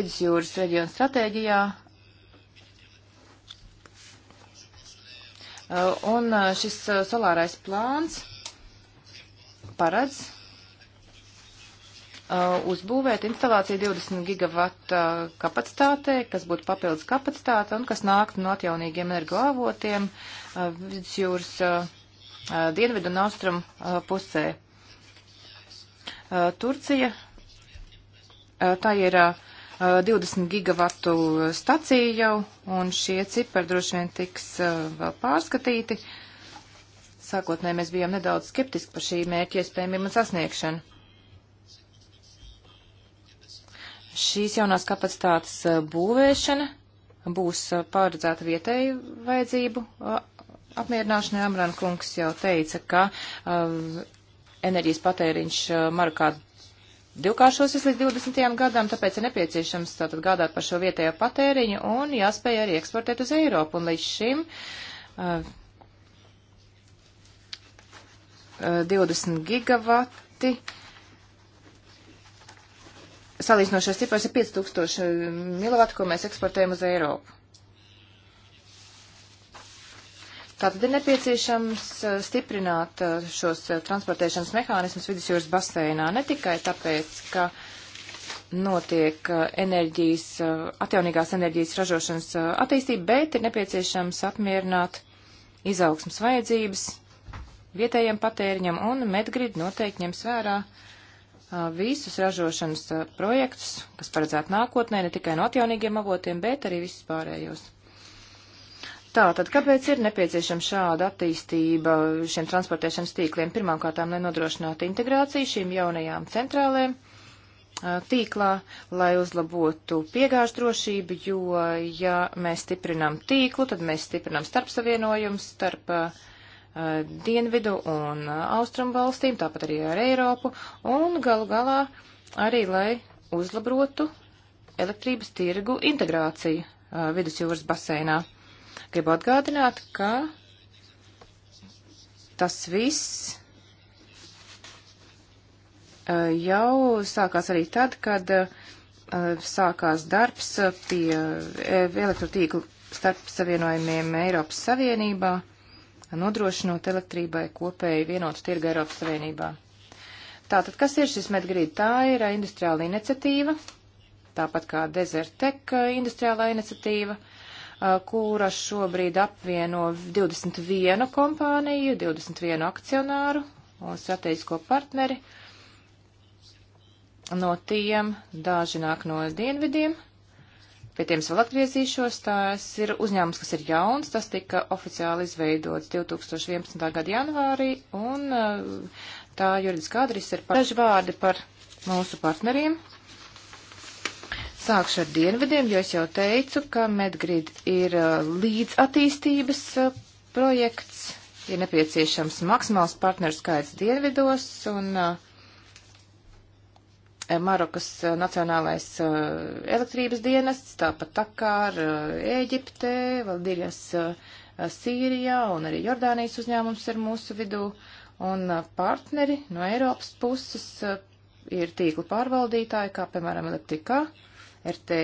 vidusjūras reģionu stratēģijā, Uh, un uh, šis uh, solārais plāns paredz uzbūvēt instalāciju 20 gigavata kapacitātei, kas būtu papildus kapacitāte un kas nāktu no atjaunīgiem energoavotiem vidusjūras dienvidu un austrumu pusē. Turcija, tā ir uh, 20 eh, gigavatu staciju jau, un šie cipari droši vien tiks eh, vēl pārskatīti. Sākotnēji mēs bijām nedaudz skeptiski par šī mērķa iespējamību un sasniegšanu. Šīs jaunās kapacitātes eh, būvēšana būs pārredzēta vietēju vajadzību apmierināšanai. Amran kungs jau teica, ka enerģijas patēriņš Marokā divkāršosies līdz 20. gadam, tāpēc ir nepieciešams tātad gādāt par šo vietējo patēriņu un jāspēj arī eksportēt uz Eiropu. Un līdz šim uh, eh, 20 eh, gigavati. Salīdzinošais cipars ir 5000 milovati, ko mēs eksportējam uz Eiropu. Tātad ir nepieciešams eh, stiprināt eh, šos eh, transportēšanas mehānismus vidusjūras baseinā ne tikai tāpēc, ka notiek enerģijas, atjaunīgās enerģijas ražošanas attīstība, bet ir nepieciešams apmierināt izaugsmas vajadzības vietējiem patēriņam un Medgrid noteikti ņems vērā visus ražošanas projektus, kas paredzētu nākotnē ne tikai no atjaunīgiem avotiem, bet arī visus pārējos. Tātad, kāpēc ir nepieciešama šāda attīstība šiem transportēšanas tīkliem? Pirmkārtām, lai nodrošinātu integrāciju šīm jaunajām centrālēm tīklā, lai uzlabotu piegāžu drošību, jo, ja mēs stiprinām tīklu, tad mēs stiprinām starpsavienojumus starp uh, dienvidu un austrumu valstīm, tāpat arī ar Eiropu, un galu galā arī, lai uzlabotu elektrības tirgu integrāciju uh, vidusjūras basēnā. Gribu atgādināt, ka tas viss eh, jau sākās arī tad, kad eh, sākās darbs eh, pie elektrotīklu starp savienojumiem Eiropas Savienībā, nodrošinot elektrībai kopēju vienotu tirgu Eiropas Savienībā. Tātad, kas ir šis medgrīd? Tā ir industriāla iniciatīva, tāpat kā Desertec industriālā iniciatīva. Uh, Eh, kura šobrīd apvieno 21 kompāniju, 21 akcionāru un strateģisko partneri. No tiem daži nāk no dienvidiem. Pie tiem vēl atgriezīšos. Tās ir uzņēmums, kas ir jauns. Tas tika oficiāli izveidots 2011. gada janvārī. Un eh, tā juridiskā adrese ir par... daži vārdi par mūsu partneriem sākšu ar dienvidiem, jo es jau teicu, ka Medgrid ir uh, līdz attīstības uh, projekts, ir nepieciešams maksimāls partneru skaits dienvidos un uh, Marokas Nacionālais elektrības dienests, tāpat Takār, Ēģipte, Valdirjas Sīrijā un arī Jordānijas uzņēmums ir mūsu vidū. Un partneri no Eiropas puses ir tīkla pārvaldītāji, kā piemēram Elektrikā, RTE,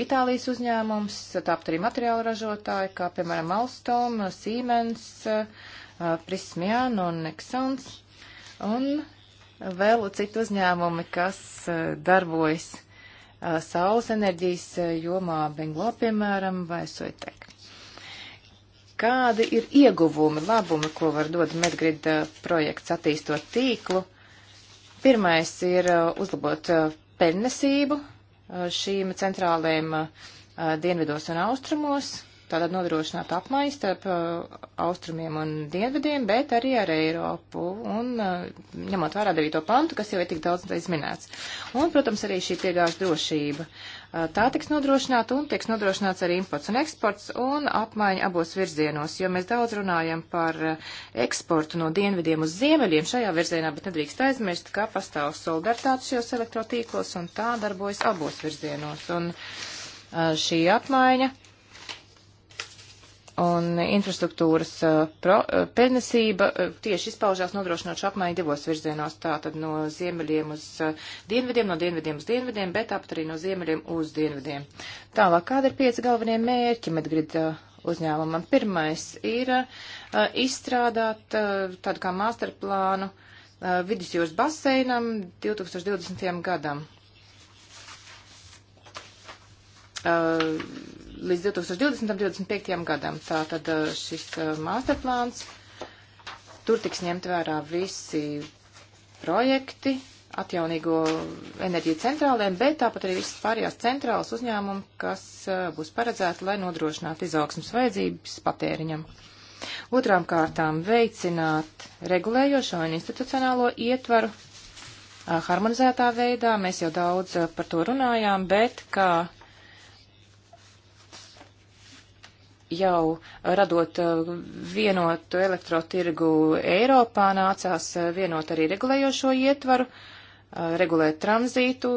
Itālijas uzņēmums, tāpat arī materiāla ražotāji, kā piemēram Alstom, Siemens, Prismian un Nexons, un vēl citi uzņēmumi, kas darbojas saules enerģijas jomā Benglo, piemēram, vai Soitek. Kādi ir ieguvumi, labumi, ko var dot Medgrid projekts attīstot tīklu? Pirmais ir uzlabot peļnesību eh, šīm centrālēm eh, dienvidos un austrumos, tātad nodrošināt apmaiņu starp eh, austrumiem un dienvidiem, bet arī ar Eiropu un ņemot vērā 9. pantu, kas jau ir tik daudz minēts. Un, protams, arī šī piegāžu drošība tā tiks nodrošināta un tiks nodrošināts arī imports un eksports un apmaiņa abos virzienos, jo mēs daudz runājam par eksportu no dienvidiem uz ziemeļiem šajā virzienā, bet nedrīkst aizmirst, ka pastāv solidaritāte šajos elektrotīklos un tā darbojas abos virzienos. Un šī apmaiņa Un infrastruktūras uh, pro, uh, pelnesība uh, tieši izpaužās nodrošinot šo apmaiņu divos virzienos, tātad no ziemeļiem uz dienvidiem, no dienvidiem uz dienvidiem, bet apat arī no ziemeļiem uz dienvidiem. Tālāk, kāda ir pieci galvenie mērķi medgrid uzņēmumam? Pirmais ir izstrādāt tādu kā masterplānu vidusjūras baseinam 2020. gadam. Uh, līdz 2020. 25. gadam. Tātad šis masterplāns, tur tiks ņemt vērā visi projekti atjaunīgo enerģiju centrālēm, bet tāpat arī visas pārējās centrālas uzņēmumu, kas būs paredzēti, lai nodrošinātu izaugsmas vajadzības patēriņam. Otrām kārtām veicināt regulējošo un institucionālo ietvaru harmonizētā veidā. Mēs jau daudz par to runājām, bet kā jau radot uh, vienotu elektrotirgu Eiropā, nācās uh, vienot arī regulējošo ietvaru, uh, regulēt tranzītu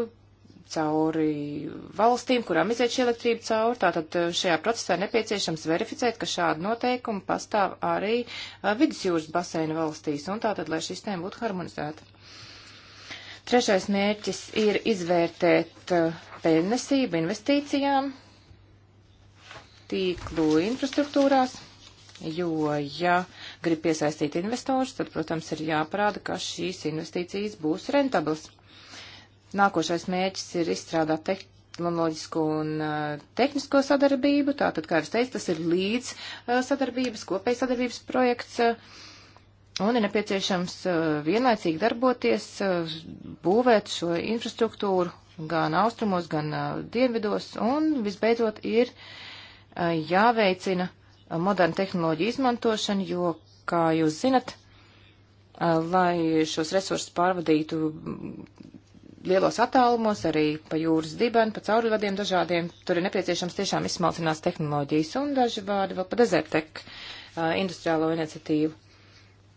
cauri valstīm, kurām iziet šī elektrība cauri. Tātad šajā procesā nepieciešams verificēt, ka šāda noteikuma pastāv arī vidusjūras baseina valstīs, un tātad, lai šī sistēma būtu harmonizēta. Trešais mērķis ir izvērtēt peļnesību investīcijām tīklu infrastruktūrās, jo, ja grib piesaistīt investorus, tad, protams, ir jāparāda, ka šīs investīcijas būs rentablas. Nākošais mērķis ir izstrādāt tehniku tehnoloģisku un uh, tehnisko sadarbību. Tātad, kā es teicu, tas ir līdz uh, sadarbības, kopējas sadarbības projekts. Uh, un ir nepieciešams vienlaicīgi darboties, būvēt šo infrastruktūru gan austrumos, gan dienvidos. Un visbeidzot ir jāveicina uh, modernu tehnoloģiju izmantošana, jo, kā jūs zinat, uh, lai šos resursus pārvadītu mm, lielos attālumos, arī pa jūras dibenu, pa caurvadiem dažādiem. Tur ir nepieciešams tiešām izsmalcinās tehnoloģijas un daži vārdi vēl pa dezertek uh, industriālo iniciatīvu.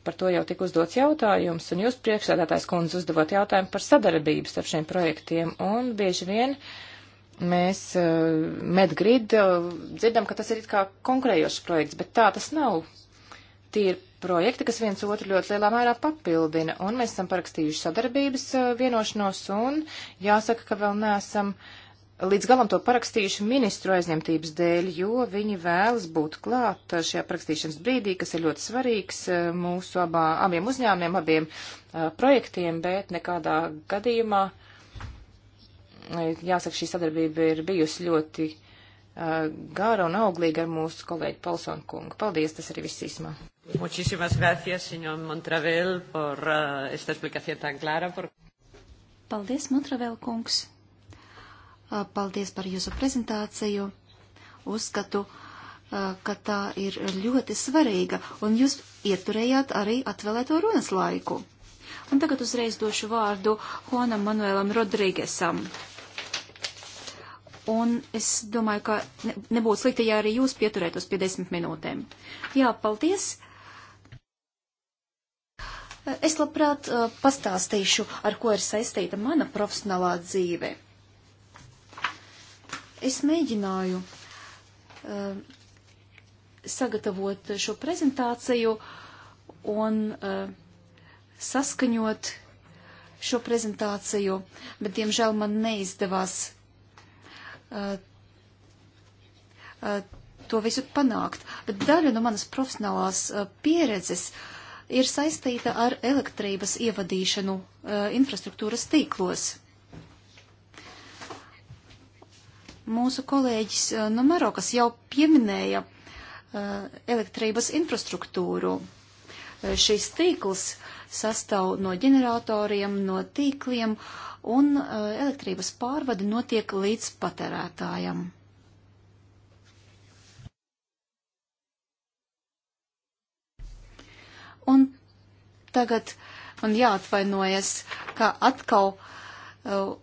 Par to jau tika uzdots jautājums, un jūs priekšsēdētājs kundze uzdevot jautājumu par sadarbību starp šiem projektiem, un bieži vien mēs eh, Medgrid eh, dzirdam, ka tas ir it kā konkurējošs projekts, bet tā tas nav. Tie ir projekti, kas viens otru ļoti lielā mērā papildina, un mēs esam parakstījuši sadarbības eh, vienošanos, un jāsaka, ka vēl neesam līdz galam to parakstījuši ministru aizņemtības dēļ, jo viņi vēlas būt klāt šajā parakstīšanas brīdī, kas ir ļoti svarīgs mūsu abā, abiem uzņēmumiem, abiem uh, projektiem, bet nekādā gadījumā uh, Jāsaka, šī sadarbība ir bijusi ļoti uh, gara un auglīga ar mūsu kolēģi Polsonu kungu. Paldies, tas arī viss īsumā. Muchísimas gracias, señor Montravel, por uh, esta explicación tan clara. Por... Paldies, Montravel kungs. Paldies par jūsu prezentāciju. Uzskatu, ka tā ir ļoti svarīga, un jūs ieturējāt arī atvēlēto runas laiku. Un tagad uzreiz došu vārdu Honam Manuēlam Rodrīgesam un es domāju, ka nebūtu slikti, ja arī jūs pieturētos pie desmit minūtēm. Jā, paldies! Es labprāt pastāstīšu, ar ko ir saistīta mana profesionālā dzīve. Es mēģināju uh, sagatavot šo prezentāciju un uh, saskaņot šo prezentāciju, bet, diemžēl, man neizdevās Uh, uh, to visu panākt. Bet daļa no manas profesionālās uh, pieredzes ir saistīta ar elektrības ievadīšanu infrastruktūras tīklos. Mūsu kolēģis no Marokas jau pieminēja elektrības infrastruktūru šis tīkls sastāv no ģeneratoriem, no tīkliem, un uh, elektrības pārvadi notiek līdz patērētājam. Un tagad man jāatvainojas, ka atkal uh,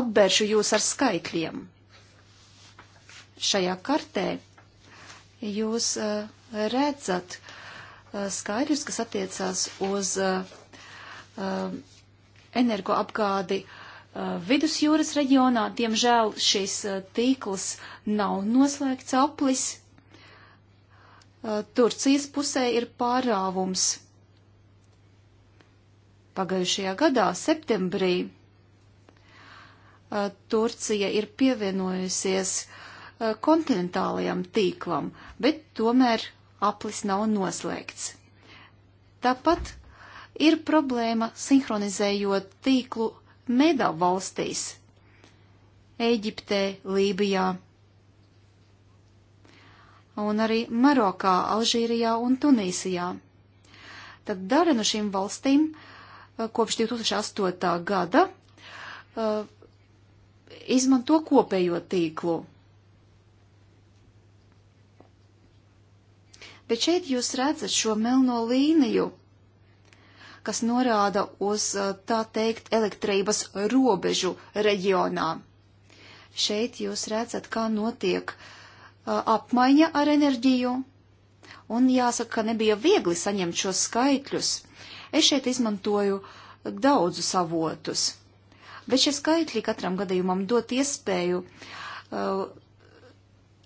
apbēršu jūs ar skaitļiem. Šajā kartē jūs uh, redzat, Eh, skaidrs, kas attiecās uz eh, eh, energoapgādi vidusjūras reģionā. Diemžēl šis tīkls nav noslēgts aplis. Turcijas pusē ir pārāvums. Pagājušajā gadā, septembrī, Turcija ir pievienojusies kontinentālajam tīklam, bet tomēr aplis nav noslēgts. Tāpat ir problēma sinhronizējot tīklu medā valstīs - Eģiptē, Lībijā un arī Marokā, Alžīrijā un Tunīsijā. Tad dara no šīm valstīm eh, kopš 2008. gada eh, izmanto kopējo tīklu. bet šeit jūs redzat šo melno līniju, kas norāda uz eh, tā teikt elektrības robežu reģionā. Šeit jūs redzat, kā notiek eh, apmaiņa ar enerģiju, un jāsaka, ka nebija viegli saņemt šos skaitļus. Es šeit izmantoju daudzus avotus, bet šie skaitļi katram gadījumam dot iespēju uh,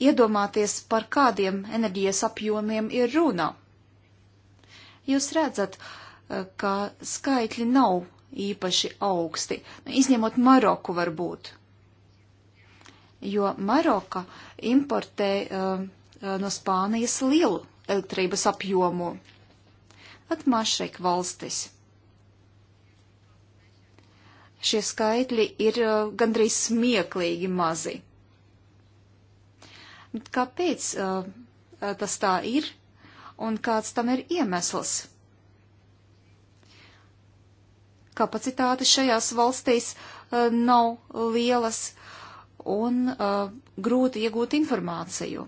iedomāties, par kādiem enerģijas apjomiem ir runa. Jūs redzat, eh, ka skaitļi nav īpaši augsti, nu, izņemot Maroku varbūt. Jo Maroka importē uh, no Spānijas lielu elektrības apjomu. Atmašreik valstis. Šie skaitļi ir uh, gandrīz smieklīgi mazi. Kāpēc uh, uh, tas tā ir un kāds tam ir iemesls? Kapacitāte šajās valstīs uh, nav lielas un uh, grūti iegūt informāciju.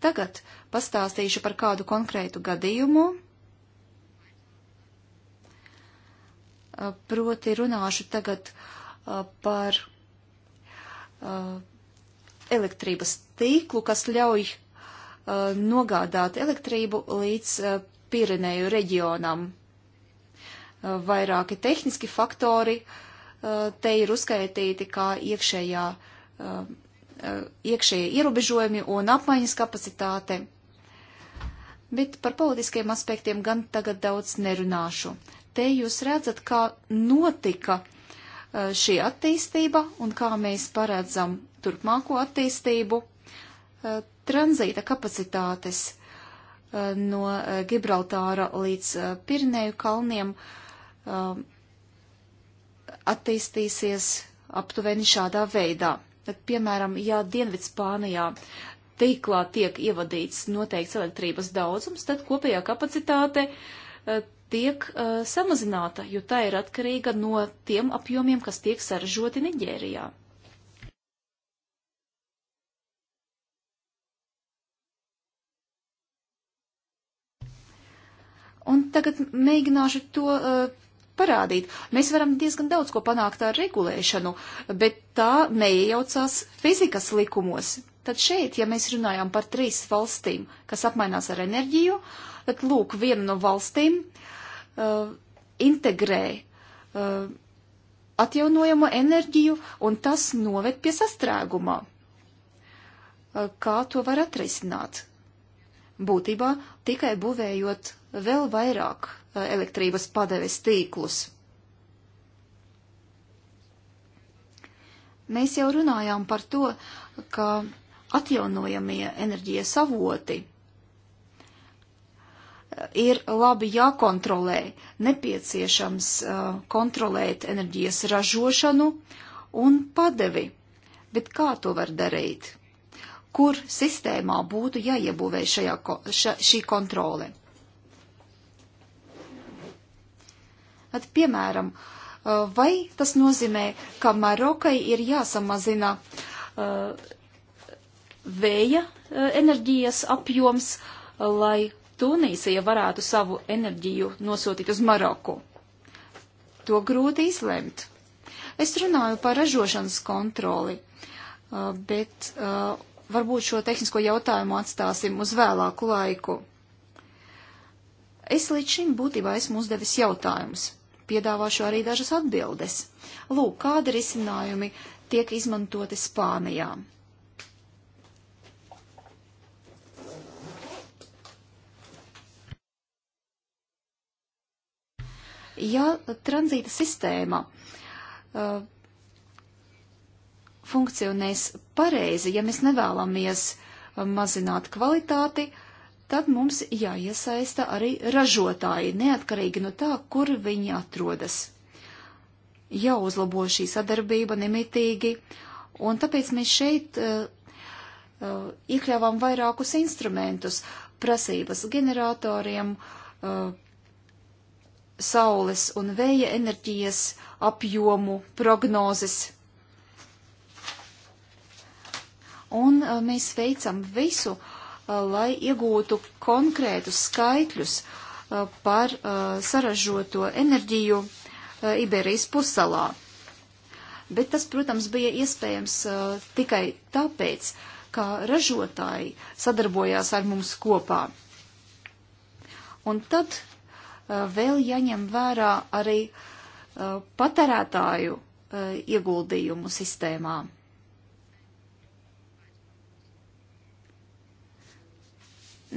Tagad pastāstīšu par kādu konkrētu gadījumu. Uh, proti runāšu tagad uh, Uh, par uh, elektrības tīklu, kas ļauj uh, nogādāt elektrību līdz Pirenēju reģionam. Vairāki tehniski faktori te ir uzskaitīti kā iekšējā, iekšējie ierobežojumi un apmaiņas kapacitāte. Bet par politiskiem aspektiem gan tagad daudz nerunāšu. Te jūs redzat, kā notika uh, Eh, šī attīstība un kā mēs paredzam turpmāko attīstību. Eh, tranzīta kapacitātes eh, no Gibraltāra līdz Pirnēju kalniem attīstīsies aptuveni šādā veidā. Tad, piemēram, ja Dienvidspānijā tīklā tiek ievadīts noteikts elektrības daudzums, tad kopējā kapacitāte tiek uh, samazināta, jo tā ir atkarīga no tiem apjomiem, kas tiek saražoti Niģērijā. Un tagad mēģināšu to uh, parādīt. Mēs varam diezgan daudz ko panākt ar regulēšanu, bet tā neiejaucās fizikas likumos. Tad šeit, ja mēs runājam par trīs valstīm, kas apmainās ar enerģiju, tad lūk, viena no valstīm uh, uh, integrē uh, atjaunojamo enerģiju, un tas noved pie sastrēgumā. Uh, kā to var atrisināt? Būtībā tikai būvējot vēl vairāk uh, elektrības padeves tīklus. Mēs jau runājām par to, ka atjaunojamie enerģijas avoti uh, ir labi jākontrolē, nepieciešams uh, kontrolēt enerģijas ražošanu un padevi. Bet kā to var darīt? Kur sistēmā būtu jāiebūvē šajā, ša, šī kontrole? At, piemēram, uh, vai tas nozīmē, ka Marokai ir jāsamazina uh, vēja uh, enerģijas apjoms, lai Tunīsija varētu savu enerģiju nosūtīt uz Maroku. To grūti izlemt. Es runāju par ražošanas kontroli, uh, bet uh, varbūt šo tehnisko jautājumu atstāsim uz vēlāku laiku. Es līdz šim būtībā esmu uzdevis jautājumus, piedāvāšu arī dažas atbildes. Lūk, kādi risinājumi tiek izmantoti Spānijām. Ja tranzīta sistēma uh, funkcionēs pareizi, ja mēs nevēlamies uh, mazināt kvalitāti, tad mums jāiesaista arī ražotāji, neatkarīgi no tā, kur viņi atrodas. Jāuzlabo šī sadarbība nemitīgi, un tāpēc mēs šeit uh, uh, iekļāvām vairākus instrumentus, prasības generatoriem, uh, saules un vēja enerģijas apjomu prognozes. Un uh, mēs veicam visu, uh, lai iegūtu konkrētus skaitļus uh, par saražoto enerģiju Iberijas pusalā. Bet tas, protams, bija iespējams tikai tāpēc, ka ražotāji sadarbojās ar mums kopā. Un tad Uh, vēl jāņem vērā arī uh, patērētāju uh, ieguldījumu sistēmā.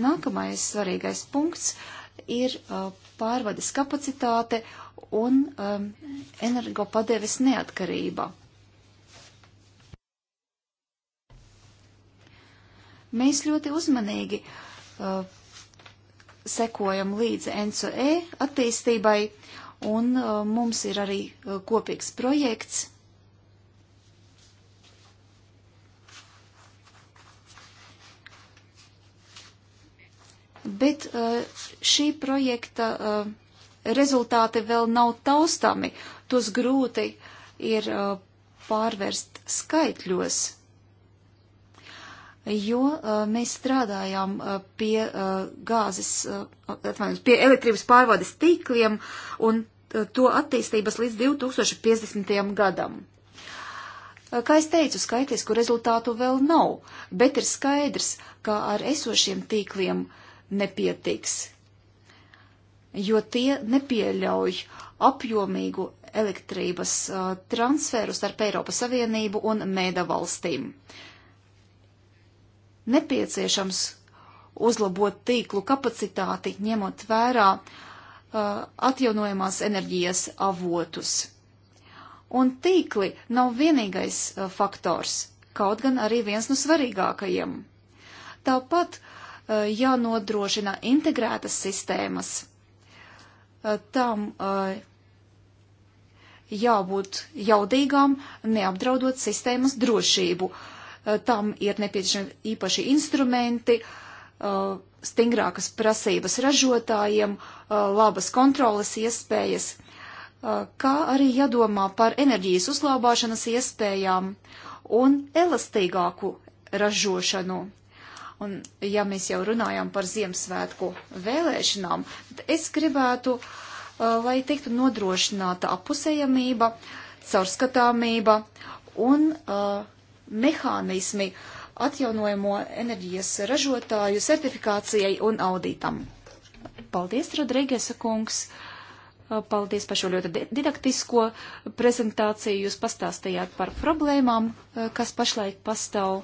Nākamais svarīgais punkts ir pārvades kapacitāte un um, energopadeves neatkarība. Mēs ļoti uzmanīgi uh, sekojam līdz NCE attīstībai, un uh, mums ir arī uh, kopīgs projekts. Bet uh, šī projekta rezultāti vēl nav taustami, tos grūti ir pārvērst skaitļos jo uh, mēs strādājām uh, pie uh, gāzes, atvainojos, pie elektrības pārvades tīkliem un to attīstības līdz 2050. gadam. Kā es teicu, skaitisku rezultātu vēl nav, bet ir skaidrs, ka ar esošiem tīkliem nepietiks, jo tie nepieļauj apjomīgu elektrības transferu starp Eiropas Savienību un Mēda valstīm. Uh, nepieciešams uzlabot tīklu kapacitāti, ņemot vērā uh, atjaunojamās enerģijas avotus. Un tīkli nav vienīgais uh, faktors, kaut gan arī viens no svarīgākajiem. Tāpat uh, jānodrošina integrētas sistēmas. Uh, tam uh, jābūt jaudīgām, neapdraudot sistēmas drošību. Uh, Eh, tam ir nepieciešami īpaši instrumenti, eh, stingrākas prasības ražotājiem, eh, labas kontrolas iespējas, kā arī jādomā par enerģijas uzlabāšanas iespējām un elastīgāku ražošanu. Un, ja mēs jau runājam par Ziemassvētku vēlēšanām, tad es gribētu, lai tiktu nodrošināta apusējamība, caurskatāmība un uh, mehānismi atjaunojamo enerģijas ražotāju certifikācijai un auditam. Paldies, Rodrīgesa kungs! Paldies par šo ļoti didaktisko prezentāciju. Jūs pastāstījāt par problēmām, eh, kas pašlaik pastāv.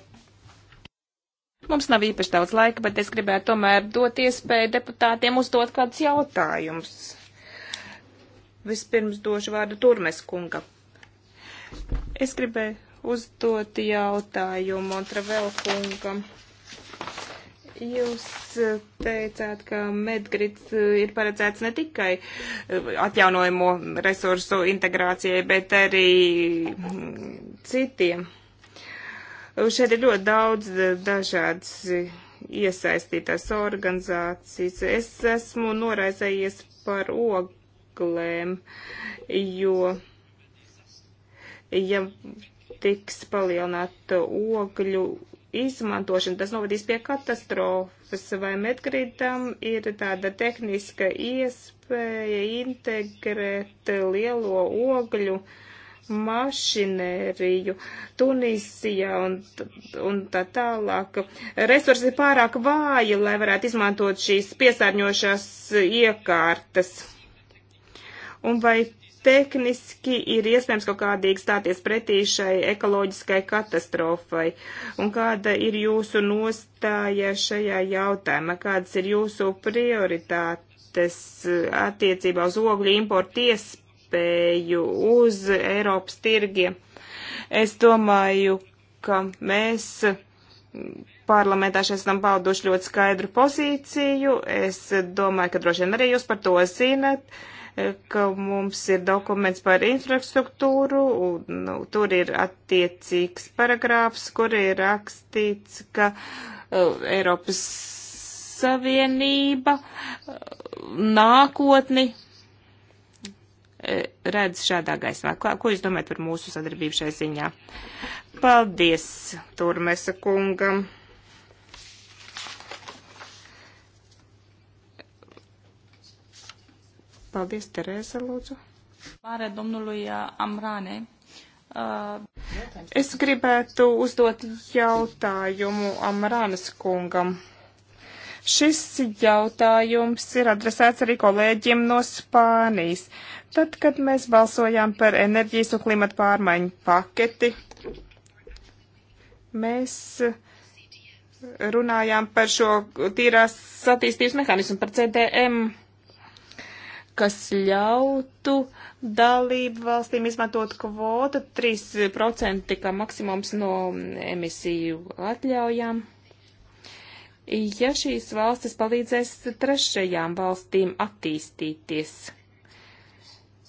Mums nav īpaši daudz laika, bet es gribētu tomēr dot iespēju deputātiem uzdot kādus jautājumus. Vispirms došu vārdu Turmes kunga. Es gribēju uzdot jautājumu Montravelkungam. Jūs e, teicāt, ka medgrids e, ir paredzēts ne tikai e, atjaunojumu resursu integrācijai, bet arī mm, citiem. Šeit ir ļoti daudz dažādas iesaistītās organizācijas. Es esmu noraizējies par oglēm, jo, ja tiks palielināta ogļu izmantošana, tas novadīs pie katastrofas, vai Medgridam ir tāda tehniska iespēja integrēt lielo ogļu mašinēriju Tunisijā un, un tā tālāk. Resursi ir pārāk vāji, lai varētu izmantot šīs piesārņošās iekārtas. Un vai tehniski ir iespējams kaut kādīgi stāties pretī šai ekoloģiskai katastrofai? Un kāda ir jūsu nostāja šajā jautājumā? Kādas ir jūsu prioritātes eh, attiecībā uz ogļu importu iespēju uz Eiropas tirgiem? Es domāju, ka mēs parlamentā šeit esam pauduši ļoti skaidru pozīciju. Es domāju, ka droši vien arī jūs par to zinat. Uh, ka mums ir dokuments par infrastruktūru, un nu, tur ir attiecīgs paragrāfs, kur ir rakstīts, ka uh, Eiropas Savienība uh, nākotni uh, redz šādā gaismā. Ko, ko jūs domājat par mūsu sadarbību šai ziņā? Paldies, Turmesa kungam! Paldies, Terēza, lūdzu. Vārē domnului uh, Amrānei. Es gribētu uzdot jautājumu Amrānas kungam. Šis jautājums ir adresēts arī kolēģiem no Spānijas. Tad, kad mēs balsojām par enerģijas un klimata pārmaiņu paketi, mēs runājām par šo tīrās attīstības mehānismu, par CDM. Uh, kas ļautu dalību valstīm izmantot kvotu 3% kā maksimums no emisiju atļaujām. Ja šīs valstis palīdzēs trešajām valstīm attīstīties,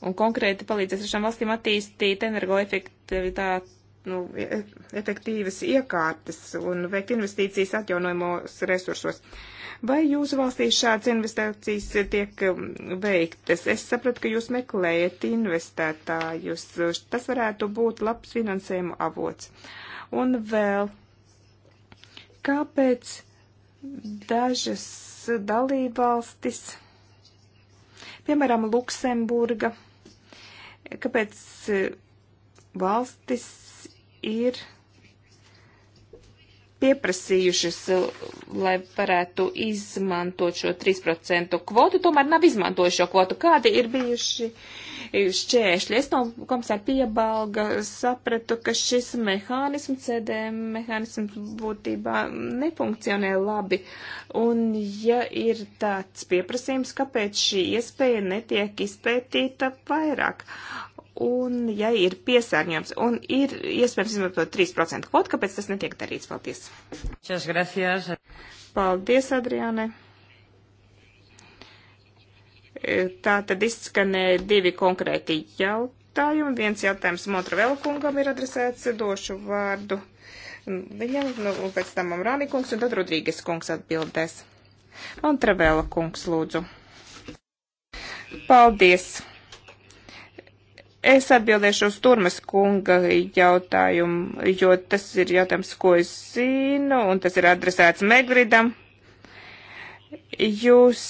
un konkrēti palīdzēs trešām valstīm attīstīt energoefektivitāti, nu, e, e, efektīvas iekārtas un veikt investīcijas atjaunojumos resursos. Uh, Vai jūsu valstī šādas investīcijas tiek um, veiktas? Es sapratu, ka jūs meklējat investētājus. Tas varētu būt labs finansējuma avots. Un vēl, kāpēc dažas dalībvalstis, piemēram, Luksemburga, kāpēc eh, valstis ir pieprasījušas, eh, lai varētu izmantot šo 3% kvotu, tomēr nav izmantojuši šo kvotu. Kādi ir bijuši šķēršļi? Es no komisāra piebalga sapratu, ka šis mehānisms, CDM mehānisms būtībā nefunkcionē labi. Un ja ir tāds pieprasījums, kāpēc šī iespēja netiek izpētīta vairāk? un ja ir piesārņojums, un ir iespējams izmantot 3% kvotu, kāpēc tas netiek darīts? Paldies! Čas, gracias! Paldies, Adriāne! E, tā tad izskanēja divi konkrēti jautājumi. Viens jautājums Montravela kungam ir adresēts, došu vārdu viņam, nu, un pēc tam Amrāni kungs, un tad Rodrīgas kungs atbildēs. Montravela kungs, lūdzu. Paldies! Es atbildēšu uz Turmas kunga jautājumu, jo tas ir jautājums, ko es zinu, un tas ir adresēts Megridam. Jūs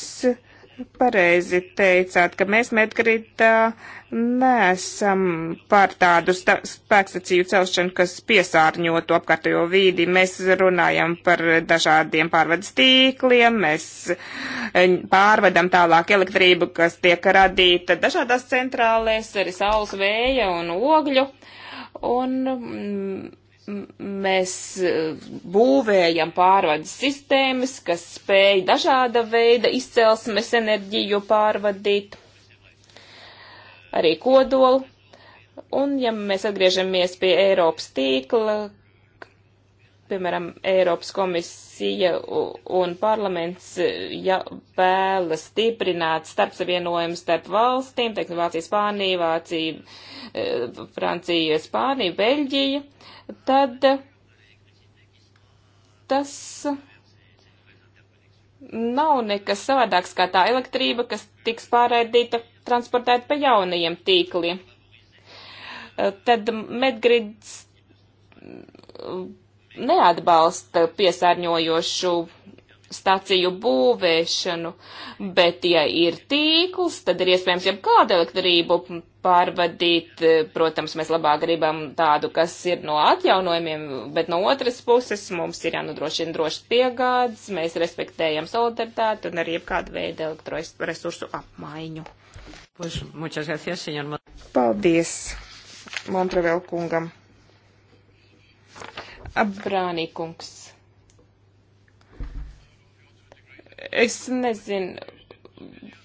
pareizi teicāt, ka mēs Medgridā neesam pār tādu spēkstacīju celšanu, kas piesārņotu apkārtējo vīdi. Mēs runājam par dažādiem pārvades tīkliem, mēs eh, pārvedam tālāk elektrību, kas tiek radīta dažādās centrālēs, arī saules vēja un ogļu. Un mm, mēs eh, būvējam pārvades sistēmas, kas spēj dažāda veida izcelsmes enerģiju pārvadīt, arī kodolu. Un ja mēs atgriežamies pie Eiropas tīkla, piemēram, Eiropas komisija un parlaments ja vēlas stiprināt starpsavienojumu starp valstīm, teiksim, Vācija, Spānija, Vācija, e, Francija, Spānija, Beļģija, tad tas nav nekas savādāks kā tā elektrība, kas tiks pārraidīta, transportēta pa jaunajiem tīkliem. E, tad medgrids neatbalsta piesārņojošu staciju būvēšanu, bet ja ir tīkls, tad ir iespējams jau kādu elektrību pārvadīt. Protams, mēs labāk gribam tādu, kas ir no atjaunojumiem, bet no otras puses mums ir jānodrošina drošs piegādes, mēs respektējam solidaritāti un arī jebkādu veidu elektroresursu apmaiņu. Paldies Montravel kungam. Abrānīkungs. Es nezinu,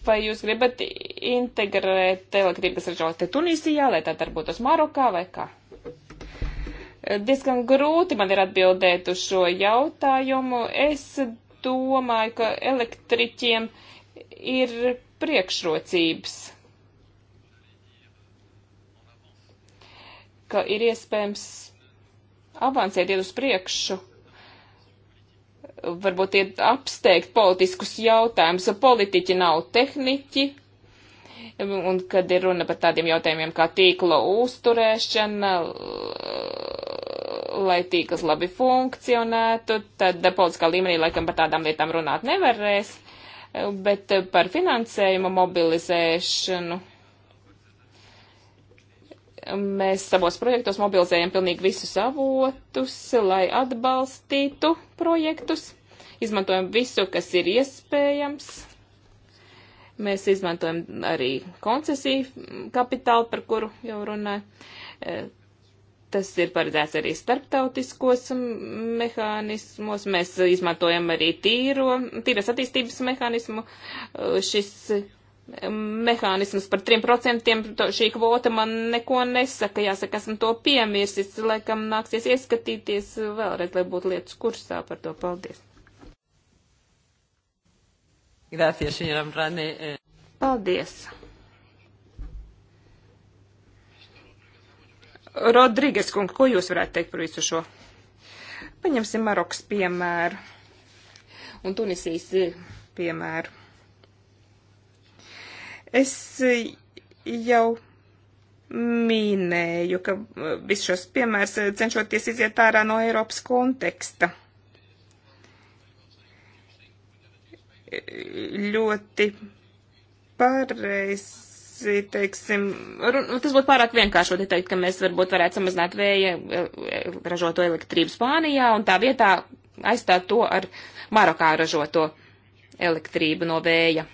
vai jūs gribat integrēt elektrības ražotāju Tunisijā, lai tā darbotos Marokā vai kā? Diezgan grūti man ir atbildēt uz šo jautājumu. Es domāju, ka elektriķiem ir priekšrocības, ka ir iespējams avansēt, iet uz priekšu, varbūt iet apsteigt politiskus jautājumus. Politiķi nav tehniķi, un kad ir runa par tādiem jautājumiem kā tīkla uzturēšana, lai tīkls labi funkcionētu, tad politiskā līmenī laikam par tādām lietām runāt nevarēs, bet par finansējumu mobilizēšanu mēs savos projektos mobilizējam pilnīgi visus avotus, lai atbalstītu projektus. Izmantojam visu, kas ir iespējams. Mēs izmantojam arī koncesiju kapitālu, par kuru jau runāju. E, tas ir paredzēts arī starptautiskos mehānismos. Mēs izmantojam arī tīro, tīras attīstības mehānismu. E, šis mehānisms par 3%, to, šī kvota man neko nesaka, jāsaka, esmu to piemirsis, laikam nāksies ieskatīties vēlreiz, lai būtu lietas kursā par to. Paldies. Gracias, señora Rane. Paldies. Rodrīgas kungs, ko jūs varētu teikt par visu šo? Paņemsim Marokas piemēru un Tunisijas piemēru Es eh, jau minēju, ka eh, visus šos piemērs eh, cenšoties iziet ārā no Eiropas konteksta. Ļoti pareizi, teiksim, nu, tas būtu pārāk vienkāršot, ja teikt, ka mēs varbūt varētu samazināt vēja ražoto elektrību Spānijā un tā vietā aizstāt to ar Marokā ražoto elektrību no vēja.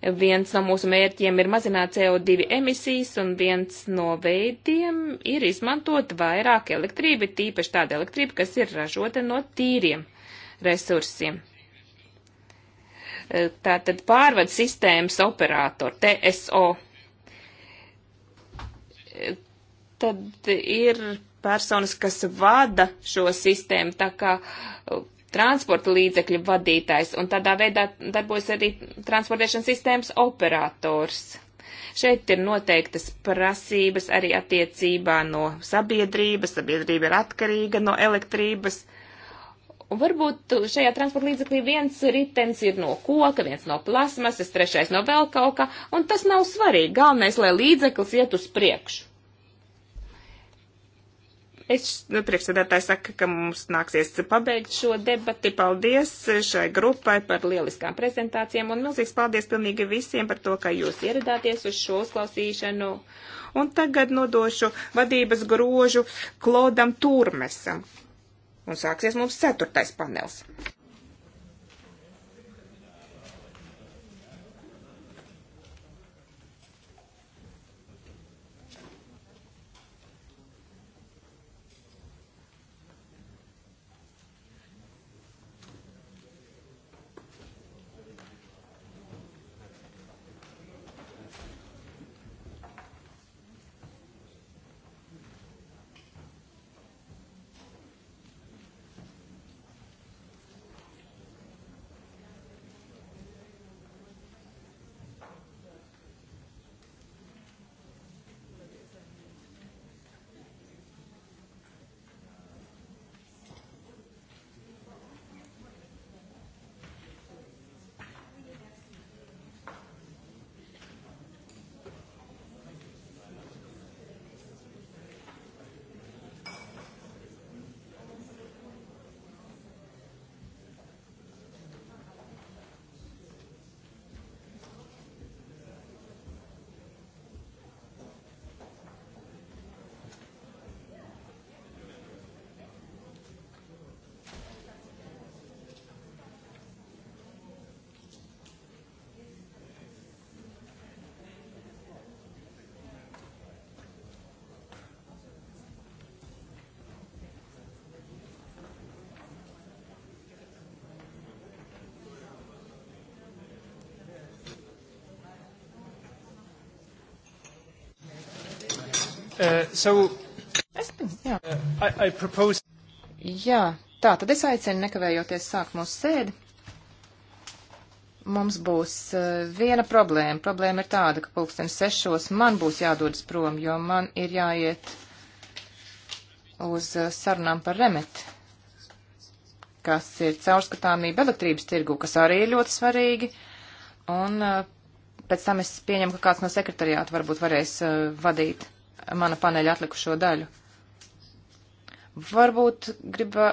Viens no mūsu mērķiem ir mazināt CO2 emisijas, un viens no veidiem ir izmantot vairāk elektrību, tīpaši tāda elektrība, kas ir ražota no tīriem resursiem. E, tātad pārvades sistēmas operatori, TSO. E, tad ir personas, kas vada šo sistēmu, tā kā transporta līdzekļu vadītājs, un tādā veidā darbojas arī transportēšanas sistēmas operators. Šeit ir noteiktas prasības arī attiecībā no sabiedrības, sabiedrība ir atkarīga no elektrības. Un varbūt šajā transporta līdzeklī viens ritenis ir no koka, viens no plasmasas, trešais no vēl kaut kā, un tas nav svarīgi. Galvenais, lai līdzeklis iet uz priekšu. Es nu, priekšsēdētāji saka, ka mums nāksies pabeigt šo debati. Paldies šai grupai par lieliskām prezentācijām un milzīgs paldies pilnīgi visiem par to, ka jūs ieradāties uz šo uzklausīšanu. Un tagad nodošu vadības grožu Klodam Turmesam. Un sāksies mums ceturtais panels. Uh, so, es, jā. Uh, I, I propose... jā, tā tad es aicinu nekavējoties sākt mūsu sēdi. Mums būs uh, viena problēma. Problēma ir tāda, ka pulksten sešos man būs jādodas prom, jo man ir jāiet uz uh, sarunām par remeti, kas ir caurskatāmība elektrības tirgu, kas arī ir ļoti svarīgi. Un uh, pēc tam es pieņemu, ka kāds no sekretariāta varbūt varēs uh, vadīt mana paneļa atlikušo daļu. Varbūt griba,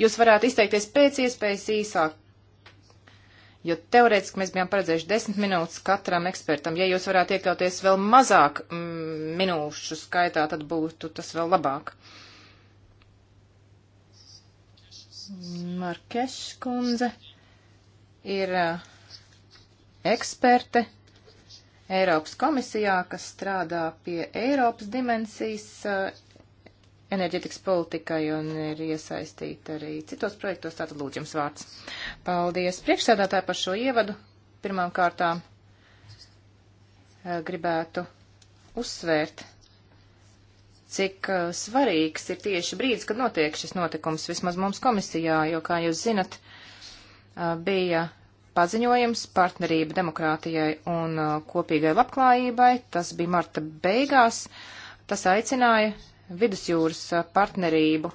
jūs varētu izteikties pēc iespējas īsāk, jo teorētiski mēs bijām paredzējuši desmit minūtes katram ekspertam. Ja jūs varētu iekļauties vēl mazāk mm, minūšu skaitā, tad būtu tas vēl labāk. Markeš kundze ir eh, eksperte Eiropas komisijā, kas strādā pie Eiropas dimensijas eh, enerģetikas politikai un ir iesaistīta arī citos projektos. Tātad lūdzu jums vārds. Paldies priekšsēdātāji par šo ievadu. Pirmām kārtām eh, gribētu uzsvērt, cik eh, svarīgs ir tieši brīdis, kad notiek šis notikums, vismaz mums komisijā, jo, kā jūs zinat, bija paziņojums partnerība demokrātijai un uh, kopīgai labklājībai. Tas bija marta beigās. Tas aicināja vidusjūras uh, partnerību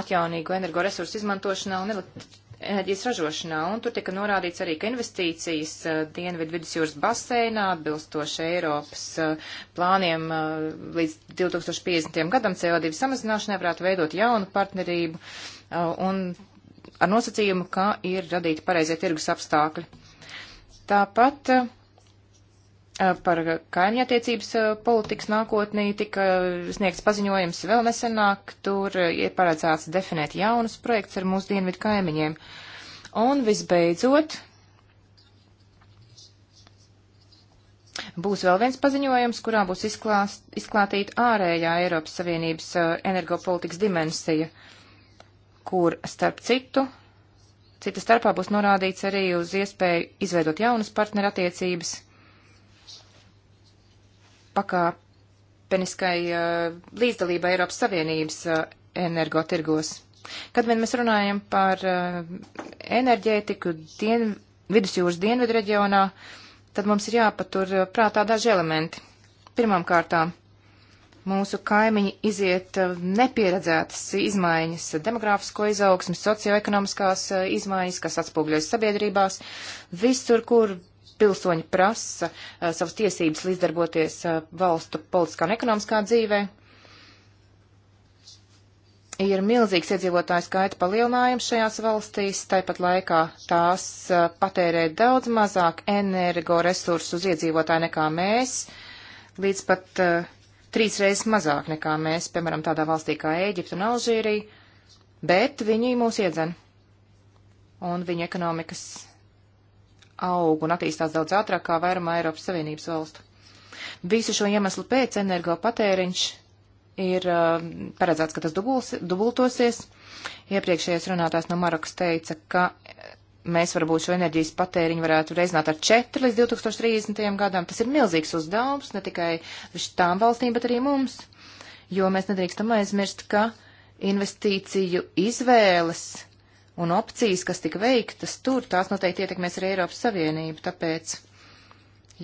atjaunīgu energoresursu izmantošanā un enerģijas ražošanā, un tur tika norādīts arī, ka investīcijas uh, Dienvidu vidusjūras baseinā atbilstoši Eiropas plāniem līdz 2050. gadam CO2 samazināšanai varētu veidot jaunu partnerību, un ar nosacījumu, ka ir radīti pareizie tirgus apstākļi. Tāpat eh, par kaimiņattiecības eh, politikas nākotnī tika sniegts paziņojums vēl nesenāk, tur eh, ir paredzēts definēt jaunus projekts ar mūsu dienvidu kaimiņiem. Un visbeidzot, Būs vēl viens paziņojums, kurā būs izklāst, izklātīta ārējā Eiropas Savienības energopolitikas dimensija. Uh, kur starp citu, cita starpā būs norādīts arī uz iespēju izveidot jaunas partnerattiecības pakāpeniskai uh, līdzdalībai Eiropas Savienības uh, energotirgos. Kad vien mēs runājam par uh, enerģētiku dien, vidusjūras dienvidu reģionā, tad mums ir jāpatur prātā daži elementi. Pirmām kārtām mūsu kaimiņi iziet eh, nepieredzētas izmaiņas, eh, demogrāfisko izaugsmu, socioekonomiskās eh, izmaiņas, kas atspūgļojas sabiedrībās, visur, kur pilsoņi prasa savas tiesības līdzdarboties valstu politiskā un ekonomiskā dzīvē. Ir milzīgs iedzīvotāju skaita palielinājums šajās valstīs, tāpat laikā tās patērē daudz mazāk energoresursu uz iedzīvotāju nekā mēs, līdz pat uh, trīs reizes mazāk nekā mēs, piemēram, tādā valstī kā Ēģipta un Alžīrija, bet viņi mūs iedzen. Un viņu ekonomikas aug un attīstās daudz ātrāk kā vairumā Eiropas Savienības valstu. Visu šo iemeslu pēc energo patēriņš ir uh, paredzēts, ka tas dubulsi, dubultosies. Iepriekšējais runātājs no Marokas teica, ka mēs varbūt šo enerģijas patēriņu varētu reizināt ar 4 līdz 2030. gadam. Tas ir milzīgs uzdevums ne tikai tām valstīm, bet arī mums, jo mēs nedrīkstam aizmirst, ka investīciju izvēles un opcijas, kas tika veiktas tur, tās noteikti ietekmēs arī Eiropas Savienību, tāpēc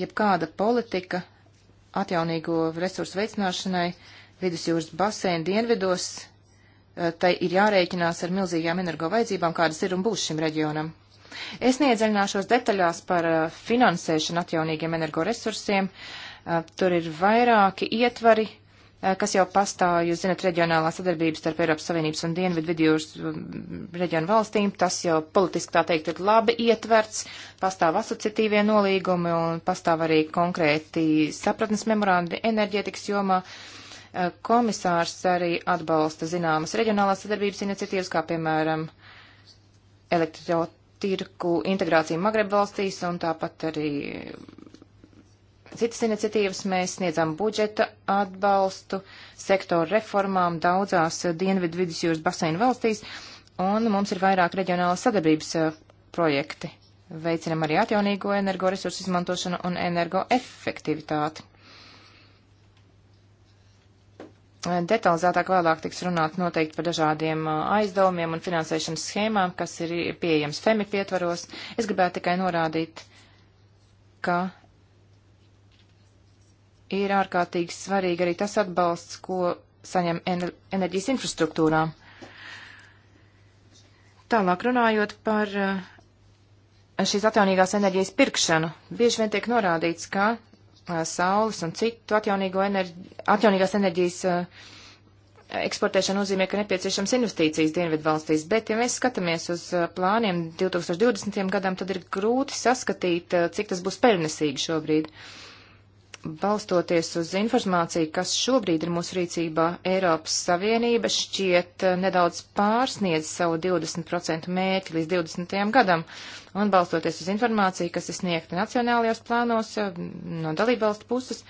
jebkāda politika atjaunīgo resursu veicināšanai vidusjūras basēna dienvidos, eh, tai ir jārēķinās ar milzīgām energo vajadzībām, kādas ir un būs šim reģionam. Es neiedziļināšos detaļās par eh, finansēšanu atjaunīgiem energoresursiem. Eh, tur ir vairāki ietvari, eh, kas jau pastāv, jūs zinat, reģionālā sadarbības starp Eiropas Savienības un Dienvidu vidījūras mm, reģionu valstīm. Tas jau politiski tā teikt ir labi ietverts, pastāv asociatīvie nolīgumi un pastāv arī konkrēti sapratnes memorandi enerģētikas jomā. Komisārs arī atbalsta zināmas reģionālās sadarbības iniciatīvas, kā piemēram elektrot tirku integrāciju Magreb valstīs un tāpat arī citas iniciatīvas. Mēs sniedzam budžeta atbalstu sektoru reformām daudzās Dienvidu vidusjūras baseinu valstīs un mums ir vairāk reģionāla sadarbības eh, projekti. Veicinam arī atjaunīgo energoresursu izmantošanu un energoefektivitāti. Detalizētāk vēlāk tiks runāt noteikti par dažādiem uh, aizdevumiem un finansēšanas schēmām, kas ir pieejams FEMI pietvaros. Es gribētu tikai norādīt, ka ir ārkārtīgi svarīgi arī tas atbalsts, ko saņem enerģijas infrastruktūrām. Tālāk runājot par uh, šīs atjaunīgās enerģijas pirkšanu, bieži vien tiek norādīts, ka saules un citu atjaunīgo enerģi, atjaunīgās enerģijas uh, eksportēšana nozīmē, ka nepieciešams investīcijas dienvidu valstīs, bet ja mēs skatāmies uz plāniem 2020. gadam, tad ir grūti saskatīt, cik tas būs pelnesīgi šobrīd. Uh, balstoties uz informāciju, kas šobrīd ir mūsu rīcībā, Eiropas Savienība šķiet eh, nedaudz pārsniedz savu 20% mērķi līdz 20. gadam, un balstoties uz informāciju, kas ir sniegta nacionālajos plānos eh, no dalībvalstu puses,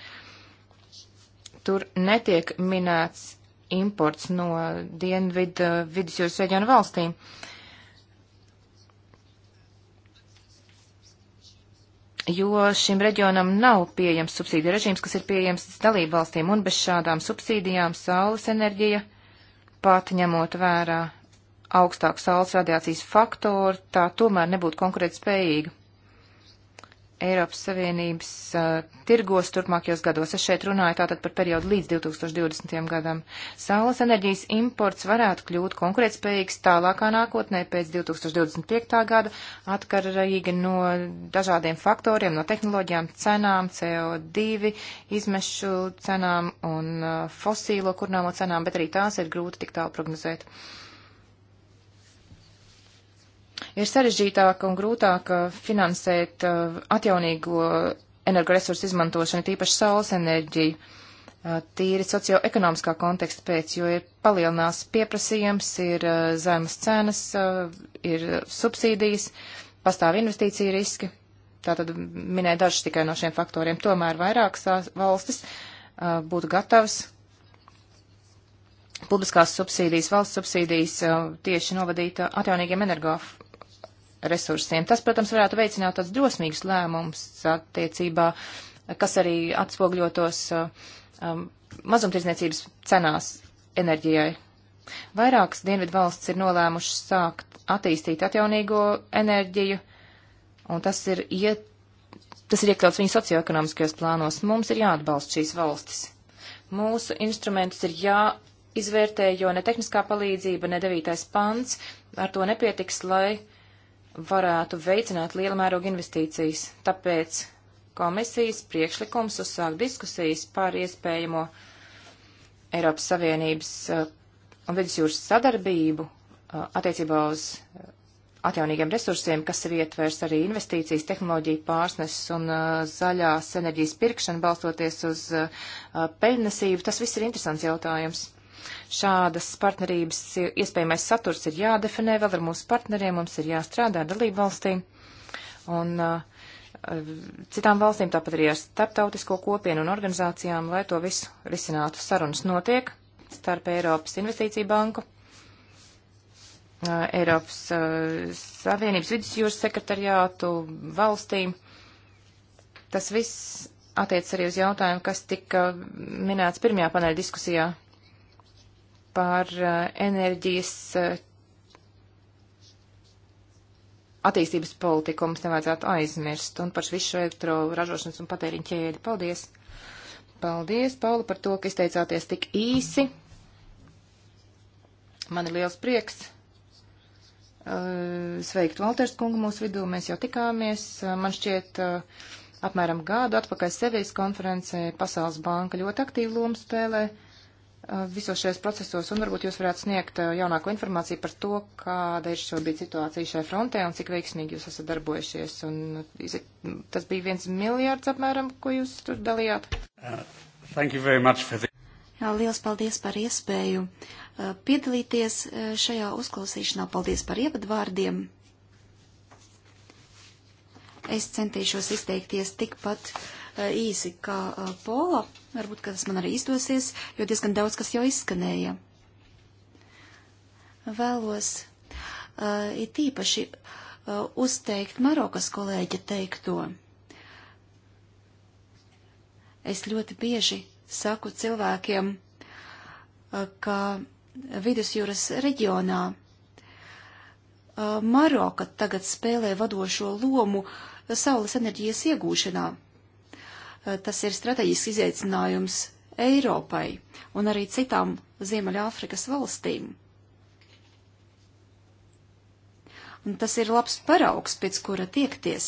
tur netiek minēts imports no dienvidu eh, vidusjūras reģionu valstīm. Uh, jo šim reģionam nav pieejams subsīdija režīms, kas ir pieejams dalību valstīm, un bez šādām subsīdijām saules enerģija, pat ņemot vērā augstāku saules radiācijas faktoru, tā tomēr nebūtu konkurētspējīga. Eiropas Savienības uh, tirgos turpmākajos gados. Es šeit runāju tātad par periodu līdz 2020. gadam. Saules enerģijas imports varētu kļūt konkurētspējīgs tālākā nākotnē pēc 2025. gada, atkarīgi no dažādiem faktoriem, no tehnoloģijām, cenām, CO2 izmešu cenām un uh, fosīlo kurnāmo cenām, bet arī tās ir grūti tik tālu prognozēt. Uh, Ir sarežģītāk un grūtāk uh, finansēt uh, atjaunīgo energoresursu izmantošanu, tīpaši saules enerģiju, uh, tīri socioekonomiskā konteksta pēc, jo ir palielinās pieprasījums, ir zemes cenas, ir subsīdijas, pastāv investīcija riski. Tātad minēja dažus tikai no šiem faktoriem. Tomēr vairākas valstis būtu gatavas publiskās subsīdijas, valsts subsīdijas tieši novadīt atjaunīgiem energof resursiem. Tas, protams, varētu veicināt tāds drosmīgs lēmums attiecībā, kas arī atspogļotos uh, um, mazumtirdzniecības cenās enerģijai. Vairākas dienvidu valsts ir nolēmušas sākt attīstīt atjaunīgo enerģiju, un tas ir, iet, tas ir iekļauts viņu socioekonomiskajos plānos. Mums ir jāatbalsta šīs valstis. Mūsu instrumentus ir jā izvērtē, jo ne tehniskā palīdzība, ne devītais pants ar to nepietiks, lai varētu veicināt liela mēroga investīcijas. Tāpēc komisijas priekšlikums uzsāk diskusijas par iespējamo Eiropas Savienības uh, un vidusjūras sadarbību uh, attiecībā uz uh, atjaunīgiem resursiem, kas ir ietvers arī investīcijas, tehnoloģiju pārsneses un uh, zaļās enerģijas pirkšana balstoties uz uh, peļnesību. Tas viss ir interesants jautājums. Šādas partnerības iespējamais saturs ir jādefinē vēl ar mūsu partneriem, mums ir jāstrādā ar dalību valstīm un uh, citām valstīm, tāpat arī ar starptautisko kopienu un organizācijām, lai to visu risinātu. Sarunas notiek starp Eiropas Investīciju banku, uh, Eiropas uh, Savienības vidusjūras sekretariātu valstīm. Tas viss attiec arī uz jautājumu, kas tika minēts pirmajā paneļa diskusijā par uh, enerģijas uh, attīstības politiku mums nevajadzētu aizmirst un par visu šo elektro ražošanas un patēriņu ķēdi. Paldies! Paldies, Paula, par to, ka izteicāties tik īsi. Man ir liels prieks uh, sveikt Valters kungu mūsu vidū. Mēs jau tikāmies, man šķiet, apmēram gādu atpakaļ sevis konferencē Pasaules banka ļoti aktīvu lomu spēlē. Uh, visos šajos procesos, un varbūt jūs varētu sniegt uh, jaunāko informāciju par to, kāda ir šobrīd situācija šajā frontē un cik veiksmīgi jūs esat darbojušies. Un tas bija viens miljards apmēram, ko jūs tur dalījāt. Uh, the... Jā, liels paldies par iespēju uh, piedalīties uh, šajā uzklausīšanā. Paldies par ievadvārdiem. Es centīšos izteikties tikpat uh, īsi kā uh, Pola. Uh, Varbūt, ka tas man arī izdosies, jo diezgan daudz kas jau izskanēja. Vēlos uh, it īpaši uh, uzteikt Marokas kolēģa teikto. Es ļoti bieži saku cilvēkiem, uh, ka vidusjūras reģionā uh, Maroka tagad spēlē vadošo lomu saules enerģijas iegūšanā. Eh, tas ir strateģisks izaicinājums Eiropai un arī citām Ziemeļāfrikas valstīm. Un tas ir labs paraugs, pēc kura tiekties.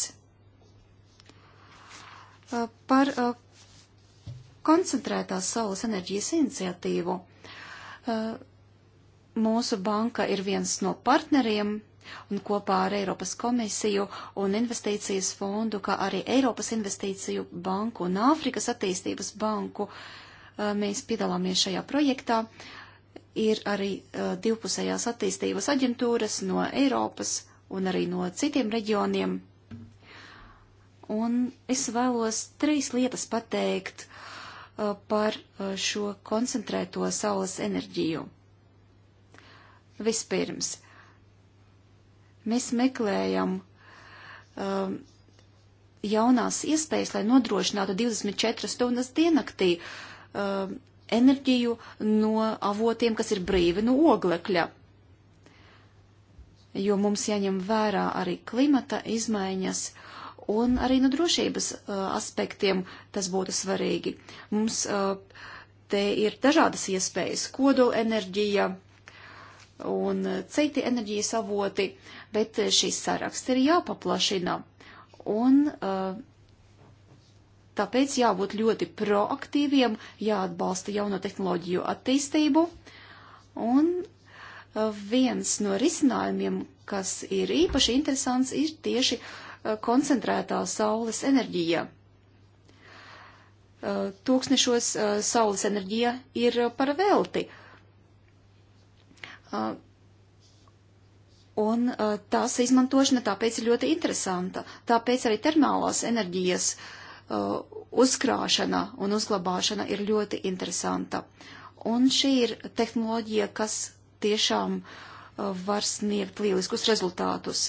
Eh, par eh, koncentrētās saules enerģijas iniciatīvu mūsu banka ir viens no partneriem Un kopā ar Eiropas komisiju un investīcijas fondu, kā arī Eiropas investīciju banku un Āfrikas attīstības banku uh, mēs piedalāmies šajā projektā. Ir arī uh, divpusējās attīstības aģentūras no Eiropas un arī no citiem reģioniem. Un es vēlos trīs lietas pateikt uh, par šo koncentrēto saules enerģiju. Vispirms, Mēs meklējam um, jaunās iespējas, lai nodrošinātu 24 stundas diennaktī um, enerģiju no avotiem, kas ir brīvi no oglekļa. Jo mums jāņem vērā arī klimata izmaiņas un arī no drošības uh, aspektiem tas būtu svarīgi. Mums uh, te ir dažādas iespējas - kodolenerģija, enerģija un e, citi enerģijas avoti, bet e, šīs saraksts ir jāpaplašina. Un uh, tāpēc jābūt ļoti proaktīviem, jāatbalsta jauno tehnoloģiju attīstību. Un uh, viens no risinājumiem, kas ir īpaši interesants, ir tieši uh, koncentrētā saules enerģija tūkstnešos saules enerģija ir par velti. Un tās izmantošana tāpēc ir ļoti interesanta. Tāpēc arī termālās enerģijas uzkrāšana un uzglabāšana ir ļoti interesanta. Un šī ir tehnoloģija, kas tiešām var sniegt lieliskus rezultātus.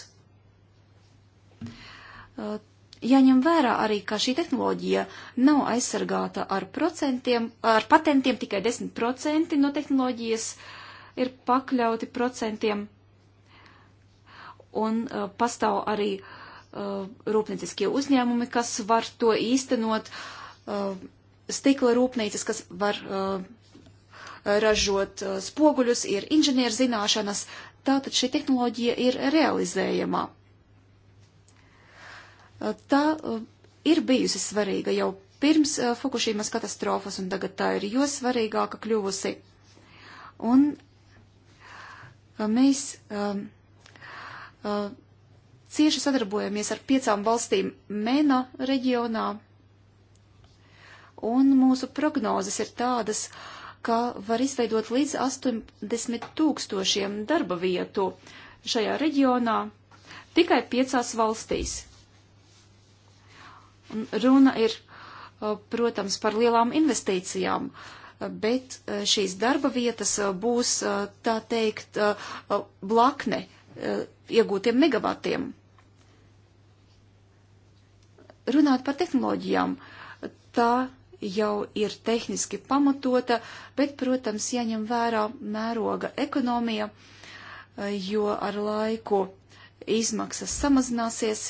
Jāņem vērā arī, ka šī tehnoloģija nav aizsargāta ar, ar patentiem, tikai 10% no tehnoloģijas uh, ir pakļauti procentiem, un uh, pastāv arī uh, rūpnieciskie uzņēmumi, kas var to īstenot, uh, stikla rūpnīcas, kas var uh, ražot uh, spoguļus, ir inženierzināšanas, tātad šī tehnoloģija ir realizējama. Uh, tā uh, ir bijusi svarīga jau pirms uh, Fukushīmas katastrofas, un tagad tā ir jo svarīgāka kļuvusi. Un Uh, mēs um, uh, cieši sadarbojamies ar piecām valstīm MENA reģionā, un mūsu prognozes ir tādas, ka var izveidot līdz 80 tūkstošiem darba vietu šajā reģionā tikai piecās valstīs. Un runa ir, uh, protams, par lielām investīcijām. Uh, bet eh, šīs darba vietas eh, būs, eh, tā teikt, blakne iegūtiem megavatiem. Runāt par tehnoloģijām, tā jau ir tehniski pamatota, bet, protams, jāņem vērā mēroga ekonomija, jo ar laiku izmaksas samazināsies.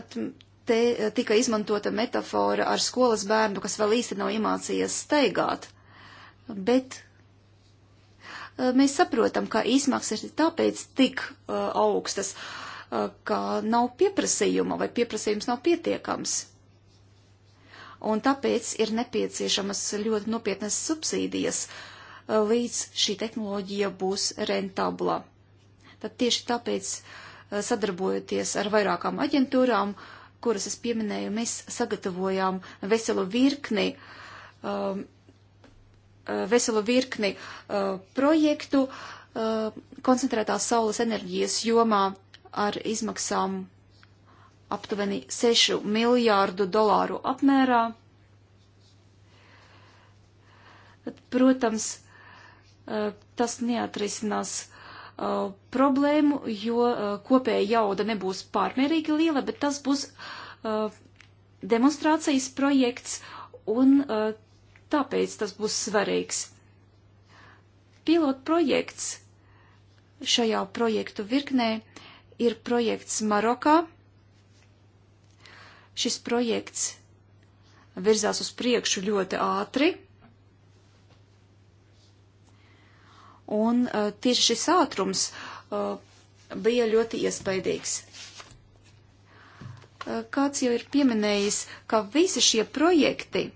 At, Te eh, tika izmantota metafora ar skolas bērnu, kas vēl īsti nav iemācījies steigāt. Bet eh, mēs saprotam, ka izmaksas ir tāpēc tik uh, augstas, uh, ka nav pieprasījuma vai pieprasījums nav pietiekams. Un tāpēc ir nepieciešamas ļoti nopietnas subsīdijas, uh, līdz šī tehnoloģija būs rentabla. Tad tieši tāpēc, sadarbojoties ar vairākām aģentūrām, uh, kuras es pieminēju, mēs sagatavojām veselu virkni, um, uh, veselu virkni uh, projektu uh, koncentrētās saules enerģijas jomā ar izmaksām aptuveni 6 miljārdu dolāru apmērā. Protams, uh, tas neatrisinās uh, problēmu, jo uh, kopēja jauda nebūs pārmērīgi liela, bet tas būs uh, demonstrācijas projekts un uh, tāpēc tas būs svarīgs. Pilot projekts šajā projektu virknē ir projekts Marokā. Šis projekts virzās uz priekšu ļoti ātri. Un uh, tieši šis ātrums uh, bija ļoti iespaidīgs. Uh, kāds jau ir pieminējis, ka visi šie projekti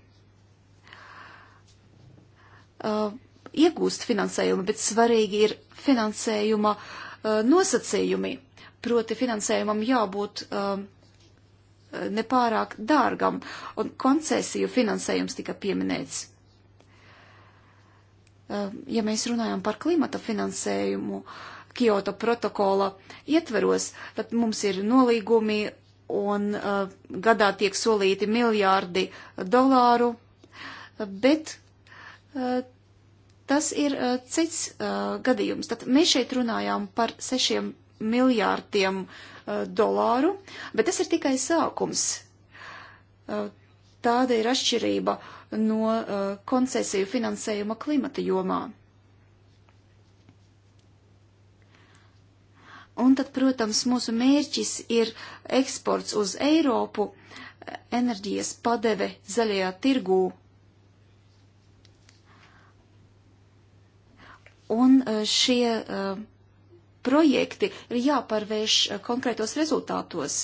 uh, iegūst finansējumu, bet svarīgi ir finansējuma uh, nosacījumi. Proti finansējumam jābūt uh, nepārāk dārgam, un koncesiju finansējums tika pieminēts. Eh, ja mēs runājam par klimata finansējumu Kyoto protokola ietveros, tad mums ir nolīgumi un uh, gadā tiek solīti miljārdi dolāru, bet uh, tas ir uh, cits uh, gadījums. Tad mēs šeit runājām par sešiem miljārdiem uh, dolāru, bet tas ir tikai sākums. Uh, Tāda ir atšķirība no uh, koncesiju finansējuma klimata jomā. Un tad, protams, mūsu mērķis ir eksports uz Eiropu, enerģijas padeve zaļajā tirgū. Un uh, šie uh, projekti ir jāpārvērš uh, konkrētos rezultātos.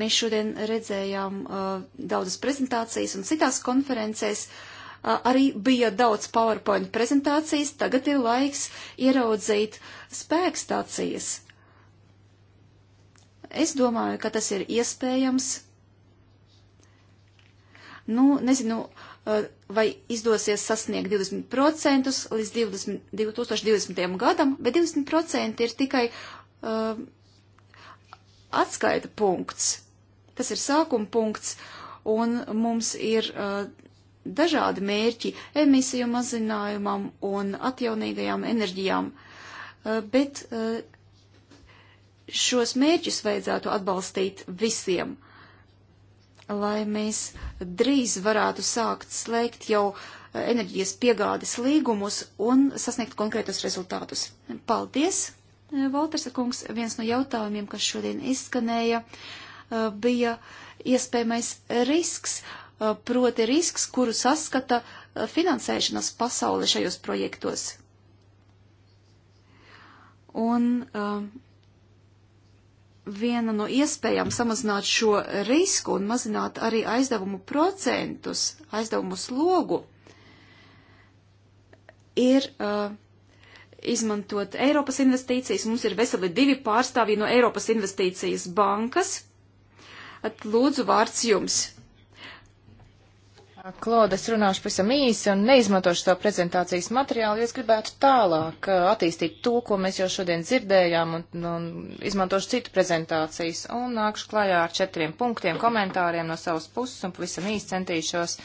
Mēs šodien redzējām uh, daudzas prezentācijas un citās konferencēs uh, arī bija daudz PowerPoint prezentācijas. Tagad ir laiks ieraudzīt spēkstācijas. Es domāju, ka tas ir iespējams. Nu, nezinu, uh, vai izdosies sasniegt 20% līdz 20, 2020. gadam, bet 20% ir tikai. Uh, atskaita punkts. Tas ir sākuma punkts, un mums ir uh, dažādi mērķi emisiju mazinājumam un atjaunīgajām enerģijām, uh, bet uh, šos mērķus vajadzētu atbalstīt visiem, lai mēs drīz varētu sākt slēgt jau uh, enerģijas piegādes līgumus un sasniegt konkrētus rezultātus. Paldies! Valters eh, kungs, viens no jautājumiem, kas šodien izskanēja, eh, bija iespējamais risks, eh, proti risks, kuru saskata finansēšanas pasaule šajos projektos. Un viena no iespējām samazināt šo risku un mazināt arī aizdevumu procentus, aizdevumu slogu, ir uh, izmantot Eiropas investīcijas. Mums ir veseli divi pārstāvji no Eiropas investīcijas bankas. At, lūdzu, vārds jums. Klauda, es runāšu pavisam īsi un neizmantošu savu prezentācijas materiālu, jo es gribētu tālāk attīstīt to, ko mēs jau šodien dzirdējām, un, un izmantošu citu prezentācijas. Un nākšu klajā ar četriem punktiem, komentāriem no savas puses, un pavisam īsi centīšos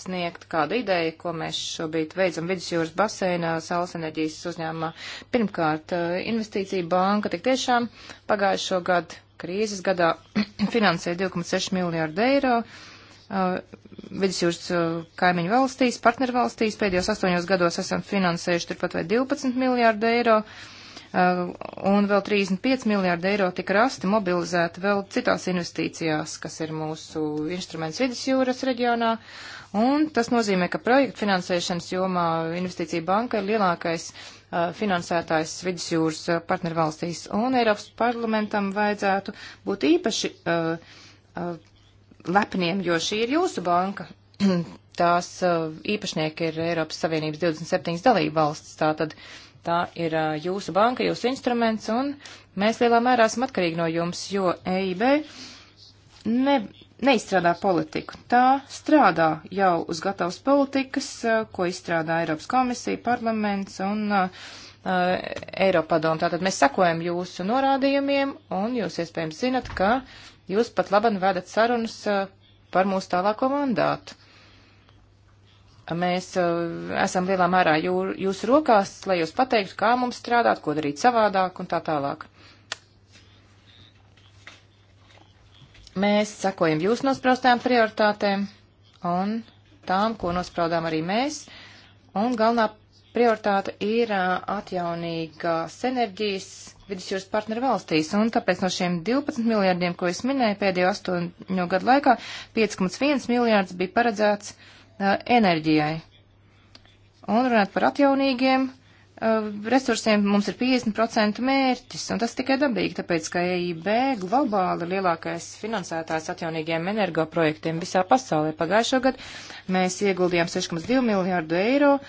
sniegt kādu ideju, ko mēs šobrīd veicam vidusjūras basēnā saules enerģijas uzņēmumā. Pirmkārt, eh, investīcija banka tik tiešām pagājušo gadu krīzes gadā finansēja 2,6 miljārdu eiro. Uh, vidusjūras uh, kaimiņu valstīs, partnervalstīs pēdējos astoņos gados esam finansējuši turpat vai 12 miljārdu eiro. Uh, un vēl 35 miljārdi eiro tika rasti mobilizēti vēl citās investīcijās, kas ir mūsu instruments vidusjūras reģionā. Uh, Un tas nozīmē, ka projektu finansēšanas jomā Investīcija banka ir lielākais uh, finansētājs vidusjūras uh, partnervalstīs. Un Eiropas parlamentam vajadzētu būt īpaši uh, uh, lepniem, jo šī ir jūsu banka. Tās uh, īpašnieki ir Eiropas Savienības 27 dalība valsts. Tātad tā ir uh, jūsu banka, jūsu instruments, un mēs lielā mērā esam atkarīgi no jums, jo EIB ne neizstrādā politiku. Tā strādā jau uz gatavas politikas, eh, ko izstrādā Eiropas komisija, parlaments un uh, eh, eh, Eiropadomu. Tātad mēs sakojam jūsu norādījumiem, un jūs iespējams zinat, ka jūs pat labam vedat sarunas par mūsu tālāko mandātu. Mēs esam lielā mērā jū, jūsu rokās, lai jūs pateiktu, kā mums strādāt, ko darīt savādāk un tā tālāk. Mēs sakojam jūs nospraustām prioritātēm un tām, ko nospraudām arī mēs, un galvenā prioritāte ir atjaunīgās enerģijas vidusjūras partneru valstīs, un tāpēc no šiem 12 miljārdiem, ko es minēju pēdējo 8 gadu laikā, 5,1 miljārds bija paredzēts uh, enerģijai. Un runāt par atjaunīgiem, Uh, resursiem mums ir 50% mērķis, un tas tikai dabīgi, tāpēc, ka EIB globāli ir lielākais finansētājs atjaunīgiem energoprojektiem visā pasaulē. Pagājušo gadu mēs ieguldījām 6,2 miljārdu eiro uh,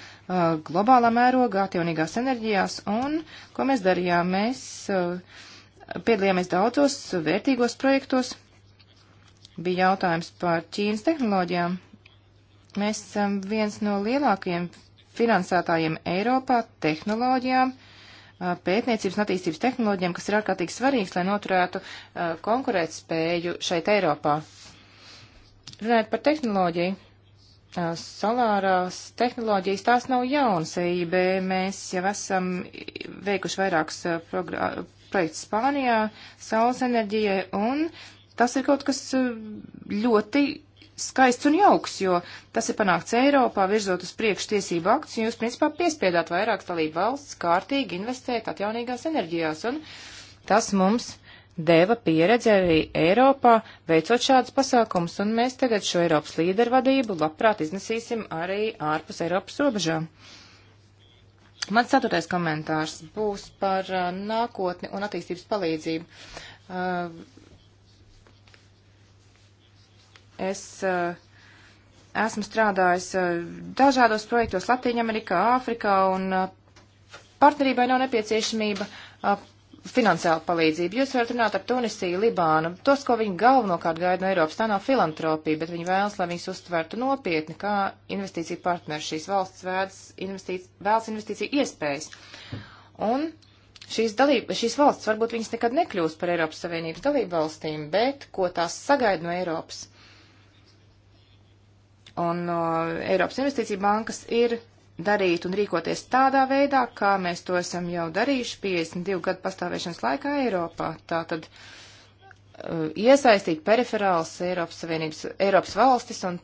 globālā mērogā atjaunīgās enerģijās, un ko mēs darījām? Mēs uh, piedalījāmies daudzos vērtīgos projektos. Bija jautājums par Ķīnas tehnoloģijām. Mēs esam um, viens no lielākajiem finansētājiem Eiropā, tehnoloģijām, pētniecības un attīstības tehnoloģijām, kas ir ārkārtīgi svarīgs, lai noturētu konkurēt spēju šeit Eiropā. Runājot par tehnoloģiju, solārās tehnoloģijas tās nav jaunas EIB. Mēs jau esam veikuši vairākus projektus Spānijā, saules enerģijai, un tas ir kaut kas ļoti skaists un jauks, jo tas ir panākts Eiropā, virzot uz priekšu tiesību aktus, un jūs, principā, piespiedāt vairākas dalību valsts kārtīgi investēt atjaunīgās enerģijās, un tas mums deva pieredze arī Eiropā, veicot šādus pasākumus, un mēs tagad šo Eiropas līderu vadību labprāt iznesīsim arī ārpus Eiropas robežām. Mans ceturtais komentārs būs par uh, nākotni un attīstības palīdzību. Uh, Es uh, esmu strādājis uh, dažādos projektos Latīņamerikā, Āfrikā, un uh, partnerībai nav nepieciešamība finansiāla palīdzība. Jūs varat runāt ar Tunisiju, Libānu. Tos, ko viņi galvenokārt gaida no Eiropas, tā nav filantropija, bet viņi vēlas, lai viņus uztvertu nopietni, kā investīcija partneri šīs valsts vēlas investīci, vēlas investīciju iespējas. Un šīs, dalība, šīs valsts varbūt viņas nekad nekļūst par Eiropas Savienības dalību valstīm, bet ko tās sagaida no Eiropas? un no Eiropas Investīcija bankas ir darīt un rīkoties tādā veidā, kā mēs to esam jau darījuši 52 gadu pastāvēšanas laikā Eiropā. Tātad iesaistīt periferāls Eiropas Savienības, Eiropas valstis un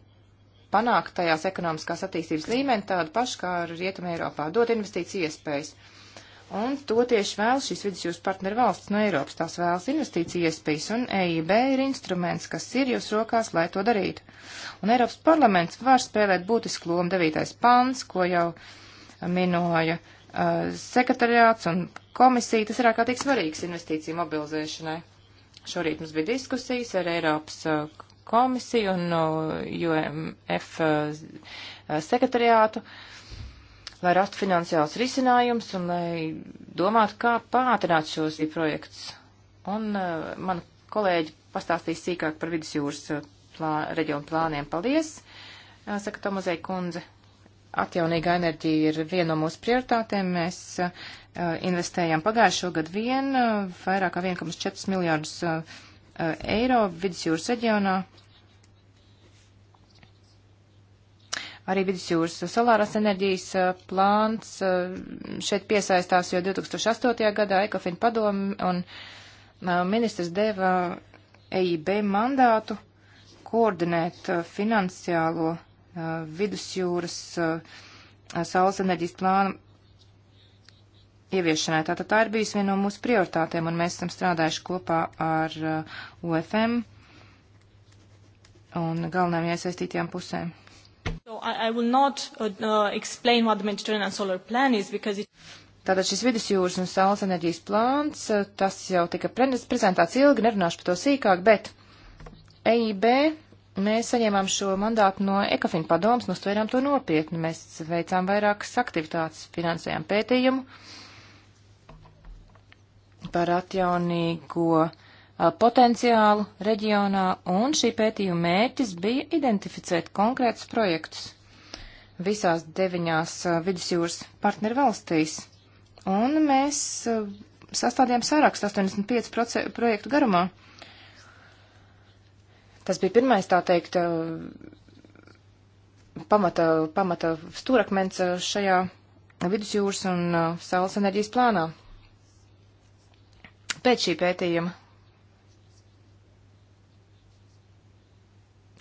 panākt tajās ekonomiskās attīstības līmeni tādu pašu kā Rietumē Eiropā, dot investīciju iespējas. Uh, Un to tieši vēl šīs vidusjūras partneru valsts no Eiropas. Tās vēlas investīcija iespējas, un EIB ir instruments, kas ir jūs rokās, lai to darītu. Un Eiropas parlaments var spēlēt būtisku lomu 9. pants, ko jau minoja uh, sekretariāts un komisija. Tas ir ārkārtīgi svarīgs investīciju mobilizēšanai. Šorīt mums bija diskusijas ar Eiropas uh, komisiju un uh, UMF uh, sekretariātu. Uh, lai rastu finansiāls risinājums un lai domātu, kā pātrināt šos projektus. Un uh, man kolēģi pastāstīs sīkāk par vidusjūras eh, plā, reģionu plāniem. Paldies, uh, saka Tomazei kundze. Atjaunīga enerģija ir viena no mūsu prioritātēm. Mēs uh, investējām pagājušo gadu vien uh, vairāk kā 1,4 miljārdus uh, eiro vidusjūras reģionā. Uh, Arī vidusjūras solārās enerģijas uh, plāns uh, šeit piesaistās, jo 2008. gadā Ekofin padomu un uh, ministrs deva EIB mandātu koordinēt finansiālo vidusjūras saules enerģijas plānu ieviešanai. Tātad tā ir bijusi viena no mūsu prioritātēm, un mēs esam strādājuši kopā ar UFM un galvenajām iesaistītajām pusēm. I, I will not uh, uh, explain what the Mediterranean Solar Plan is because it. Tātad šis vidusjūras un saules enerģijas plāns, uh, tas jau tika prezentēts ilgi, nerunāšu par to sīkāk, bet EIB mēs saņēmām šo mandātu no Ekofina padomas, nustērām to nopietni. Mēs veicām vairākas aktivitātes, finansējām pētījumu par atjaunīgo uh, potenciālu reģionā, un šī pētījuma mērķis bija identificēt konkrētus projektus visās deviņās vidusjūras partneru valstīs. Un mēs sastādījām sarakstu 85 projektu garumā. Tas bija pirmais, tā teikt, pamata, pamata stūrakmens šajā vidusjūras un saules enerģijas plānā. Pēc šī pētījuma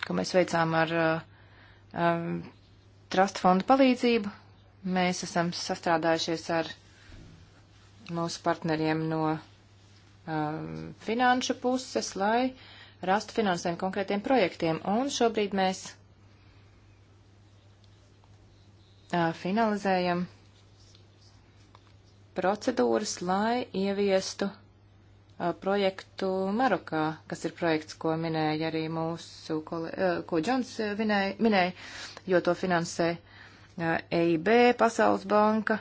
ko mēs veicām ar um, eh, Trust fondu palīdzību. Mēs esam sastrādājušies ar mūsu partneriem no um, finanšu puses, lai rastu finansējumu konkrētiem projektiem. Un šobrīd mēs uh, finalizējam procedūras, lai ieviestu Uh, projektu Marokā, kas ir projekts, ko minēja arī mūsu, kole, uh, ko Džons minēja, uh, minēja, jo to finansē EIB, Pasaules banka,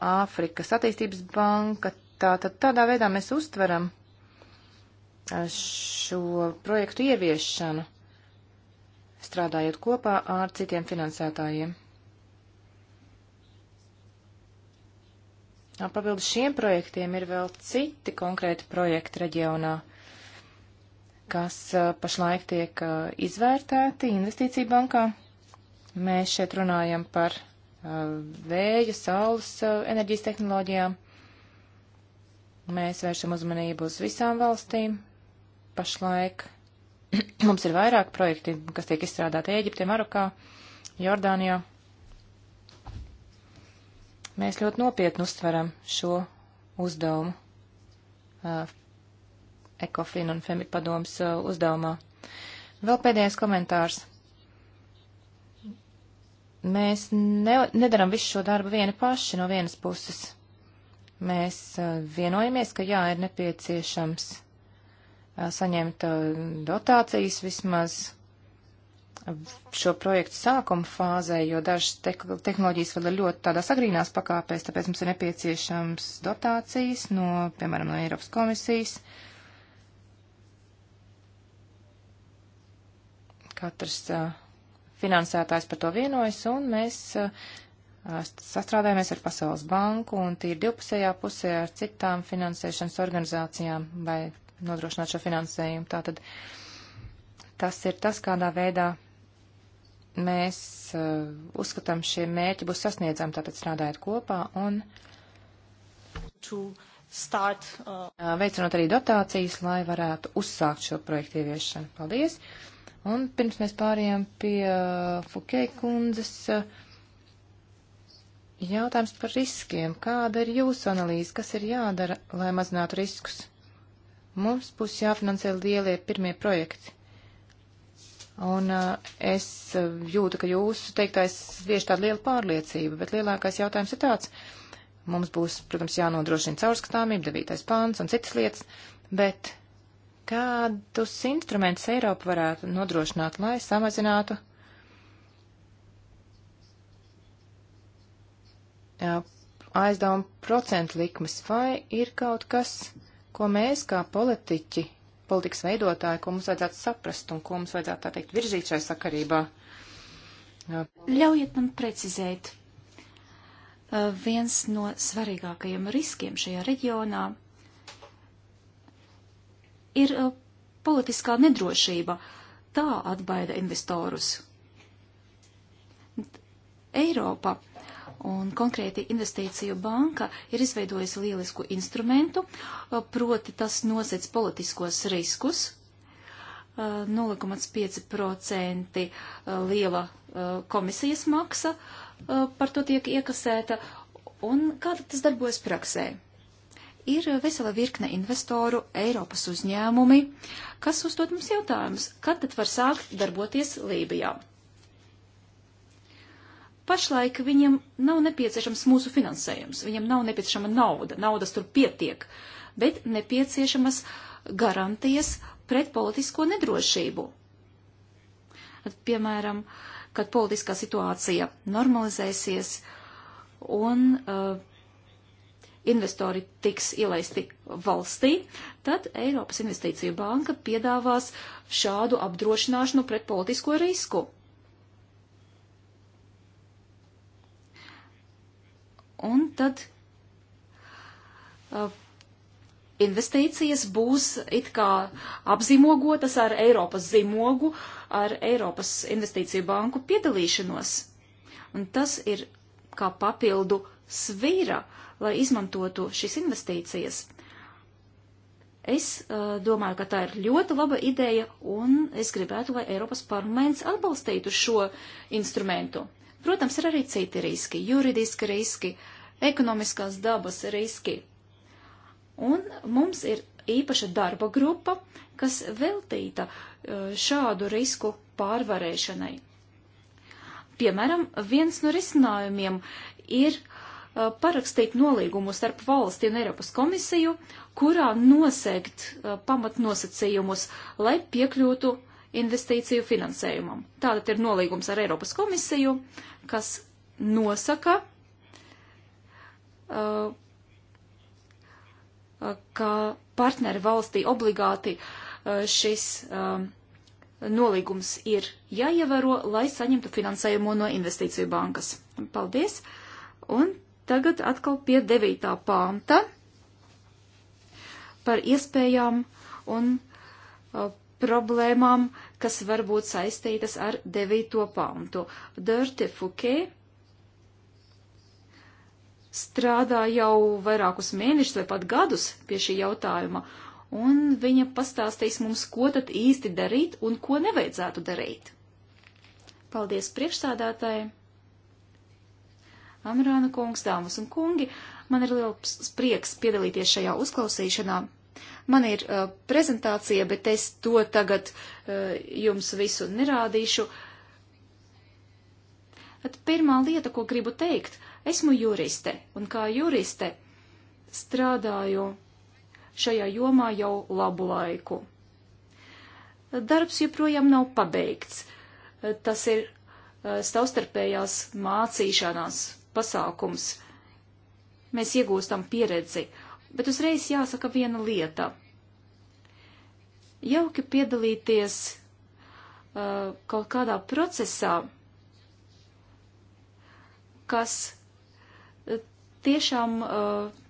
Āfrikas attīstības banka. Tātad tādā veidā mēs uztveram šo projektu ieviešanu, strādājot kopā ar citiem finansētājiem. Papildus šiem projektiem ir vēl citi konkrēti projekti reģionā, kas uh, pašlaik tiek uh, izvērtēti investīciju bankā. Mēs šeit runājam par uh, vēja, saules enerģijas tehnoloģijām. Mēs vēršam uzmanību uz visām valstīm. Pašlaik mums ir vairāk projekti, kas tiek izstrādāti Ēģiptē, Marokā, Jordānijā. Mēs ļoti nopietni uztveram šo uzdevumu uh, ECOFIN un FEMI padomas uh, uzdevumā. Vēl pēdējais komentārs. Mēs ne, nedaram visu šo darbu vieni paši no vienas puses. Mēs uh, vienojamies, ka jā, ir nepieciešams uh, saņemt uh, dotācijas vismaz šo projektu sākuma fāzē, jo dažas te tehnoloģijas vēl ir ļoti tādās agrīnās pakāpēs, tāpēc mums ir nepieciešams dotācijas no, piemēram, no Eiropas komisijas. Katrs uh, finansētājs par to vienojas, un mēs uh, sastrādājamies ar Pasaules banku un tīri divpusējā pusē ar citām finansēšanas organizācijām, lai nodrošinātu šo finansējumu. Tātad tas ir tas, kādā veidā mēs uh, uzskatām, šie mērķi būs sasniedzami, tātad strādājot kopā un start, uh... Eh, veicinot arī dotācijas, lai varētu uzsākt šo projektu ieviešanu. Paldies! Un pirms mēs pārējām pie uh, Fukei kundzes, uh, jautājums par riskiem. Kāda ir jūsu analīze? Kas ir jādara, lai mazinātu riskus? Mums būs jāfinansē lielie pirmie projekti. Un eh, es eh, jūtu, ka jūsu teiktais vieši tāda liela pārliecība, bet lielākais jautājums ir tāds. Mums būs, protams, jānodrošina caurskatāmība, devītais pāns un citas lietas, bet kādus instrumentus Eiropa varētu nodrošināt, lai samazinātu eh, aizdevumu procentu likmes, vai ir kaut kas, ko mēs kā politiķi politikas veidotāji, ko mums vajadzētu saprast un ko mums vajadzētu, tā teikt, virzīt šai sakarībā. Ļaujiet man precizēt. Uh, viens no svarīgākajiem riskiem šajā reģionā ir uh, politiskā nedrošība. Tā atbaida investorus. Eiropa Un konkrēti investīciju banka ir izveidojusi lielisku instrumentu, proti tas nosec politiskos riskus. 0,5% liela komisijas maksa par to tiek iekasēta. Un kā tas darbojas praksē? Ir vesela virkne investoru, Eiropas uzņēmumi, kas uzdod mums jautājumus, kad tad var sākt darboties Lībijā. Pašlaik viņiem nav nepieciešams mūsu finansējums, viņiem nav nepieciešama nauda, naudas tur pietiek, bet nepieciešamas garantijas pret politisko nedrošību. At, piemēram, kad politiskā situācija normalizēsies un uh, investori tiks ielaisti valstī, tad Eiropas Investīciju banka piedāvās šādu apdrošināšanu pret politisko risku. Un tad uh, investīcijas būs it kā apzīmogotas ar Eiropas zīmogu, ar Eiropas investīciju banku piedalīšanos. Un tas ir kā papildu svīra, lai izmantotu šīs investīcijas. Es uh, domāju, ka tā ir ļoti laba ideja, un es gribētu, lai Eiropas parlaments atbalstītu šo instrumentu. Protams, ir arī citi riski - juridiski riski, ekonomiskās dabas riski. Un mums ir īpaša darba grupa, kas veltīta e, šādu risku pārvarēšanai. Piemēram, viens no risinājumiem ir e, parakstīt nolīgumu starp valsti un Eiropas komisiju, kurā nosegt e, pamatnosacījumus, lai piekļūtu uh, investīciju finansējumam. Tātad ir nolīgums ar Eiropas komisiju, kas nosaka, uh, uh ka partneri valstī obligāti uh, šis uh, nolīgums ir jāievēro, lai saņemtu finansējumu no investīciju bankas. Paldies! Un tagad atkal pie devītā pānta par iespējām un uh, problēmām, kas var būt saistītas ar 9. pantu. Dörte Fukē strādā jau vairākus mēnešus vai pat gadus pie šī jautājuma, un viņa pastāstīs mums, ko tad īsti darīt un ko nevajadzētu darīt. Paldies priekšstādātāji! Amrāna kungs, dāmas un kungi, man ir liels prieks piedalīties šajā uzklausīšanā. Man ir uh, prezentācija, bet es to tagad uh, jums visu nerādīšu. At pirmā lieta, ko gribu teikt, esmu juriste, un kā juriste strādāju šajā jomā jau labu laiku. Darbs joprojām nav pabeigts. Tas ir uh, savstarpējās mācīšanās pasākums. Mēs iegūstam pieredzi Bet uzreiz jāsaka viena lieta. Jauki piedalīties uh, kaut kādā procesā, kas uh, tiešām uh,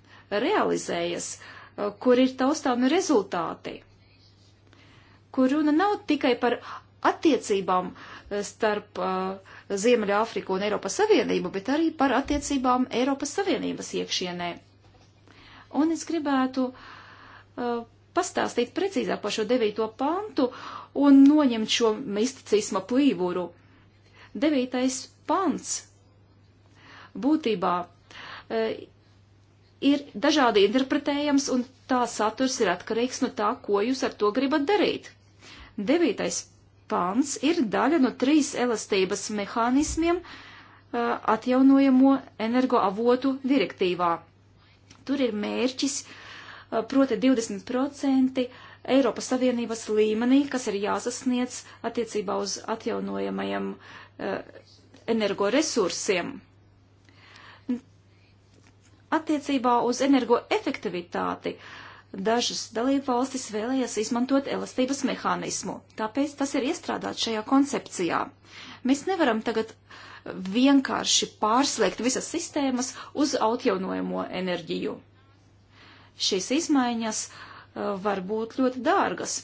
realizējas, uh, kur ir taustāmi rezultāti, kur runa nav tikai par attiecībām uh, starp uh, Ziemeļāfriku un Eiropas Savienību, bet arī par attiecībām Eiropas Savienības iekšienē. Un es gribētu uh, pastāstīt precīzāk par šo devīto pantu un noņemt šo misticisma plīvuru. Devītais pants būtībā uh, ir dažādi interpretējams un tā saturs ir atkarīgs no tā, ko jūs ar to gribat darīt. Devītais pants ir daļa no trīs elastības mehānismiem uh, atjaunojamo energoavotu direktīvā. Tur ir mērķis, proti 20% Eiropas Savienības līmenī, kas ir jāsasniedz attiecībā uz atjaunojamajiem energoresursiem. Attiecībā uz energoefektivitāti dažas dalībvalstis vēlējās izmantot elastības mehānismu, tāpēc tas ir iestrādāts šajā koncepcijā. Mēs nevaram tagad uh, vienkārši pārslēgt visas sistēmas uz atjaunojamo enerģiju. Šīs izmaiņas uh, var būt ļoti dārgas,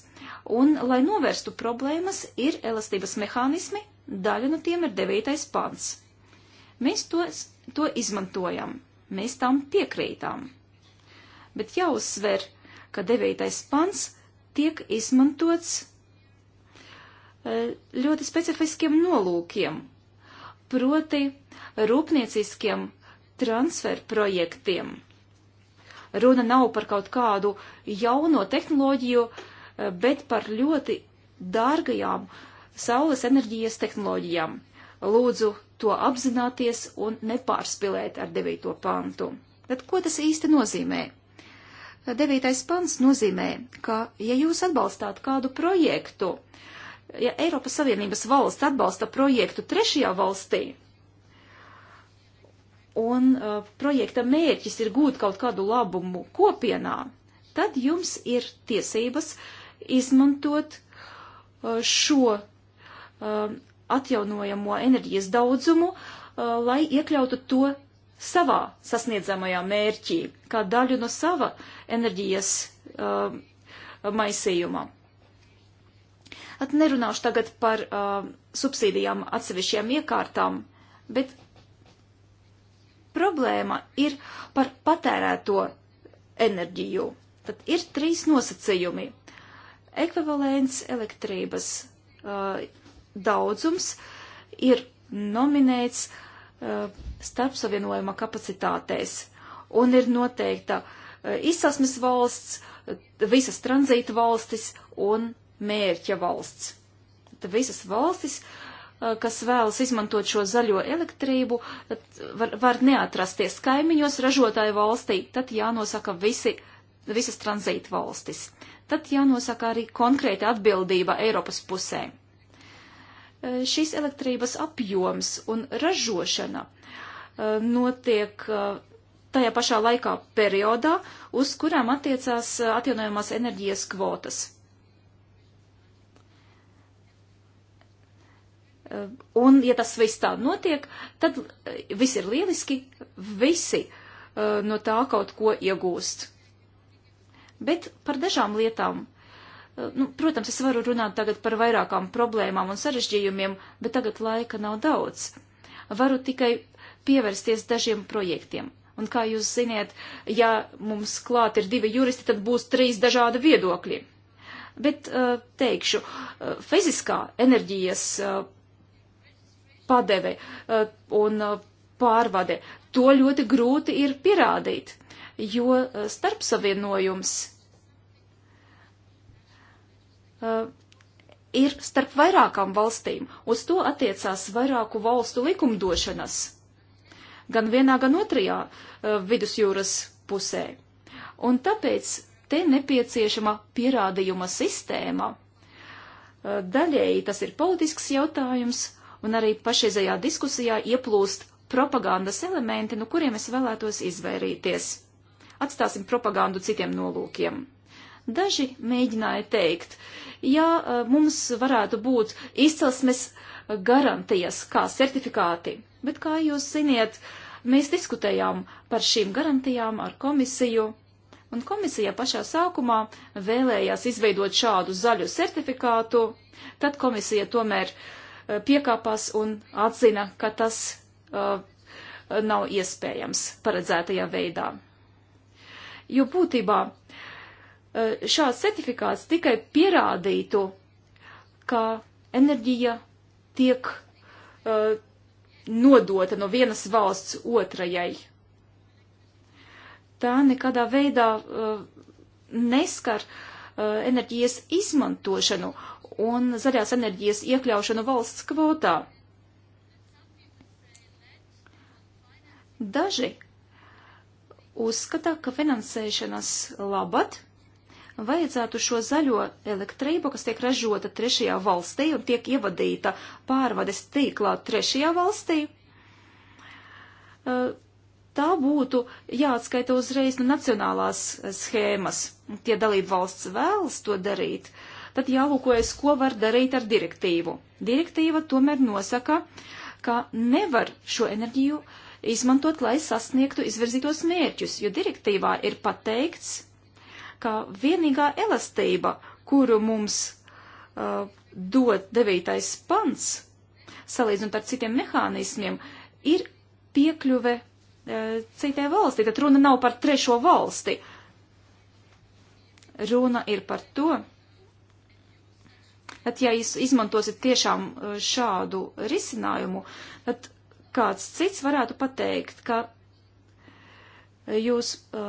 un, lai novērstu problēmas, ir elastības mehānismi, daļa no tiem ir devītais pants. Mēs to, to izmantojam, mēs tam piekrītām. Bet jāuzsver, ka devītais pants tiek izmantots uh, ļoti specifiskiem nolūkiem, proti rūpnieciskiem transferprojektiem. Runa nav par kaut kādu jauno tehnoloģiju, eh, bet par ļoti dārgajām saules enerģijas tehnoloģijām. Lūdzu to apzināties un nepārspilēt ar 9. pantu. Bet ko tas īsti nozīmē? 9. pants nozīmē, ka ja jūs atbalstāt kādu projektu, uh, ja Eiropas Savienības valsts atbalsta projektu trešajā valstī, un uh, projekta mērķis ir gūt kaut kādu labumu kopienā, tad jums ir tiesības izmantot uh, šo uh, atjaunojamo enerģijas daudzumu, uh, lai iekļautu to savā sasniedzamajā mērķī, kā daļu no sava enerģijas uh, maisījuma. At nerunāšu tagad par uh, subsīdijām atsevišķiem iekārtām, bet problēma ir par patērēto enerģiju. Tad ir trīs nosacījumi. Ekvivalents elektrības uh, daudzums ir nominēts uh, starpsavienojuma kapacitātēs un ir noteikta uh, izsasmes valsts, visas tranzīta valstis un mērķa valsts. Tad visas valstis, eh, kas vēlas izmantot šo zaļo elektrību, var, var neatrasties kaimiņos ražotāju valstī, tad jānosaka visi, visas tranzīta valstis. Tad jānosaka arī konkrēta atbildība Eiropas pusē. Eh, Šīs elektrības apjoms un ražošana eh, notiek tajā pašā laikā periodā, uz kurām attiecās atjaunojamās enerģijas kvotas. Eh, un, ja tas viss tā notiek, tad eh, viss ir lieliski, visi uh, no tā kaut ko iegūst. Bet par dažām lietām, uh, nu, protams, es varu runāt tagad par vairākām problēmām un sarežģījumiem, bet tagad laika nav daudz. Varu tikai pievērsties dažiem projektiem. Un kā jūs ziniet, ja mums klāt ir divi juristi, tad būs trīs dažādi viedokļi. Bet uh, teikšu, fiziskā enerģijas padeve eh, un eh, pārvade. To ļoti grūti ir pierādīt, jo eh, starpsavienojums ir starp vairākām valstīm. Uz to attiecās vairāku valstu likumdošanas, gan vienā, gan otrajā vidusjūras pusē. Un tāpēc te nepieciešama pierādījuma sistēma. Daļēji tas ir politisks jautājums, un arī pašreizajā diskusijā ieplūst propagandas elementi, no kuriem es vēlētos izvairīties. Atstāsim propagandu citiem nolūkiem. Daži mēģināja teikt, ja e, mums varētu būt izcelsmes garantijas kā certifikāti, bet kā jūs ziniet, mēs diskutējām par šīm garantijām ar komisiju, un komisija pašā sākumā vēlējās izveidot šādu zaļu certifikātu, tad komisija tomēr uh, Eh, piekāpās un atzina, ka tas uh, nav iespējams paredzētajā veidā. Jo būtībā eh, šāds certifikāts tikai pierādītu, ka enerģija tiek uh, nodota no vienas valsts otrajai. Tā nekādā veidā uh, neskar uh, enerģijas izmantošanu un zaļās enerģijas iekļaušanu valsts kvotā. Daži uzskata, ka finansēšanas labad vajadzētu šo zaļo elektrību, kas tiek ražota trešajā valstī un tiek ievadīta pārvades tīklā trešajā valstī, eh, tā būtu jāatskaita uzreiz no nacionālās eh, schēmas. Tie dalību valsts vēlas to darīt, uh, tad jālūkojas, ko var darīt ar direktīvu. Direktīva tomēr nosaka, ka nevar šo enerģiju izmantot, lai sasniegtu izvirzītos mērķus, jo direktīvā ir pateikts, ka vienīgā elastība, kuru mums uh, dod devītais pants, salīdzinot ar citiem mehānismiem, ir piekļuve uh, citai valstī. Tad runa nav par trešo valsti. Runa ir par to, Tad, ja jūs izmantosiet tiešām uh, šādu risinājumu, tad kāds cits varētu pateikt, ka jūs uh,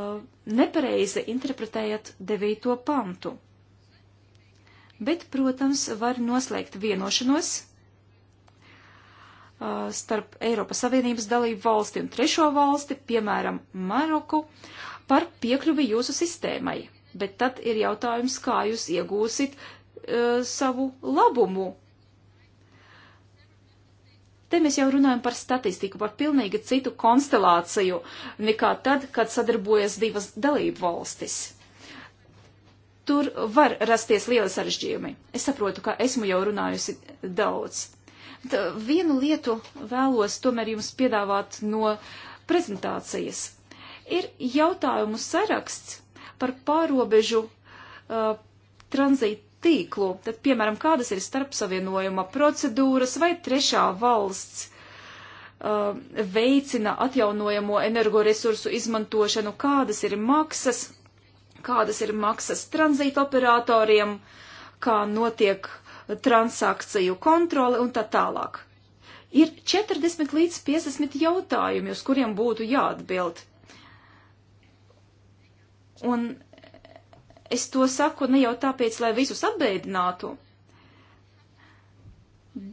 nepareizi interpretējat devīto pantu. Bet, protams, var noslēgt vienošanos uh, starp Eiropas Savienības dalību valsti un trešo valsti, piemēram, Maroku, par piekļuvi jūsu sistēmai. Bet tad ir jautājums, kā jūs iegūsit E, savu labumu. Te mēs jau runājam par statistiku, par pilnīgi citu konstelāciju nekā tad, kad sadarbojas divas dalību valstis. Tur var rasties lieli sarežģījumi. Es saprotu, ka esmu jau runājusi daudz. Tā, vienu lietu vēlos tomēr jums piedāvāt no prezentācijas. Ir jautājumu saraksts par pārobežu uh, e, tranzītu tīklu, tad, piemēram, kādas ir starpsavienojuma procedūras vai trešā valsts uh, veicina atjaunojamo energoresursu izmantošanu, kādas ir maksas, kādas ir maksas tranzīta operatoriem, kā notiek transakciju kontrole un tā tālāk. Ir 40 līdz 50 jautājumi, uz kuriem būtu jāatbild. Un Es to saku ne jau tāpēc, lai visus apbēdinātu,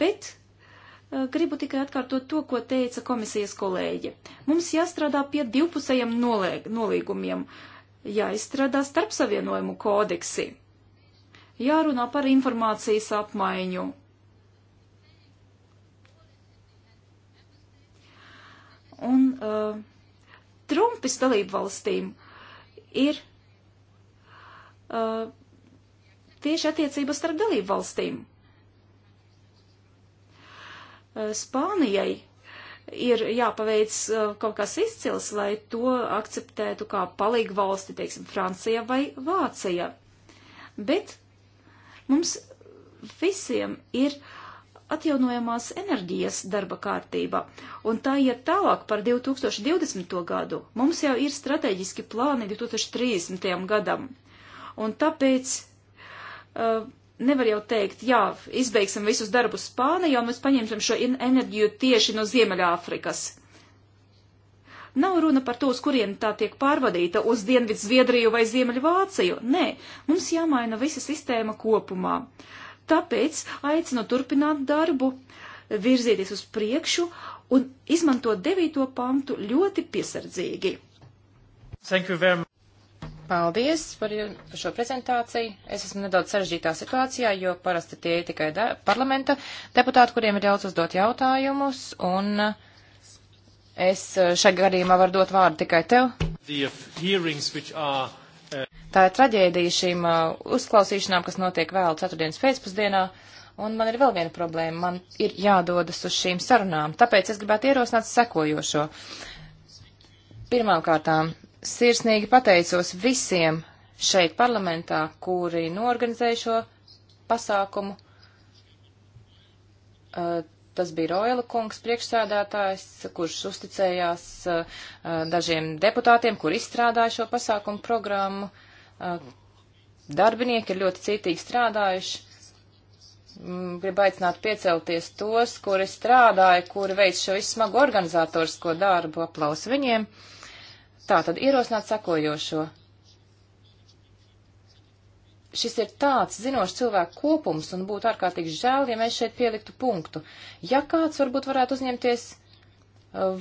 bet eh, gribu tikai atkārtot to, ko teica komisijas kolēģe. Mums jāstrādā pie divpusējiem nolīgumiem, jāizstrādā starpsavienojumu kodeksi, jārunā par informācijas apmaiņu. Un uh, eh, Trumpas dalību valstīm ir uh, tieši attiecības starp dalību valstīm. Uh, Spānijai ir jāpaveic uh, kaut kas izcils, lai to akceptētu kā palīgu valsti, teiksim, Francija vai Vācija. Bet mums visiem ir atjaunojamās enerģijas darba kārtība, un tā iet tālāk par 2020. gadu. Mums jau ir strateģiski plāni 2030. gadam. Un tāpēc uh, nevar jau teikt, jā, izbeigsim visus darbus Spānijā, un mēs paņemsim šo enerģiju tieši no Ziemeļāfrikas. Nav runa par to, uz kurien tā tiek pārvadīta - uz Dienvidu Zviedriju vai Ziemeļvāciju. Nē, mums jāmaina visa sistēma kopumā. Tāpēc aicinu turpināt darbu, virzīties uz priekšu un izmantot devīto pantu ļoti piesardzīgi. Paldies par šo prezentāciju. Es esmu nedaudz sarežģītā situācijā, jo parasti tie ir tikai de parlamenta deputāti, kuriem ir ļauts uzdot jautājumus, un eh, es eh, šajā gadījumā varu dot vārdu tikai tev. Eh, Tā ir traģēdija šīm uzklausīšanām, kas notiek vēl ceturtdienas pēcpusdienā. Un man ir vēl viena problēma. Man ir jādodas uz šīm sarunām. Tāpēc es gribētu ierosināt sekojošo. Pirmām kārtām, sirsnīgi pateicos visiem šeit parlamentā, kuri norganizēja šo pasākumu. Uh, tas bija Roila kungs, priekšsēdētājs, kurš uzticējās uh, dažiem deputātiem, kur izstrādāja šo pasākumu programmu. Uh, darbinieki ir ļoti cītīgi strādājuši. Mm, Gribu aicināt piecelties tos, kuri strādāja, kuri veic šo visu smagu organizatorisko darbu. Aplausu viņiem! Uh, Tā tad ierosināt sakojošo. Šis ir tāds zinošs cilvēku kopums un būtu ārkārtīgi žēl, ja mēs šeit pieliktu punktu. Ja kāds varbūt varētu uzņemties uh,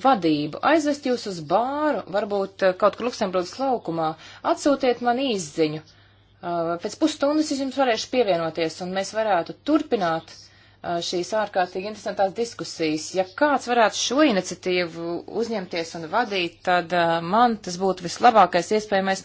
vadību, aizvest jūs uz bāru, varbūt uh, kaut kur Luksemburgas laukumā, atsūtiet man īsziņu. Uh, pēc pusstundas es jums varēšu pievienoties un mēs varētu turpināt uh, Eh, šīs ārkārtīgi interesantās diskusijas. Ja kāds varētu šo iniciatīvu uzņemties un vadīt, tad eh, man tas būtu vislabākais iespējamais